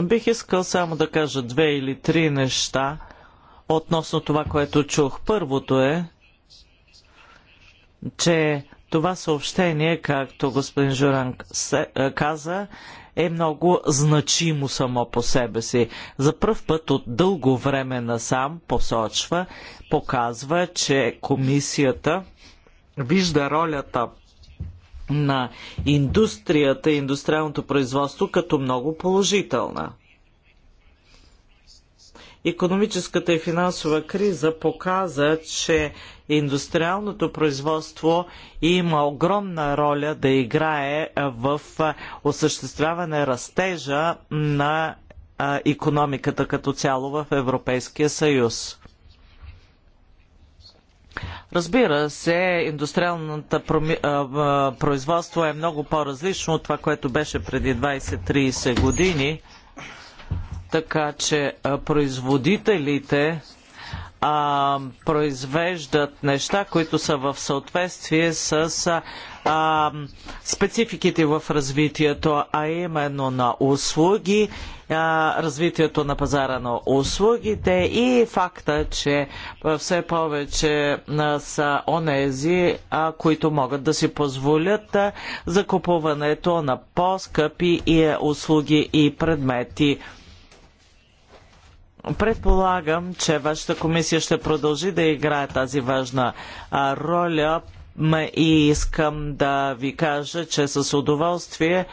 Бих искал само да кажа две или три неща относно това, което чух. Първото е, че това съобщение, както господин Журан каза, е много значимо само по себе си. За първ път от дълго време насам посочва, показва, че комисията вижда ролята на индустрията и индустриалното производство като много положителна. Економическата и финансова криза показа, че индустриалното производство има огромна роля да играе в осъществяване растежа на економиката като цяло в Европейския съюз. Разбира се, индустриалното производство е много по-различно от това, което беше преди 20-30 години, така че производителите а, произвеждат неща, които са в съответствие с а, спецификите в развитието, а именно на услуги, а, развитието на пазара на услугите и факта, че все повече а, са онези, а, които могат да си позволят а, закупуването на по-скъпи е, услуги и предмети. Предполагам, че вашата комисия ще продължи да играе тази важна роля и искам да ви кажа, че с удоволствие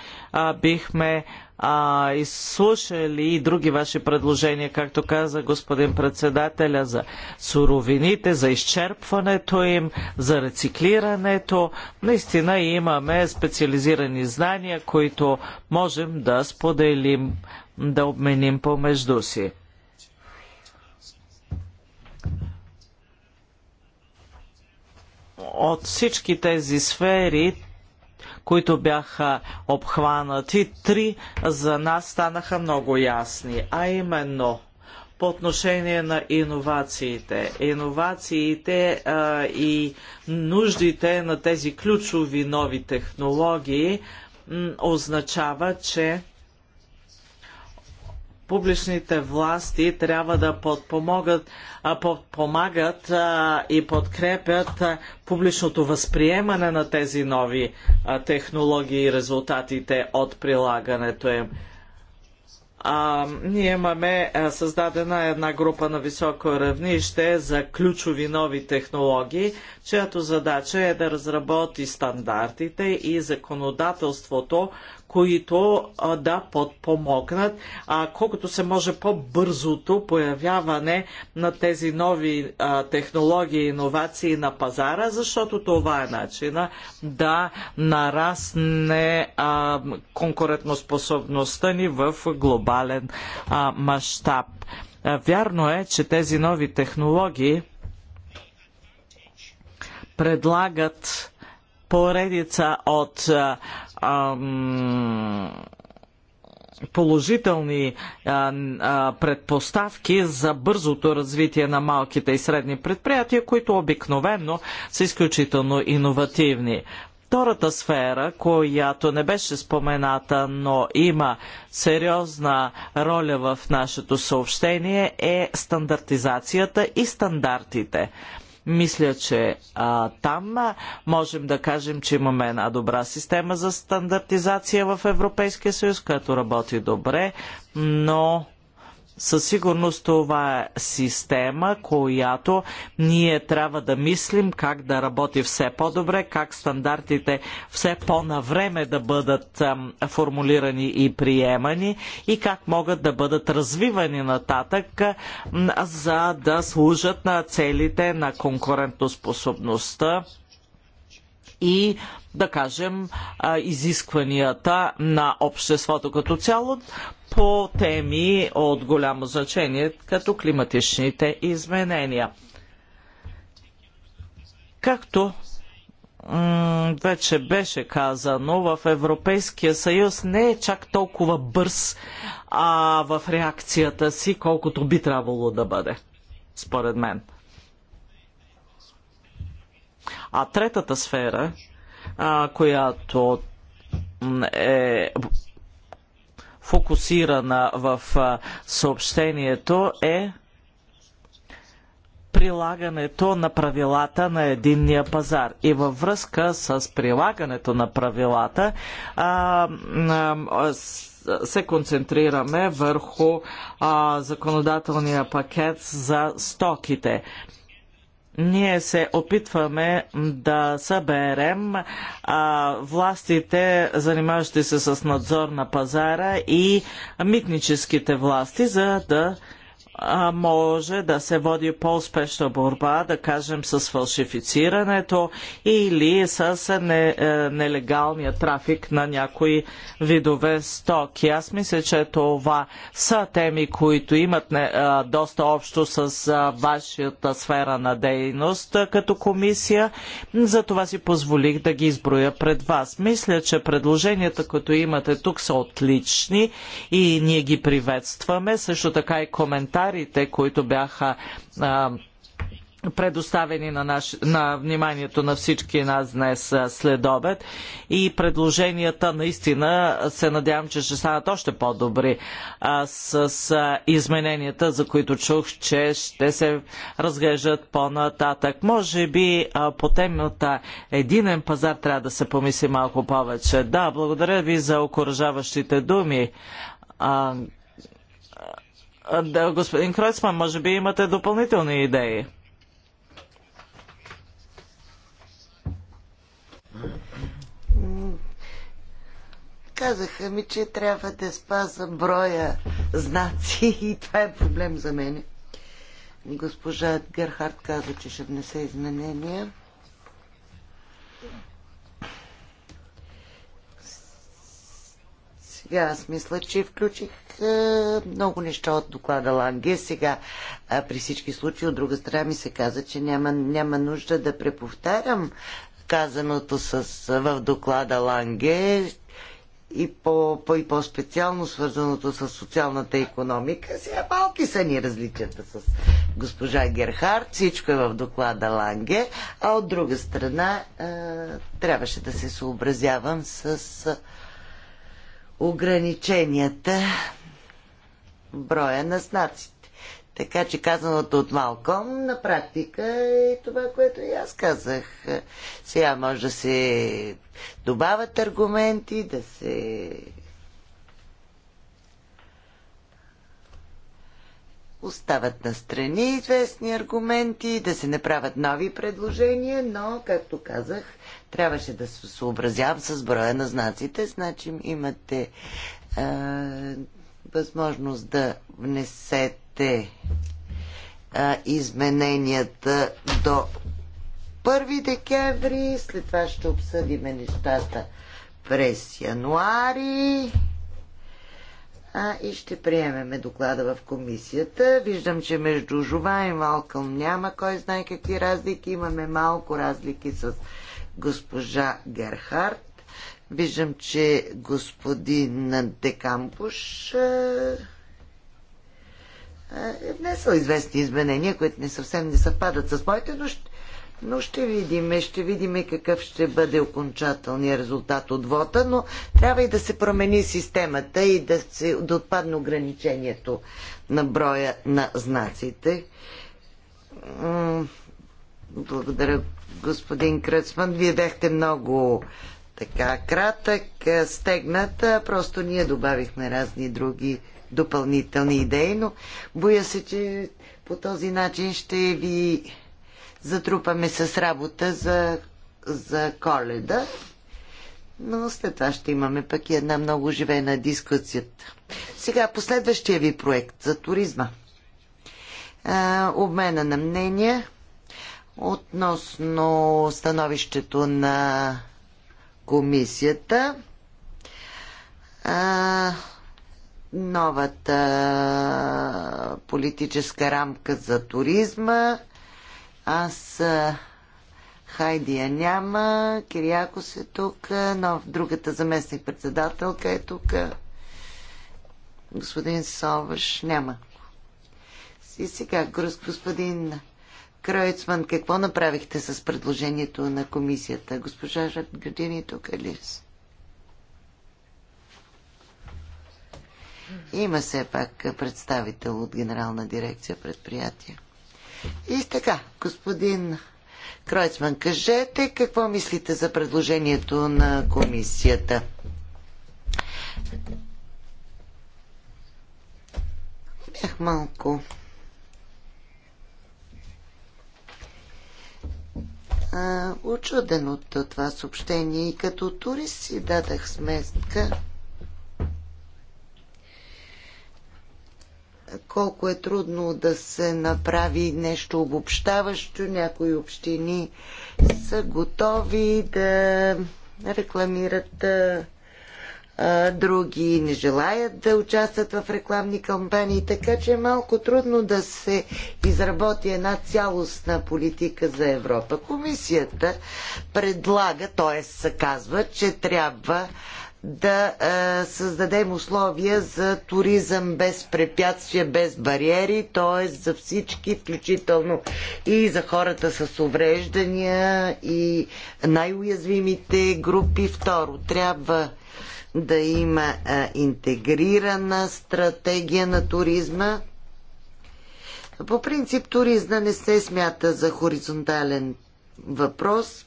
бихме а, изслушали и други ваши предложения, както каза господин председателя, за суровините, за изчерпването им, за рециклирането. Наистина имаме специализирани знания, които можем да споделим, да обменим помежду си. от всички тези сфери, които бяха обхванати, три за нас станаха много ясни, а именно по отношение на иновациите. Иновациите а, и нуждите на тези ключови нови технологии м, означава, че публичните власти трябва да подпомогат, подпомагат и подкрепят публичното възприемане на тези нови технологии и резултатите от прилагането им. А, ние имаме създадена една група на високо равнище за ключови нови технологии, чиято задача е да разработи стандартите и законодателството, които а, да подпомогнат а, колкото се може по-бързото появяване на тези нови а, технологии и иновации на пазара, защото това е начина да нарасне а, конкурентоспособността ни в глобален мащаб. Вярно е, че тези нови технологии предлагат поредица от ам, положителни а, а, предпоставки за бързото развитие на малките и средни предприятия, които обикновено са изключително иновативни. Втората сфера, която не беше спомената, но има сериозна роля в нашето съобщение, е стандартизацията и стандартите. Мисля, че а, там можем да кажем, че имаме една добра система за стандартизация в Европейския съюз, която работи добре, но със сигурност това е система, която ние трябва да мислим как да работи все по-добре, как стандартите все по-навреме да бъдат формулирани и приемани и как могат да бъдат развивани нататък, за да служат на целите на конкурентоспособността и да кажем изискванията на обществото като цяло, по теми от голямо значение, като климатичните изменения. Както вече беше казано, в Европейския съюз не е чак толкова бърз а, в реакцията си, колкото би трябвало да бъде, според мен. А третата сфера, а, която е фокусирана в съобщението е прилагането на правилата на единния пазар. И във връзка с прилагането на правилата а, а, се концентрираме върху а, законодателния пакет за стоките ние се опитваме да съберем а, властите, занимаващи се с надзор на пазара и митническите власти, за да може да се води по-успешна борба, да кажем, с фалшифицирането или с е, е, нелегалния трафик на някои видове стоки. Аз мисля, че това са теми, които имат е, доста общо с вашата сфера на дейност като комисия. Затова си позволих да ги изброя пред вас. Мисля, че предложенията, които имате тук, са отлични и ние ги приветстваме. Също така и коментар коментарите, които бяха а, предоставени на, наш, на вниманието на всички нас днес след обед и предложенията наистина се надявам, че ще станат още по-добри с, с измененията, за които чух, че ще се разглеждат по-нататък. Може би а, по темата единен пазар трябва да се помисли малко повече. Да, благодаря ви за окоръжаващите думи. А, да, господин Кройцман, може би имате допълнителни идеи. Казаха ми, че трябва да спаза броя знаци и това е проблем за мен. Госпожа Герхард каза, че ще внесе изменения. Сега аз мисля, че включих е, много неща от доклада Ланге. Сега е, при всички случаи от друга страна ми се каза, че няма, няма нужда да преповтарям казаното с, в доклада Ланге и по, по, и по-специално свързаното с социалната економика. Сега малки са ни различията с госпожа Герхард. Всичко е в доклада Ланге. А от друга страна е, трябваше да се съобразявам с ограниченията броя на знаците. Така че казаното от Малком на практика е това, което и аз казах. Сега може да се добавят аргументи, да се остават на страни известни аргументи, да се направят нови предложения, но, както казах, трябваше да се съобразявам с броя на знаците. Значи имате е, възможност да внесете е, измененията до 1 декември, след това ще обсъдим нещата през януари а и ще приемеме доклада в комисията. Виждам, че между Жова и Малкъм няма кой знае какви разлики. Имаме малко разлики с госпожа Герхард. Виждам, че господин Декампуш е внесъл известни изменения, които не съвсем не съвпадат с моите, но ще, но ще видим, ще видим какъв ще бъде окончателният резултат от вота, но трябва и да се промени системата и да, се, да отпадне ограничението на броя на знаците. Благодаря, господин Кръцман. Вие бяхте много така кратък, стегнат. Просто ние добавихме разни други допълнителни идеи, но боя се, че по този начин ще ви затрупаме с работа за, за коледа. Но след това ще имаме пък и една много живена дискусия. Сега последващия ви проект за туризма. А, обмена на мнения относно становището на комисията. А, новата политическа рамка за туризма аз Хайди я няма, Кириакос е тук, но другата заместник председателка е тук. Господин Соваш няма. И сега, господин Кройцман, какво направихте с предложението на комисията? Госпожа Радгодини е тук е ли? Има все пак представител от Генерална дирекция предприятия. И така, господин Кройцман, кажете какво мислите за предложението на комисията? Бях малко. Очуден от това съобщение и като турист си дадах сметка, колко е трудно да се направи нещо обобщаващо. Някои общини са готови да рекламират други не желаят да участват в рекламни кампании, така че е малко трудно да се изработи една цялостна политика за Европа. Комисията предлага, т.е. се казва, че трябва да е, създадем условия за туризъм без препятствия, без бариери, т.е. за всички, включително и за хората с увреждания и най-уязвимите групи. Второ, трябва да има е, интегрирана стратегия на туризма. По принцип туризма не се смята за хоризонтален въпрос,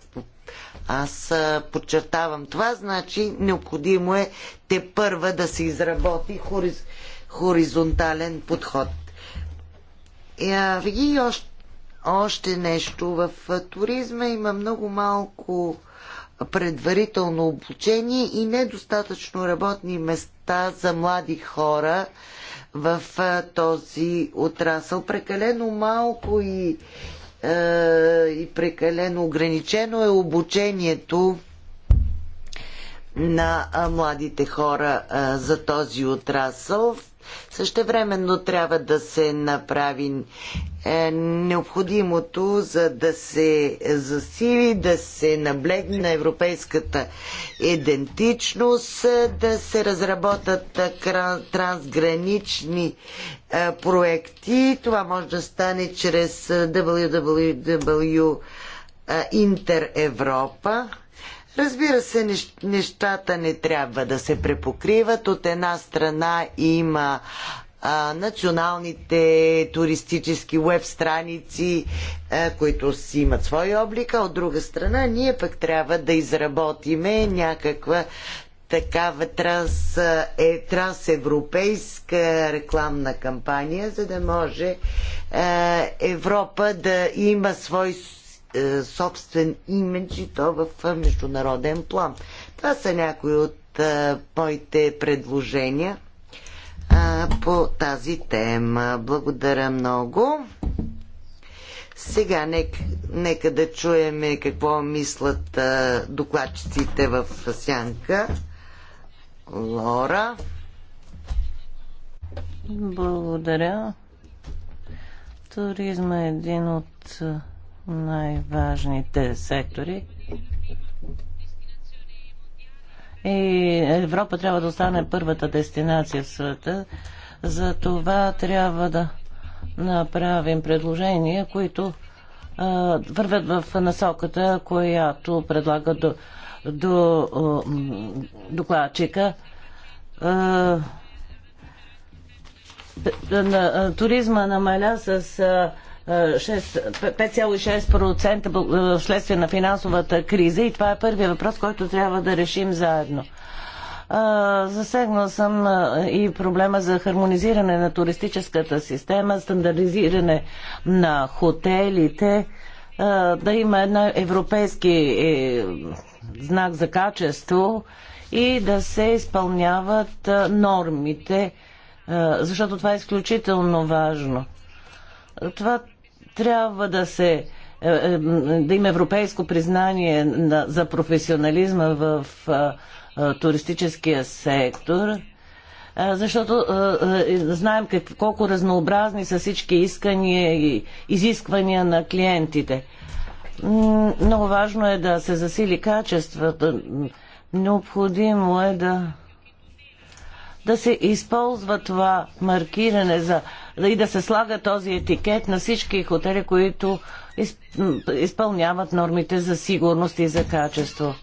аз подчертавам това, значи необходимо е те първа да се изработи хориз, хоризонтален подход. Е, и още, още нещо. В туризма има много малко предварително обучение и недостатъчно работни места за млади хора в този отрасъл. Прекалено малко и, е, и прекалено ограничено е обучението на младите хора за този отрасъл. Същевременно трябва да се направи е, необходимото, за да се засили, да се наблегне на европейската идентичност, да се разработат трансгранични е, проекти. Това може да стане чрез www е, Интер Европа. Разбира се, нещата не трябва да се препокриват. От една страна има а, националните туристически веб страници, а, които си имат свой облик, а от друга страна ние пък трябва да изработиме някаква такава транс, е, трансевропейска рекламна кампания, за да може е, Европа да има свой е, собствен имидж и то в е, международен план. Това са някои от е, моите предложения е, по тази тема. Благодаря много. Сега нека, нека да чуем какво мислят е, докладчиците в сянка. Лора. Благодаря. Туризма е един от най-важните сектори. И Европа трябва да остане първата дестинация в света. За това трябва да направим предложения, които а, вървят в насоката, която предлага до, до а, докладчика. А, на, туризма намаля с 5,6% е, вследствие на финансовата криза и това е първият въпрос, който трябва да решим заедно. Засегнал съм и проблема за хармонизиране на туристическата система, стандартизиране на хотелите, да има една европейски е, знак за качество и да се изпълняват нормите, защото това е изключително важно. Това трябва да се е, е, да има европейско признание за професионализма в туристическия сектор, защото знаем как, колко разнообразни са всички искания и изисквания на клиентите. Много важно е да се засили качеството. Необходимо е да, да се използва това маркиране за и нали, да се слага този етикет на всички хотели, които изпълняват нормите за сигурност и за качество.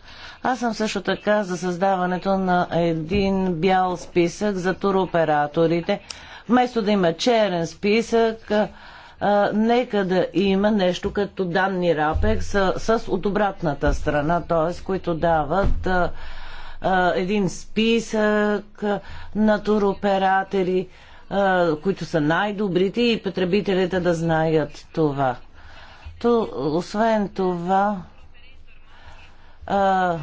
Аз съм също така за създаването на един бял списък за туроператорите. Вместо да има черен списък, а, нека да има нещо като данни рапек с, с от обратната страна, т.е. които дават а, а, един списък на туроператори, които са най-добрите и потребителите да знаят това. То, освен това, а,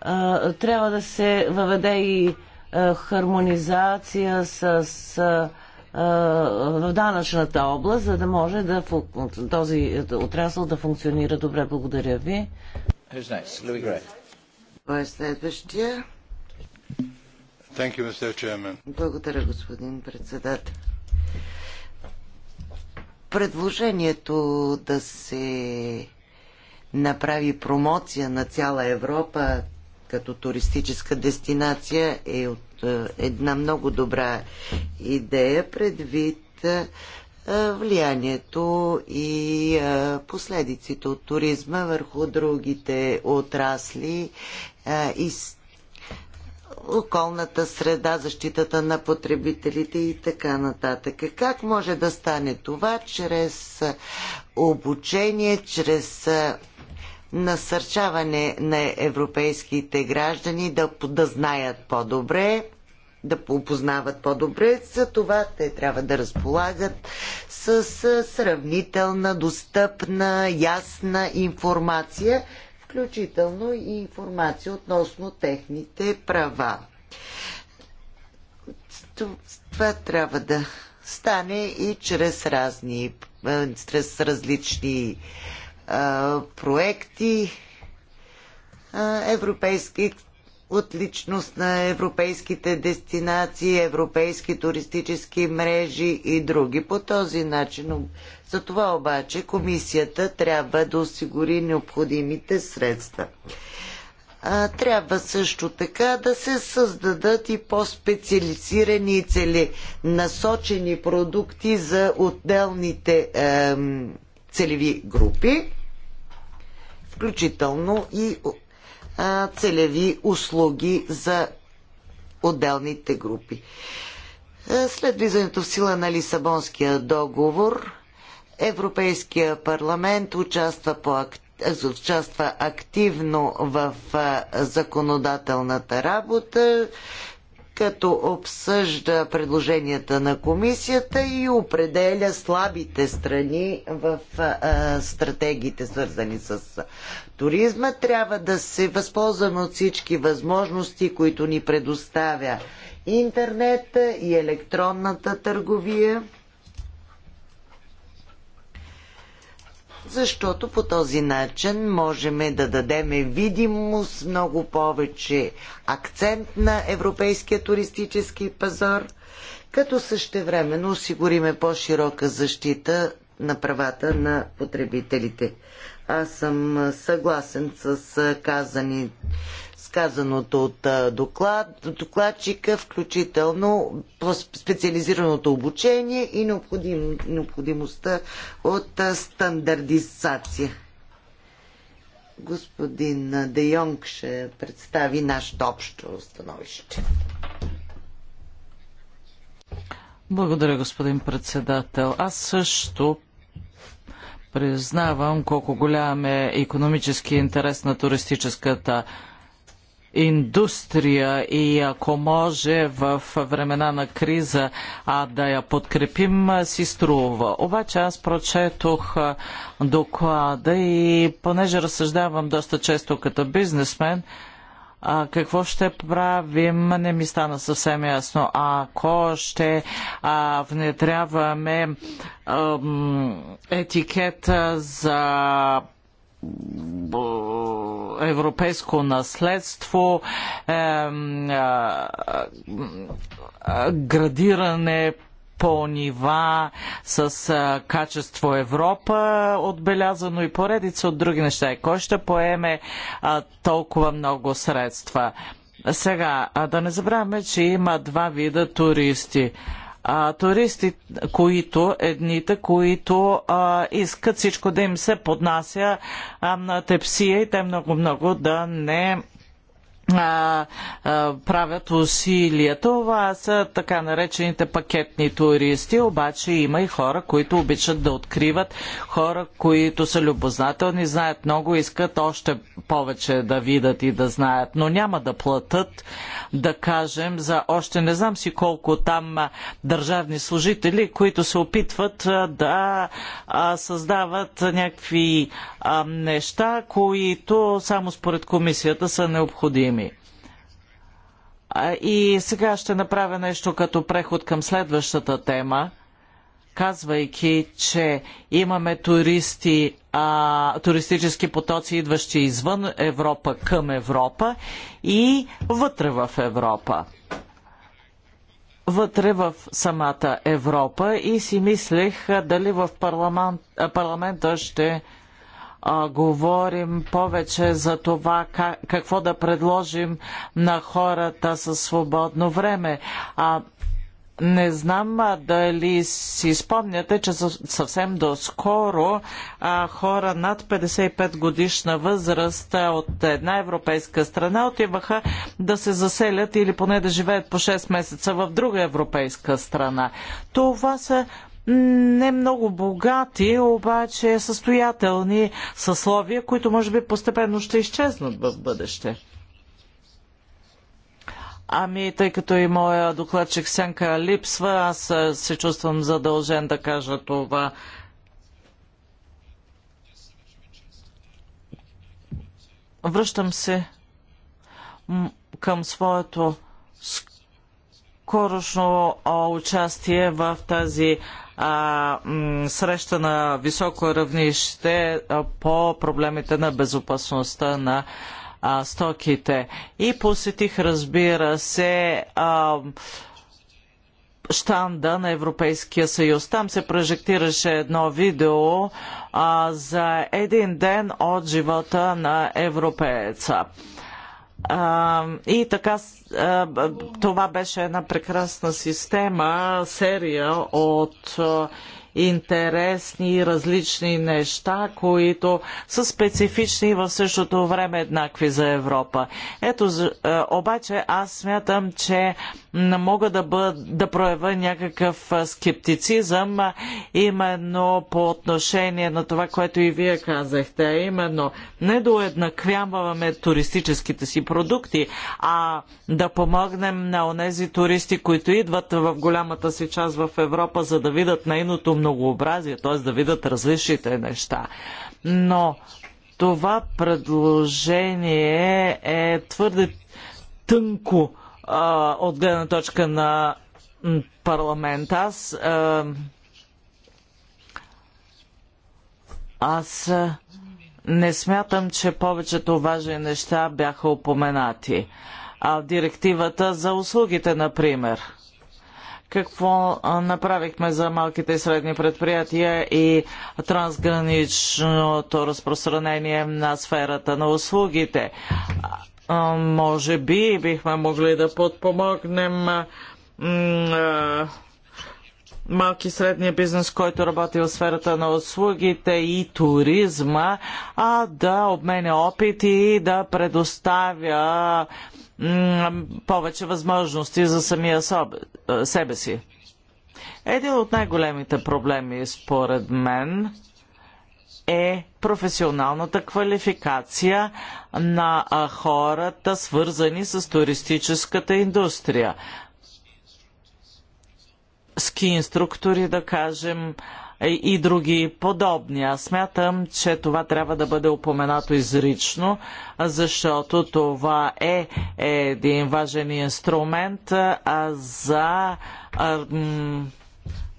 а, трябва да се въведе и а, хармонизация с. А, в данъчната област, за да може да този отрасъл да функционира добре. Благодаря ви. Кой е следващия? You, Благодаря, господин председател. Предложението да се направи промоция на цяла Европа като туристическа дестинация е от е, една много добра идея предвид е, влиянието и е, последиците от туризма върху другите отрасли и околната среда, защитата на потребителите и така нататък. Как може да стане това? Чрез обучение, чрез насърчаване на европейските граждани да, да знаят по-добре, да опознават по-добре. За това те трябва да разполагат с сравнителна, достъпна, ясна информация, включително и информация относно техните права. Това трябва да стане и чрез разни, чрез различни а, проекти, европейски отличност на европейските дестинации, европейски туристически мрежи и други. По този начин, за това обаче комисията трябва да осигури необходимите средства. трябва също така да се създадат и по-специализирани и целенасочени продукти за отделните целеви групи, включително и целеви услуги за отделните групи. След влизането в сила на Лисабонския договор, Европейския парламент участва по участва активно в законодателната работа, като обсъжда предложенията на комисията и определя слабите страни в а, стратегиите, свързани с туризма. Трябва да се възползваме от всички възможности, които ни предоставя интернет и електронната търговия защото по този начин можем да дадем видимост, много повече акцент на европейския туристически пазар, като същевременно осигуриме по-широка защита на правата на потребителите. Аз съм съгласен с казани, Сказаното казаното от доклад, докладчика, включително специализираното обучение и необходим, необходимостта от стандартизация. Господин Де Йонг ще представи нашето общо становище. Благодаря, господин председател. Аз също признавам колко голям е економически интерес на туристическата индустрия и ако може в времена на криза а да я подкрепим, си струва. Обаче аз прочетох доклада и понеже разсъждавам доста често като бизнесмен, а, какво ще правим, не ми стана съвсем ясно. Ако ще а, внедряваме ам, етикета за европейско наследство, градиране по нива с качество Европа, отбелязано и поредица от други неща. И кой ще поеме толкова много средства? Сега, да не забравяме, че има два вида туристи а, туристи, които, едните, които а, искат всичко да им се поднася а, на тепсия и те много-много да не а, а, правят усилия. Това са така наречените пакетни туристи, обаче има и хора, които обичат да откриват, хора, които са любознателни, знаят много, искат още повече да видят и да знаят, но няма да платят, да кажем, за още не знам си колко там държавни служители, които се опитват да а, създават някакви а, неща, които само според комисията са необходими. А, и сега ще направя нещо като преход към следващата тема, казвайки, че имаме туристи, а, туристически потоци, идващи извън Европа към Европа и вътре в Европа вътре в самата Европа и си мислех дали в парламент, парламента ще а, говорим повече за това как, какво да предложим на хората със свободно време. А, не знам дали си спомняте, че съвсем доскоро хора над 55 годишна възраст от една европейска страна отиваха да се заселят или поне да живеят по 6 месеца в друга европейска страна. Това са не много богати, обаче състоятелни съсловия, които може би постепенно ще изчезнат в бъдеще. Ами, тъй като и моя докладчик Сянка липсва, аз се чувствам задължен да кажа това. Връщам се към своето скорошно участие в тази а, среща на високо равнище по проблемите на безопасността на а, стоките. И посетих, разбира се, а, штанда на Европейския съюз. Там се прожектираше едно видео а, за един ден от живота на европееца и така, това беше една прекрасна система, серия от интересни и различни неща, които са специфични и в същото време еднакви за Европа. Ето, е, обаче аз смятам, че мога да, бъд, да проявя някакъв е, скептицизъм е, именно по отношение на това, което и вие казахте, а именно не доеднаквяваме туристическите си продукти, а да помогнем на онези туристи, които идват в голямата си част в Европа, за да видят нейното многообразие, т.е. да видят различните неща. Но това предложение е твърде тънко а, от гледна точка на парламент. Аз а, аз не смятам, че повечето важни неща бяха упоменати. А директивата за услугите, например – какво направихме за малките и средни предприятия и трансграничното разпространение на сферата на услугите. Може би бихме могли да подпомогнем малки и средния бизнес, който работи в сферата на услугите и туризма, а да обменя опити и да предоставя повече възможности за самия себе си. Един от най-големите проблеми, според мен, е професионалната квалификация на хората, свързани с туристическата индустрия. Ски инструктори, да кажем, и други подобни. Аз смятам, че това трябва да бъде упоменато изрично, защото това е, е един важен инструмент за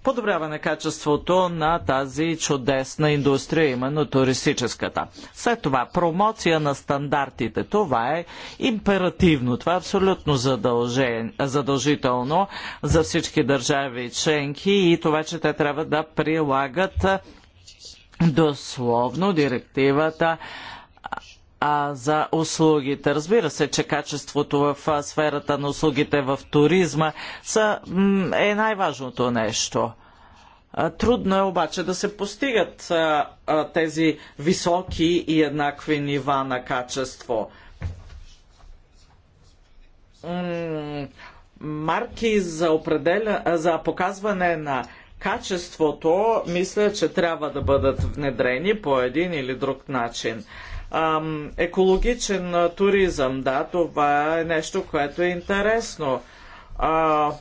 подобряване качеството на тази чудесна индустрия, именно туристическата. След това промоция на стандартите. Това е императивно, това е абсолютно задължително за всички държави и членки и това, че те трябва да прилагат дословно директивата а, за услугите. Разбира се, че качеството в а, сферата на услугите в туризма са, е най-важното нещо. А, трудно е обаче да се постигат а, а, тези високи и еднакви нива на качество. М марки за, определя, за показване на качеството, мисля, че трябва да бъдат внедрени по един или друг начин. Ам, екологичен туризъм, да, това е нещо, което е интересно. А,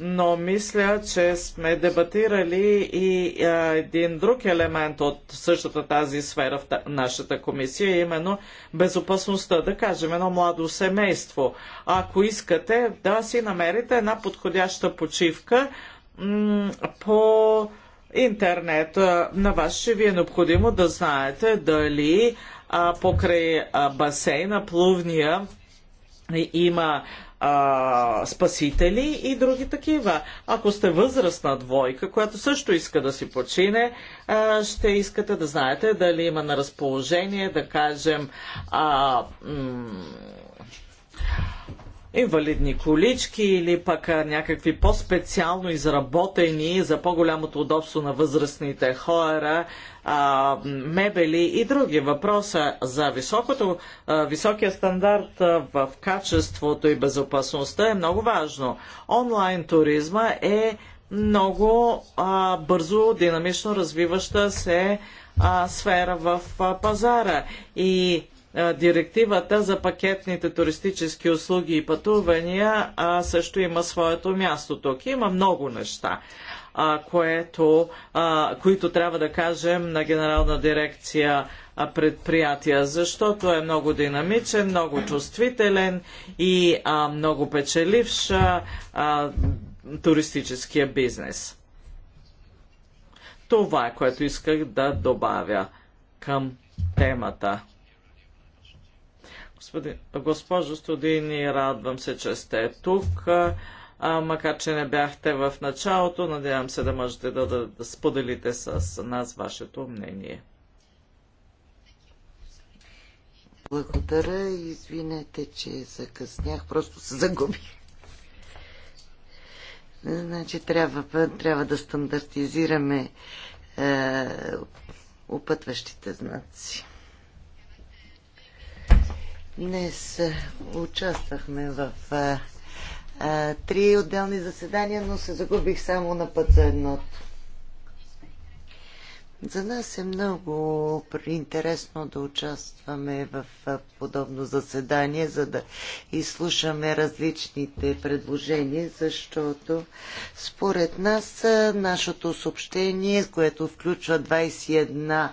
но мисля, че сме дебатирали и а, един друг елемент от същата тази сфера в та, нашата комисия, именно безопасността. Да кажем, едно младо семейство. Ако искате да си намерите една подходяща почивка по интернет. На вас ще ви е необходимо да знаете дали а, покрай а, басейна Плувния има а, спасители и други такива. Ако сте възрастна двойка, която също иска да си почине, а, ще искате да знаете дали има на разположение, да кажем, а, инвалидни колички или пък някакви по-специално изработени за по-голямото удобство на възрастните хора, а, мебели и други. Въпроса за високото, а, високия стандарт а, в качеството и безопасността е много важно. Онлайн туризма е много а, бързо, динамично развиваща се а, сфера в а, пазара. И директивата за пакетните туристически услуги и пътувания а, също има своето място тук. Има много неща, а, което, а, които трябва да кажем на Генерална дирекция предприятия, защото е много динамичен, много чувствителен и а, много печеливш а, туристическия бизнес. Това е което исках да добавя към темата госпожо Студини, радвам се, че сте тук. А, макар, че не бяхте в началото, надявам се да можете да, да, да споделите с нас вашето мнение. Благодаря и извинете, че закъснях. Просто се загубих. Значи трябва, трябва да стандартизираме е, опътващите знаци. Днес участвахме в а, а, три отделни заседания, но се загубих само на път за едното. За нас е много интересно да участваме в подобно заседание, за да изслушаме различните предложения, защото според нас нашето съобщение, което включва 21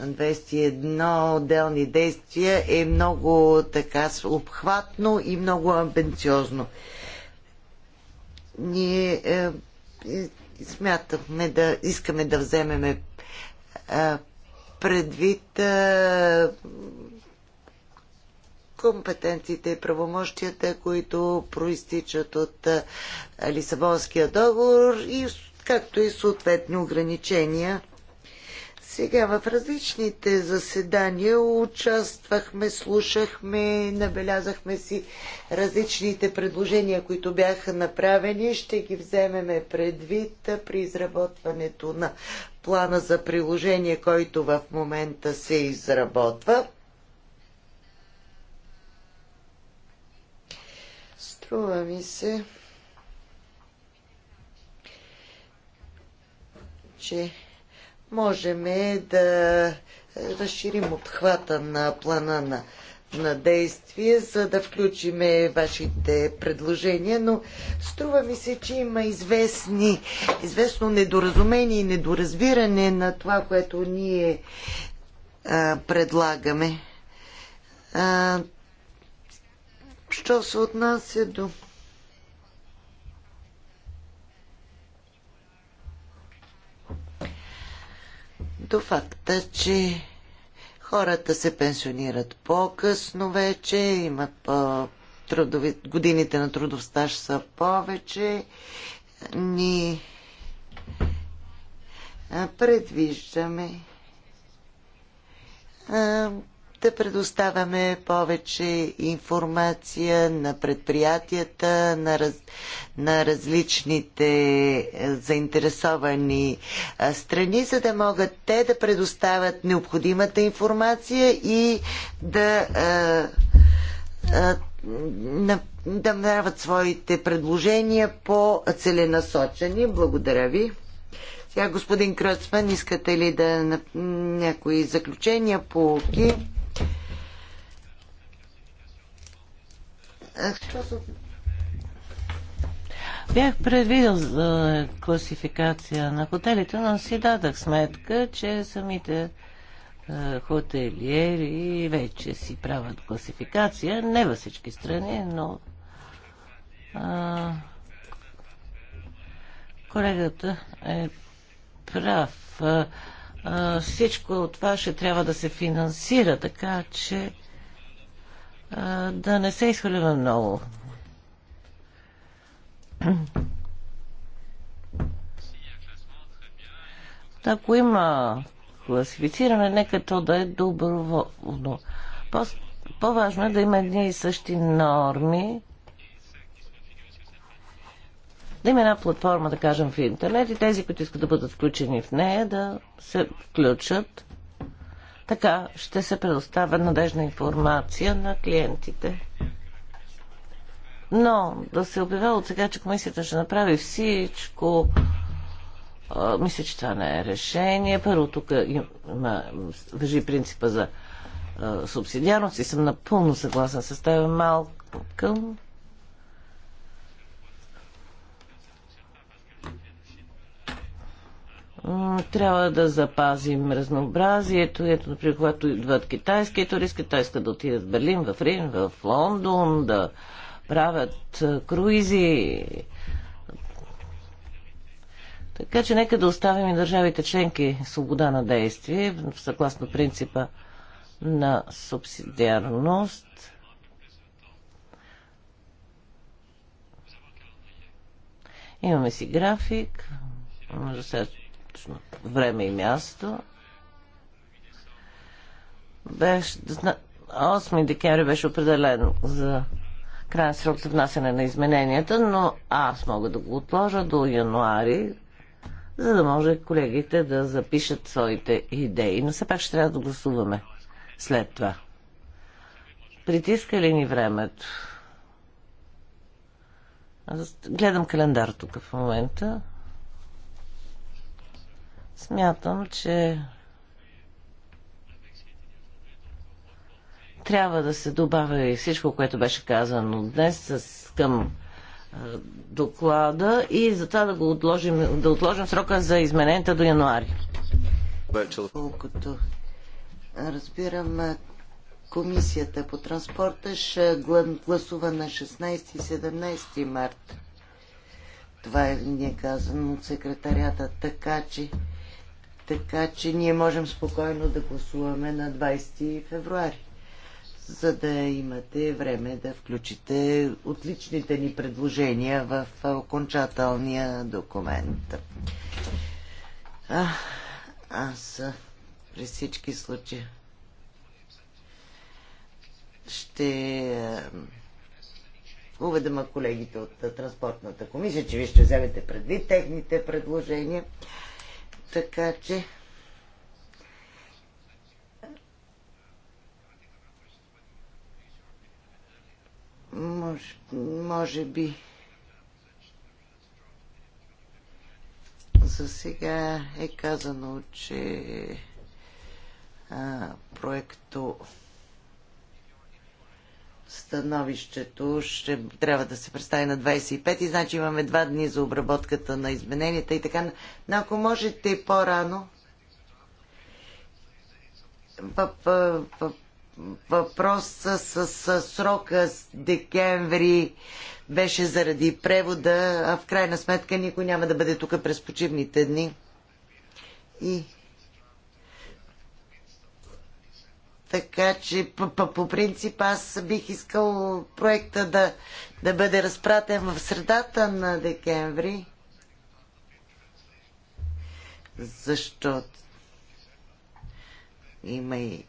21 отделни действия е много така обхватно и много амбициозно. Ние е, е, смятахме да искаме да вземеме е, предвид е, компетенциите и правомощията, които проистичат от е, Лисабонския договор и както и съответни ограничения сега в различните заседания участвахме, слушахме, набелязахме си различните предложения, които бяха направени. Ще ги вземеме предвид при изработването на плана за приложение, който в момента се изработва. Струва ми се, че можем е да разширим обхвата на плана на, на действие, за да включиме вашите предложения, но струва ми се, че има известни, известно недоразумение и недоразбиране на това, което ние а, предлагаме. А, що се отнася до до факта, че хората се пенсионират по-късно вече, имат по трудови, годините на трудов стаж са повече. Ни предвиждаме да предоставяме повече информация на предприятията, на, раз, на различните е, заинтересовани е, страни, за да могат те да предоставят необходимата информация и да. Е, а, а, да дават своите предложения по целенасочени. Благодаря ви. Сега, господин Кръцман, искате ли да някои заключения, по Okay? Бях предвидел за класификация на хотелите, но си дадах сметка, че самите е, хотелиери вече си правят класификация. Не във всички страни, но а, колегата е прав. А, е, е, всичко това ще трябва да се финансира, така че да не се на много. Ако има класифициране, нека то да е доброволно. По- по-важно е да има едни и същи норми, да има една платформа, да кажем, в интернет и тези, които искат да бъдат включени в нея, да се включат. Така ще се предоставя надежна информация на клиентите. Но да се обявява от сега, че комисията ще направи всичко, а, мисля, че това не е решение. Първо, тук има, въжи принципа за субсидиарност и съм напълно съгласен с теб, към. трябва да запазим разнообразието. Ето, например, когато идват китайски туристи, те искат да отидат в Берлин, в Рим, в Лондон, да правят круизи. Така че нека да оставим и държавите членки свобода на действие, съгласно принципа на субсидиарност. Имаме си график. Може да се точно време и място. Беше, 8 декември беше определен за крайен срок за внасяне на измененията, но аз мога да го отложа до януари, за да може колегите да запишат своите идеи. Но все пак ще трябва да гласуваме след това. Притиска ли ни времето? Аз гледам календар тук в момента. Смятам, че трябва да се добавя и всичко, което беше казано днес с, към доклада и затова да го отложим, да отложим срока за измененията до януари. Колкото разбирам, комисията по транспорта ще гласува на 16 и 17 март. Това е ни е казано от секретарята, така че така че ние можем спокойно да гласуваме на 20 февруари, за да имате време да включите отличните ни предложения в окончателния документ. А, аз при всички случаи ще уведема колегите от Транспортната комисия, че ви ще вземете предвид техните предложения. Така че може, може би за сега е казано, че а, проекто становището ще трябва да се представи на 25 и значи имаме два дни за обработката на измененията и така. Но ако можете по-рано, въпроса с, с, с срока с декември беше заради превода, а в крайна сметка никой няма да бъде тук през почивните дни. И Така че по, принцип аз бих искал проекта да, да бъде разпратен в средата на декември. Защото има и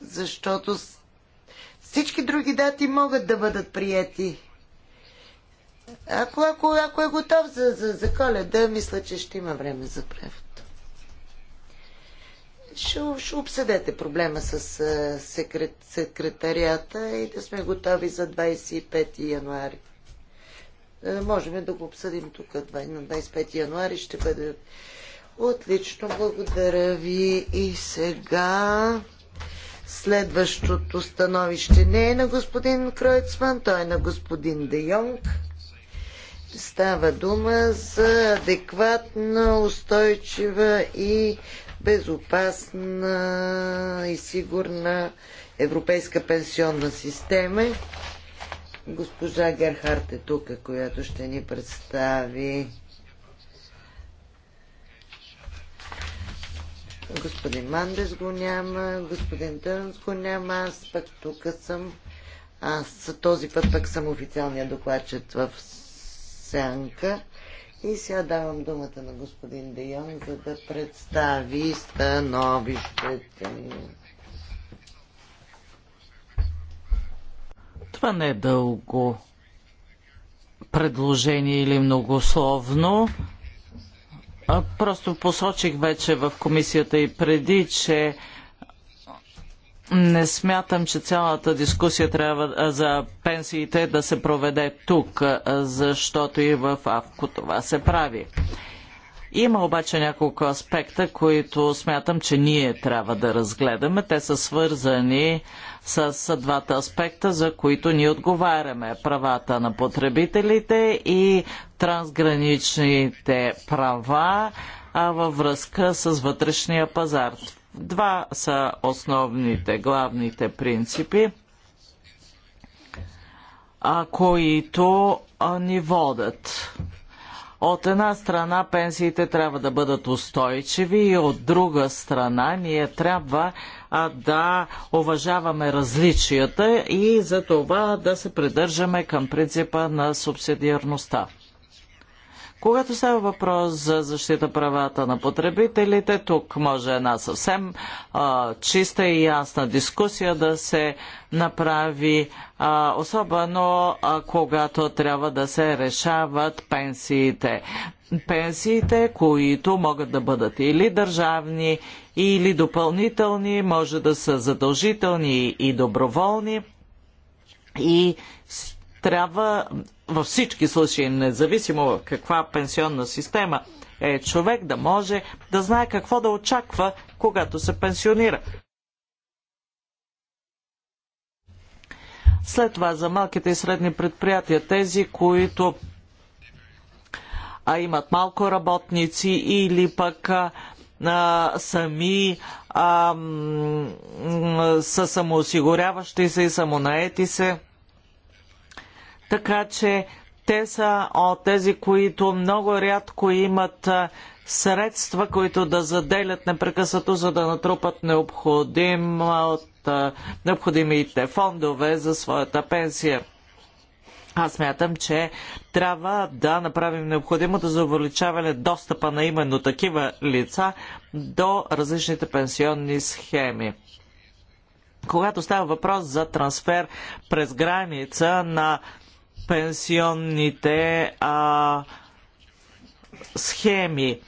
защото всички други дати могат да бъдат прияти. Ако, ако, ако е готов за, за, за коледа, мисля, че ще има време за превод ще, ще обсъдете проблема с секрет, секретарията и да сме готови за 25 януари. Можем да го обсъдим тук на 25 януари. Ще бъде отлично. Благодаря ви. И сега следващото становище не е на господин Кройцман, то е на господин Де Йонг. Става дума за адекватна, устойчива и безопасна и сигурна европейска пенсионна система. Госпожа Герхарт е тук, която ще ни представи Господин Мандес го няма, господин Търнс го няма, аз пък тук съм. Аз този път пък съм официалния докладчет в Сянка. И сега давам думата на господин Дейон, за да представи становището. Това не е дълго предложение или многословно. Просто посочих вече в комисията и преди, че не смятам, че цялата дискусия трябва за пенсиите да се проведе тук, защото и в АВКО това се прави. Има обаче няколко аспекта, които смятам, че ние трябва да разгледаме. Те са свързани с двата аспекта, за които ние отговаряме. Правата на потребителите и трансграничните права във връзка с вътрешния пазар. Два са основните, главните принципи, които ни водят. От една страна пенсиите трябва да бъдат устойчиви и от друга страна ние трябва а, да уважаваме различията и за това да се придържаме към принципа на субсидиарността. Когато става въпрос за защита правата на потребителите, тук може една съвсем а, чиста и ясна дискусия да се направи, а, особено а, когато трябва да се решават пенсиите. Пенсиите, които могат да бъдат или държавни, или допълнителни, може да са задължителни и доброволни. И трябва във всички случаи, независимо в каква пенсионна система е човек, да може да знае какво да очаква, когато се пенсионира. След това за малките и средни предприятия, тези, които а, имат малко работници или пък а, сами а, са самоосигуряващи се и самонаети се така че те са от тези, които много рядко имат средства, които да заделят непрекъснато, за да натрупат необходим от, необходимите фондове за своята пенсия. Аз мятам, че трябва да направим необходимото за увеличаване достъпа на именно такива лица до различните пенсионни схеми. Когато става въпрос за трансфер през граница на пенсионните а, схеми.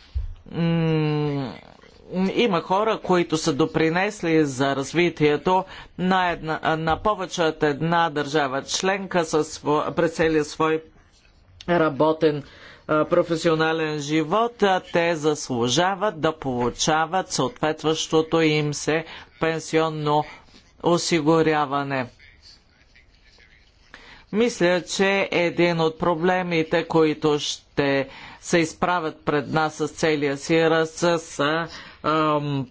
Има хора, които са допринесли за развитието на, една, на повече от една държава членка със, през целия свой работен професионален живот, те заслужават да получават съответстващото им се пенсионно осигуряване. Мисля, че един от проблемите, които ще се изправят пред нас с целия си раз, са ам,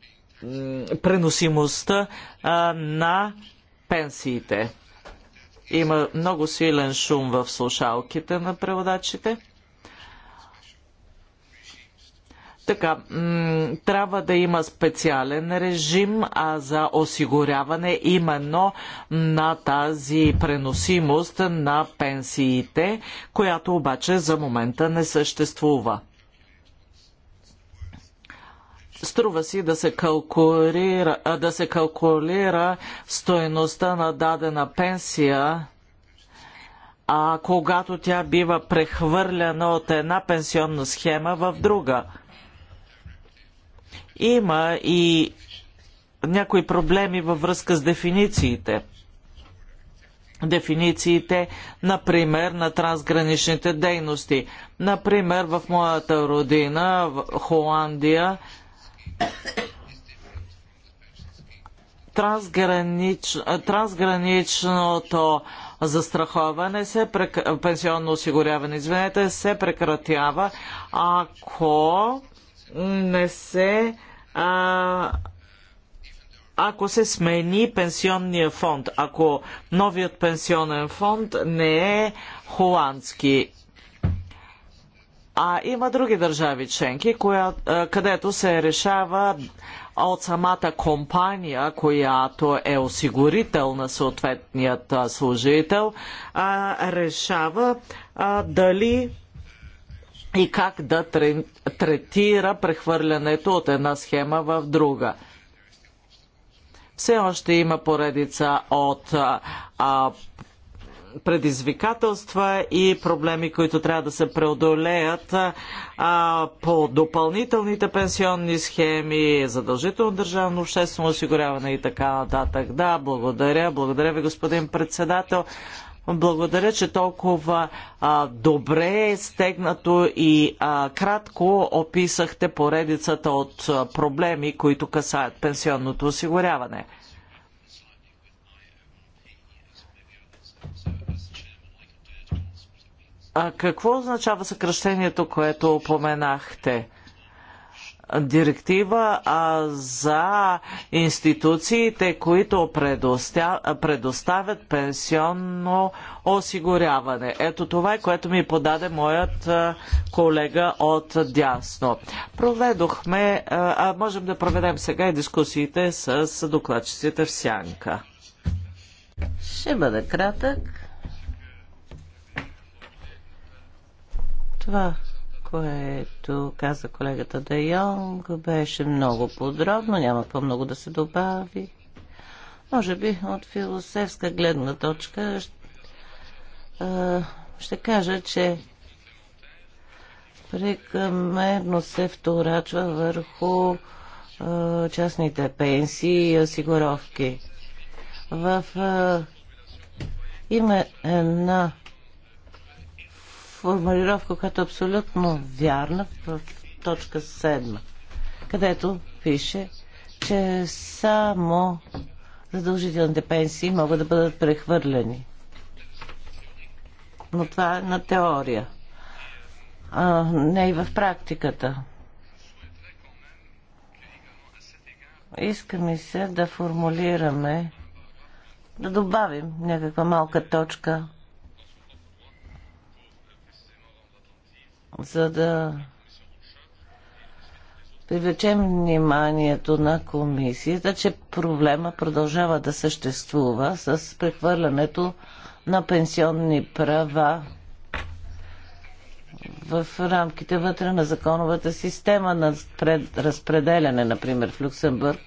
преносимостта а, на пенсиите. Има много силен шум в слушалките на преводачите. Така, трябва да има специален режим а за осигуряване именно на тази преносимост на пенсиите, която обаче за момента не съществува. Струва си да се калкулира, да се калкулира стоеността на дадена пенсия а когато тя бива прехвърляна от една пенсионна схема в друга – има и някои проблеми във връзка с дефинициите. Дефинициите, например, на трансграничните дейности. Например, в моята родина, в Холандия, трансгранич, трансграничното застраховане се прек... пенсионно осигуряване, извинете, се прекратява, ако не се а, ако се смени пенсионния фонд, ако новият пенсионен фонд не е холандски. А има други държави членки, коя, където се решава от самата компания, която е осигурител на съответният служител, решава дали и как да третира прехвърлянето от една схема в друга. Все още има поредица от а, предизвикателства и проблеми, които трябва да се преодолеят а, по допълнителните пенсионни схеми, задължително държавно обществено осигуряване и така нататък. Да, благодаря. Благодаря ви, господин председател. Благодаря, че толкова а, добре, стегнато и а, кратко описахте поредицата от а, проблеми, които касаят пенсионното осигуряване. А какво означава съкръщението, което упоменахте? директива за институциите, които предоставят пенсионно осигуряване. Ето това е, което ми подаде моят колега от дясно. Проведохме, а, можем да проведем сега и дискусиите с докладчиците в Сянка. Ще бъде кратък. Това което каза колегата Де Йонг, беше много подробно, няма по-много да се добави. Може би от философска гледна точка ще кажа, че прекамерно се вторачва върху частните пенсии и осигуровки. В, има една формулировка, която е абсолютно вярна в точка 7, където пише, че само задължителните пенсии могат да бъдат прехвърлени. Но това е на теория, а не и в практиката. Иска ми се да формулираме, да добавим някаква малка точка за да привлечем вниманието на комисията, че проблема продължава да съществува с прехвърлянето на пенсионни права в рамките вътре на законовата система на разпределяне, например в Люксембург.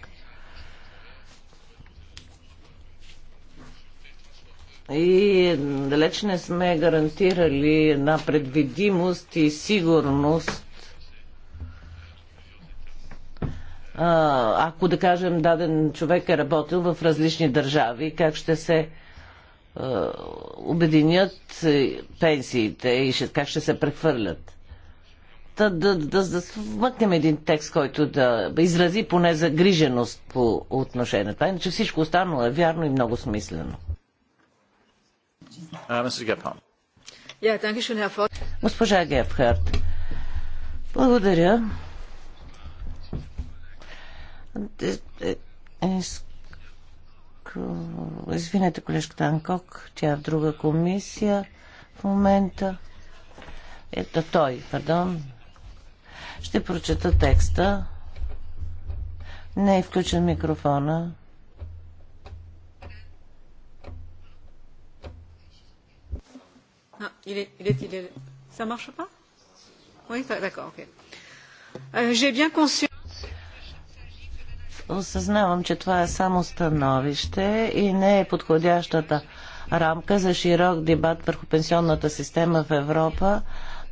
и далеч не сме гарантирали една предвидимост и сигурност. Ако, да кажем, даден човек е работил в различни държави, как ще се обединят пенсиите и как ще се прехвърлят. Да, да, да, да смъкнем един текст, който да изрази поне загриженост по отношение това. Иначе всичко останало е вярно и много смислено. Uh, Госпожа Гепхарт, благодаря. Извинете, колежката Танкок, тя е в друга комисия в момента. Ето той, пардон. Ще прочета текста. Не е включен микрофона. Non, ah, il est, il est, il est. Ça marche pas Oui, d'accord, ok. Euh, J'ai bien Осъзнавам, че това е само становище и не е подходящата рамка за широк дебат върху пенсионната система в Европа,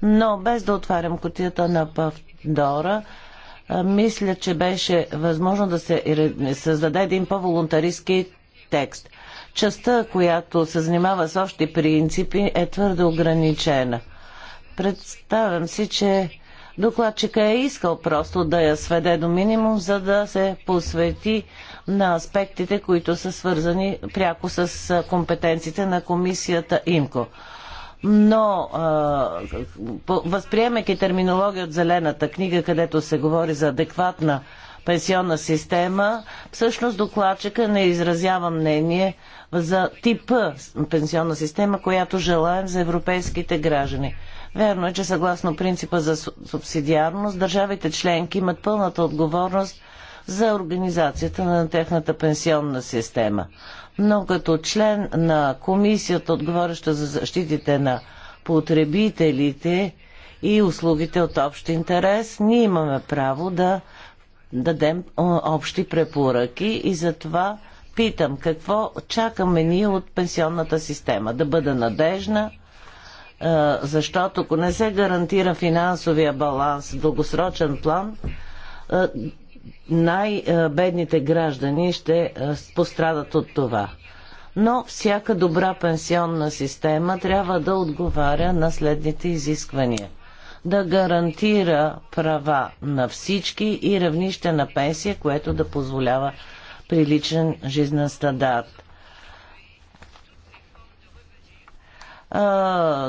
но без да отварям котията на Павдора, мисля, че беше възможно да се създаде един по-волонтаристски текст частта, която се занимава с общи принципи, е твърде ограничена. Представям си, че докладчика е искал просто да я сведе до минимум, за да се посвети на аспектите, които са свързани пряко с компетенциите на комисията ИМКО. Но възприемайки терминология от Зелената книга, където се говори за адекватна пенсионна система, всъщност докладчика не изразява мнение за типа пенсионна система, която желаем за европейските граждани. Вярно е, че съгласно принципа за субсидиарност, държавите членки имат пълната отговорност за организацията на техната пенсионна система. Но като член на комисията, отговоряща за защитите на потребителите и услугите от общ интерес, ние имаме право да дадем общи препоръки и затова това питам, какво чакаме ние от пенсионната система? Да бъде надежна, защото ако не се гарантира финансовия баланс в дългосрочен план, най-бедните граждани ще пострадат от това. Но всяка добра пенсионна система трябва да отговаря на следните изисквания. Да гарантира права на всички и равнище на пенсия, което да позволява приличен жизнен стандарт.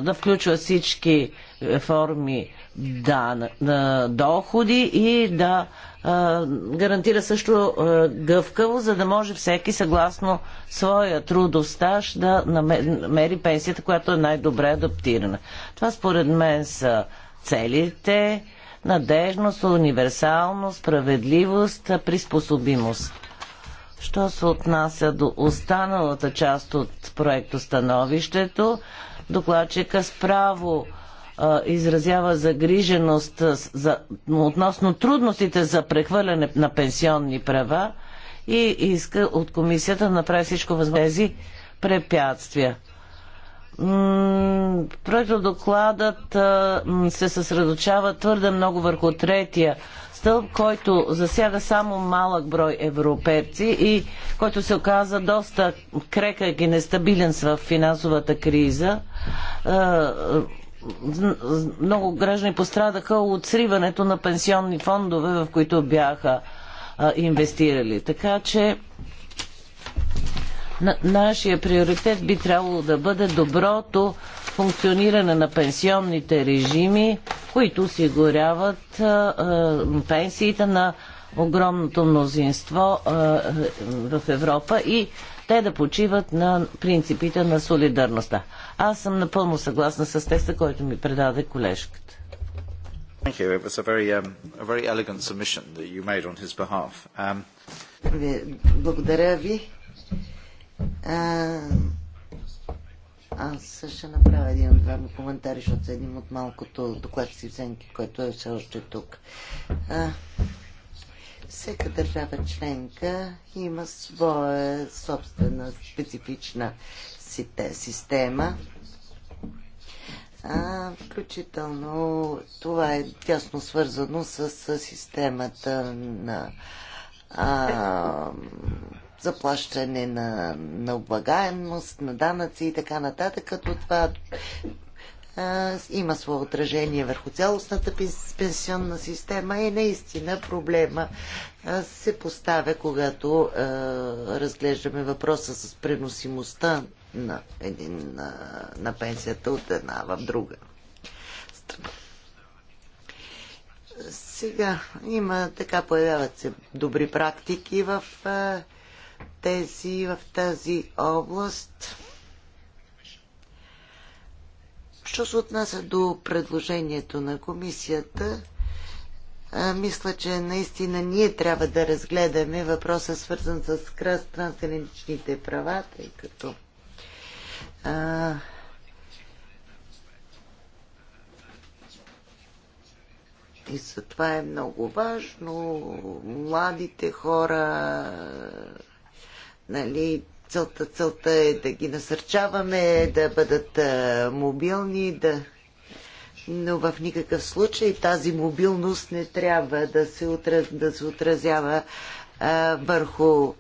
да включва всички форми да, на доходи и да а, гарантира също а, гъвкаво, за да може всеки съгласно своя трудов стаж да намери пенсията, която е най-добре адаптирана. Това според мен са целите надежност, универсалност, справедливост, приспособимост. Що се отнася до останалата част от проекто становището, докладчика справо а, изразява загриженост за, относно трудностите за прехвърляне на пенсионни права и иска от комисията да направи всичко възможно тези препятствия. Проекто докладът се съсредочава твърде много върху третия стълб, който засяга само малък брой европейци и който се оказа доста крекък и нестабилен в финансовата криза. Е, е, много граждани пострадаха от сриването на пенсионни фондове, в които бяха е, инвестирали. Така че нашия приоритет би трябвало да бъде доброто функциониране на пенсионните режими, които осигуряват пенсиите на огромното мнозинство в Европа и те да почиват на принципите на солидарността. Аз съм напълно съгласна с текста, който ми предаде колежката. Благодаря ви. Аз ще направя един-два коментари, защото са един от малкото доклад в Сенки, който е все още тук. А, всека държава членка има своя собствена специфична система, а, включително това е тясно свързано с, с системата на а, заплащане на, на облагаемост, на данъци и така нататък, като това а, има свое отражение върху цялостната пенсионна система и наистина проблема а, се поставя, когато а, разглеждаме въпроса с преносимостта на, един, на, на пенсията от една в друга. Сега има така появяват се добри практики в а, тези, в тази област. Що се отнася до предложението на комисията, мисля, че наистина ние трябва да разгледаме въпроса свързан с кръст трансграничните права, тъй като а, и за това е много важно. Младите хора Нали, целта, целта е да ги насърчаваме, да бъдат а, мобилни, да... но в никакъв случай тази мобилност не трябва да се, отраз... да се отразява а, върху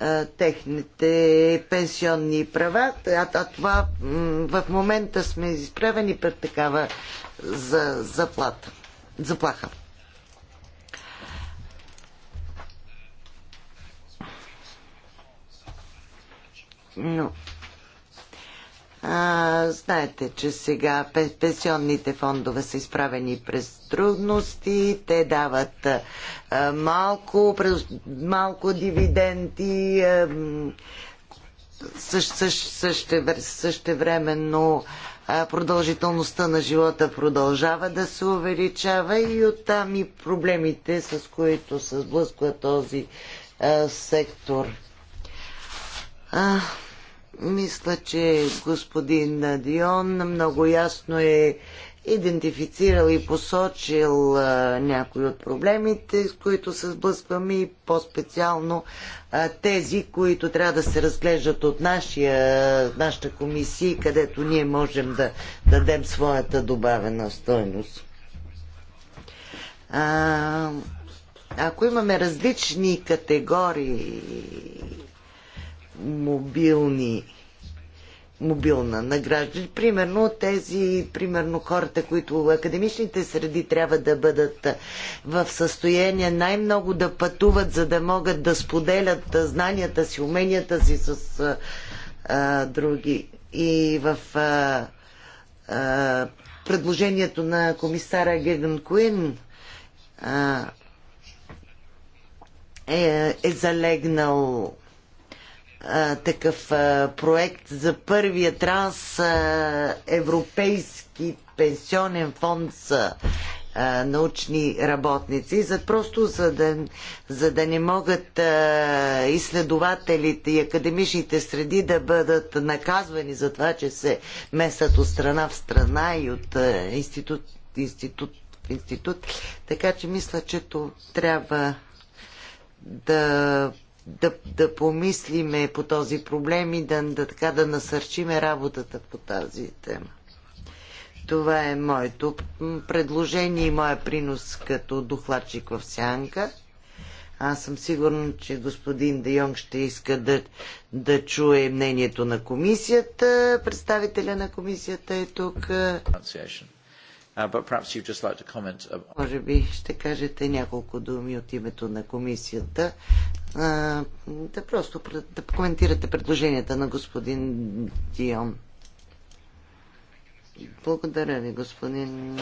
а, техните пенсионни права. А, а това в момента сме изправени пред такава за, заплата, заплаха. Но а, знаете, че сега пенсионните фондове са изправени през трудности, те дават а, малко, през, малко дивиденти, а, също, също, също, същевременно а, продължителността на живота продължава да се увеличава и оттам и проблемите, с които се сблъсква този а, сектор. А, мисля, че господин Дион много ясно е идентифицирал и посочил а, някои от проблемите, с които се сблъскваме и по-специално тези, които трябва да се разглеждат от нашия, нашата комисия, където ние можем да дадем своята добавена стойност. А, ако имаме различни категории мобилни мобилна награжда, Примерно тези, примерно хората, които академичните среди трябва да бъдат в състояние най-много да пътуват, за да могат да споделят знанията си, уменията си с а, други. И в а, а, предложението на комисара Геган Куин а, е, е залегнал такъв а, проект за първия транс Европейски пенсионен фонд за а, научни работници, за просто за да, за да не могат а, изследователите и академичните среди да бъдат наказвани за това, че се месат от страна в страна и от а, институт, институт в институт. Така че мисля, че то трябва да да, да помислиме по този проблем и да, да, така, да насърчиме работата по тази тема. Това е моето предложение и моя принос като дохладчик в сянка. Аз съм сигурна, че господин Де Йонг ще иска да, да чуе мнението на комисията. Представителя на комисията е тук. Uh, but perhaps you'd just like to comment Може би ще кажете няколко думи от името на комисията. да просто да коментирате предложенията на господин Дион. Благодаря ви, господин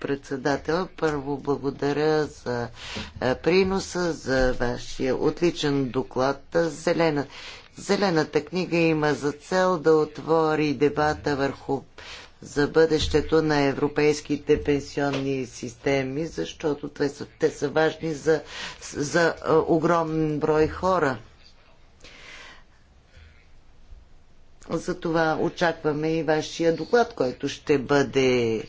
председател. Първо благодаря за приноса, за вашия отличен доклад. Зелена, зелената книга има за цел да отвори дебата върху за бъдещето на европейските пенсионни системи, защото те са, те са важни за, за огромен брой хора. Затова очакваме и вашия доклад, който ще бъде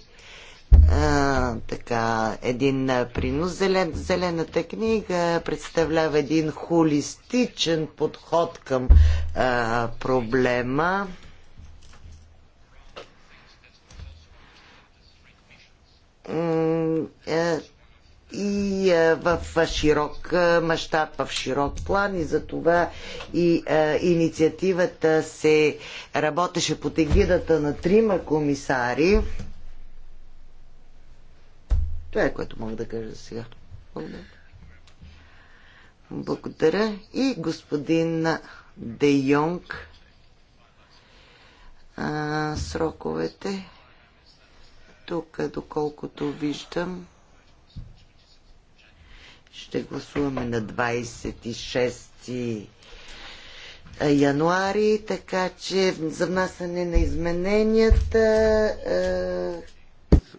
а, така, един принос. Зелен, зелената книга представлява един холистичен подход към а, проблема. Е, и е, в широк е, мащаб, в широк план и за това и а, инициативата се работеше под егидата на трима комисари. Това е което мога да кажа сега. Благодаря. Благодаря. И господин Де Йонг. А, сроковете. Тук, доколкото виждам, ще гласуваме на 26 януари, така че за внасяне на измененията. Е,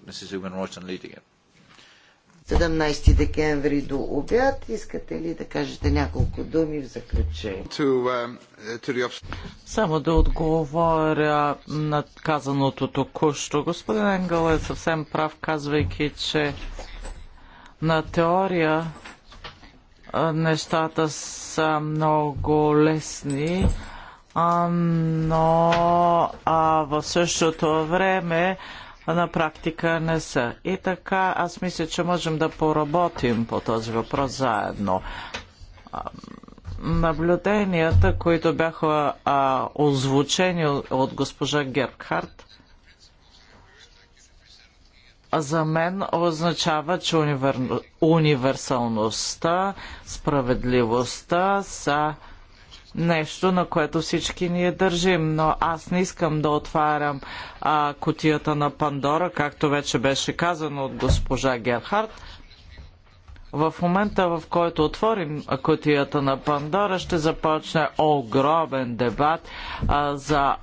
Mrs. 17 декември до обяд. Искате ли да кажете няколко думи в заключение? Uh, Само да отговоря на казаното току-що. Господин Енгъл е съвсем прав, казвайки, че на теория нещата са много лесни, но а в същото време на практика не са. И така, аз мисля, че можем да поработим по този въпрос заедно. Наблюденията, които бяха а, озвучени от госпожа Гербхарт, за мен означава, че универ... универсалността, справедливостта са нещо, на което всички ние държим. Но аз не искам да отварям а, кутията на Пандора, както вече беше казано от госпожа Герхард. В момента, в който отворим кутията на Пандора, ще започне огромен дебат а, за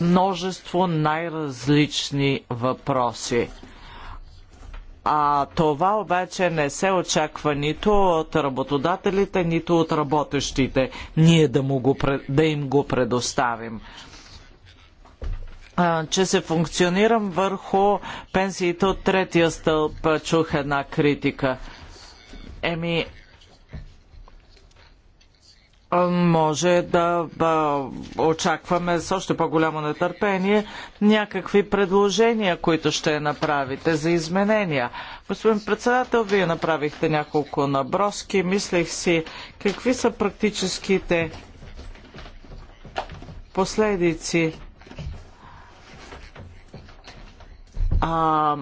множество най-различни въпроси. А това обаче не се очаква нито от работодателите, нито от работещите. Ние да, му го, да им го предоставим че се функционирам върху пенсиите от третия стълб. Чух една критика. Еми, може да очакваме с още по-голямо нетърпение някакви предложения, които ще направите за изменения. Господин председател, вие направихте няколко наброски. Мислех си какви са практическите последици. А,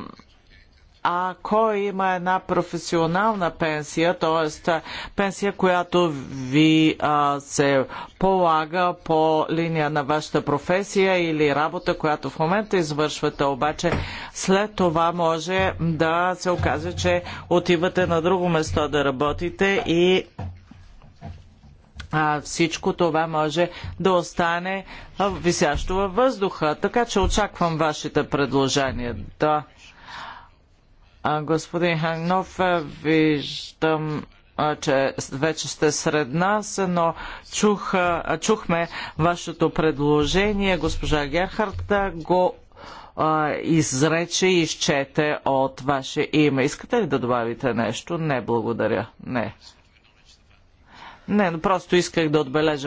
а кой има една професионална пенсия, т.е. пенсия, която ви а, се полага по линия на вашата професия или работа, която в момента извършвате, обаче след това може да се окаже, че отивате на друго место да работите и а, всичко това може да остане висящо във въздуха. Така че очаквам вашите предложения. Да. Господин Хайнов, е, виждам че вече сте сред нас, но чух, чухме вашето предложение. Госпожа Герхард го изрече и изчете от ваше име. Искате ли да добавите нещо? Не, благодаря. Не. Не, просто исках да отбележа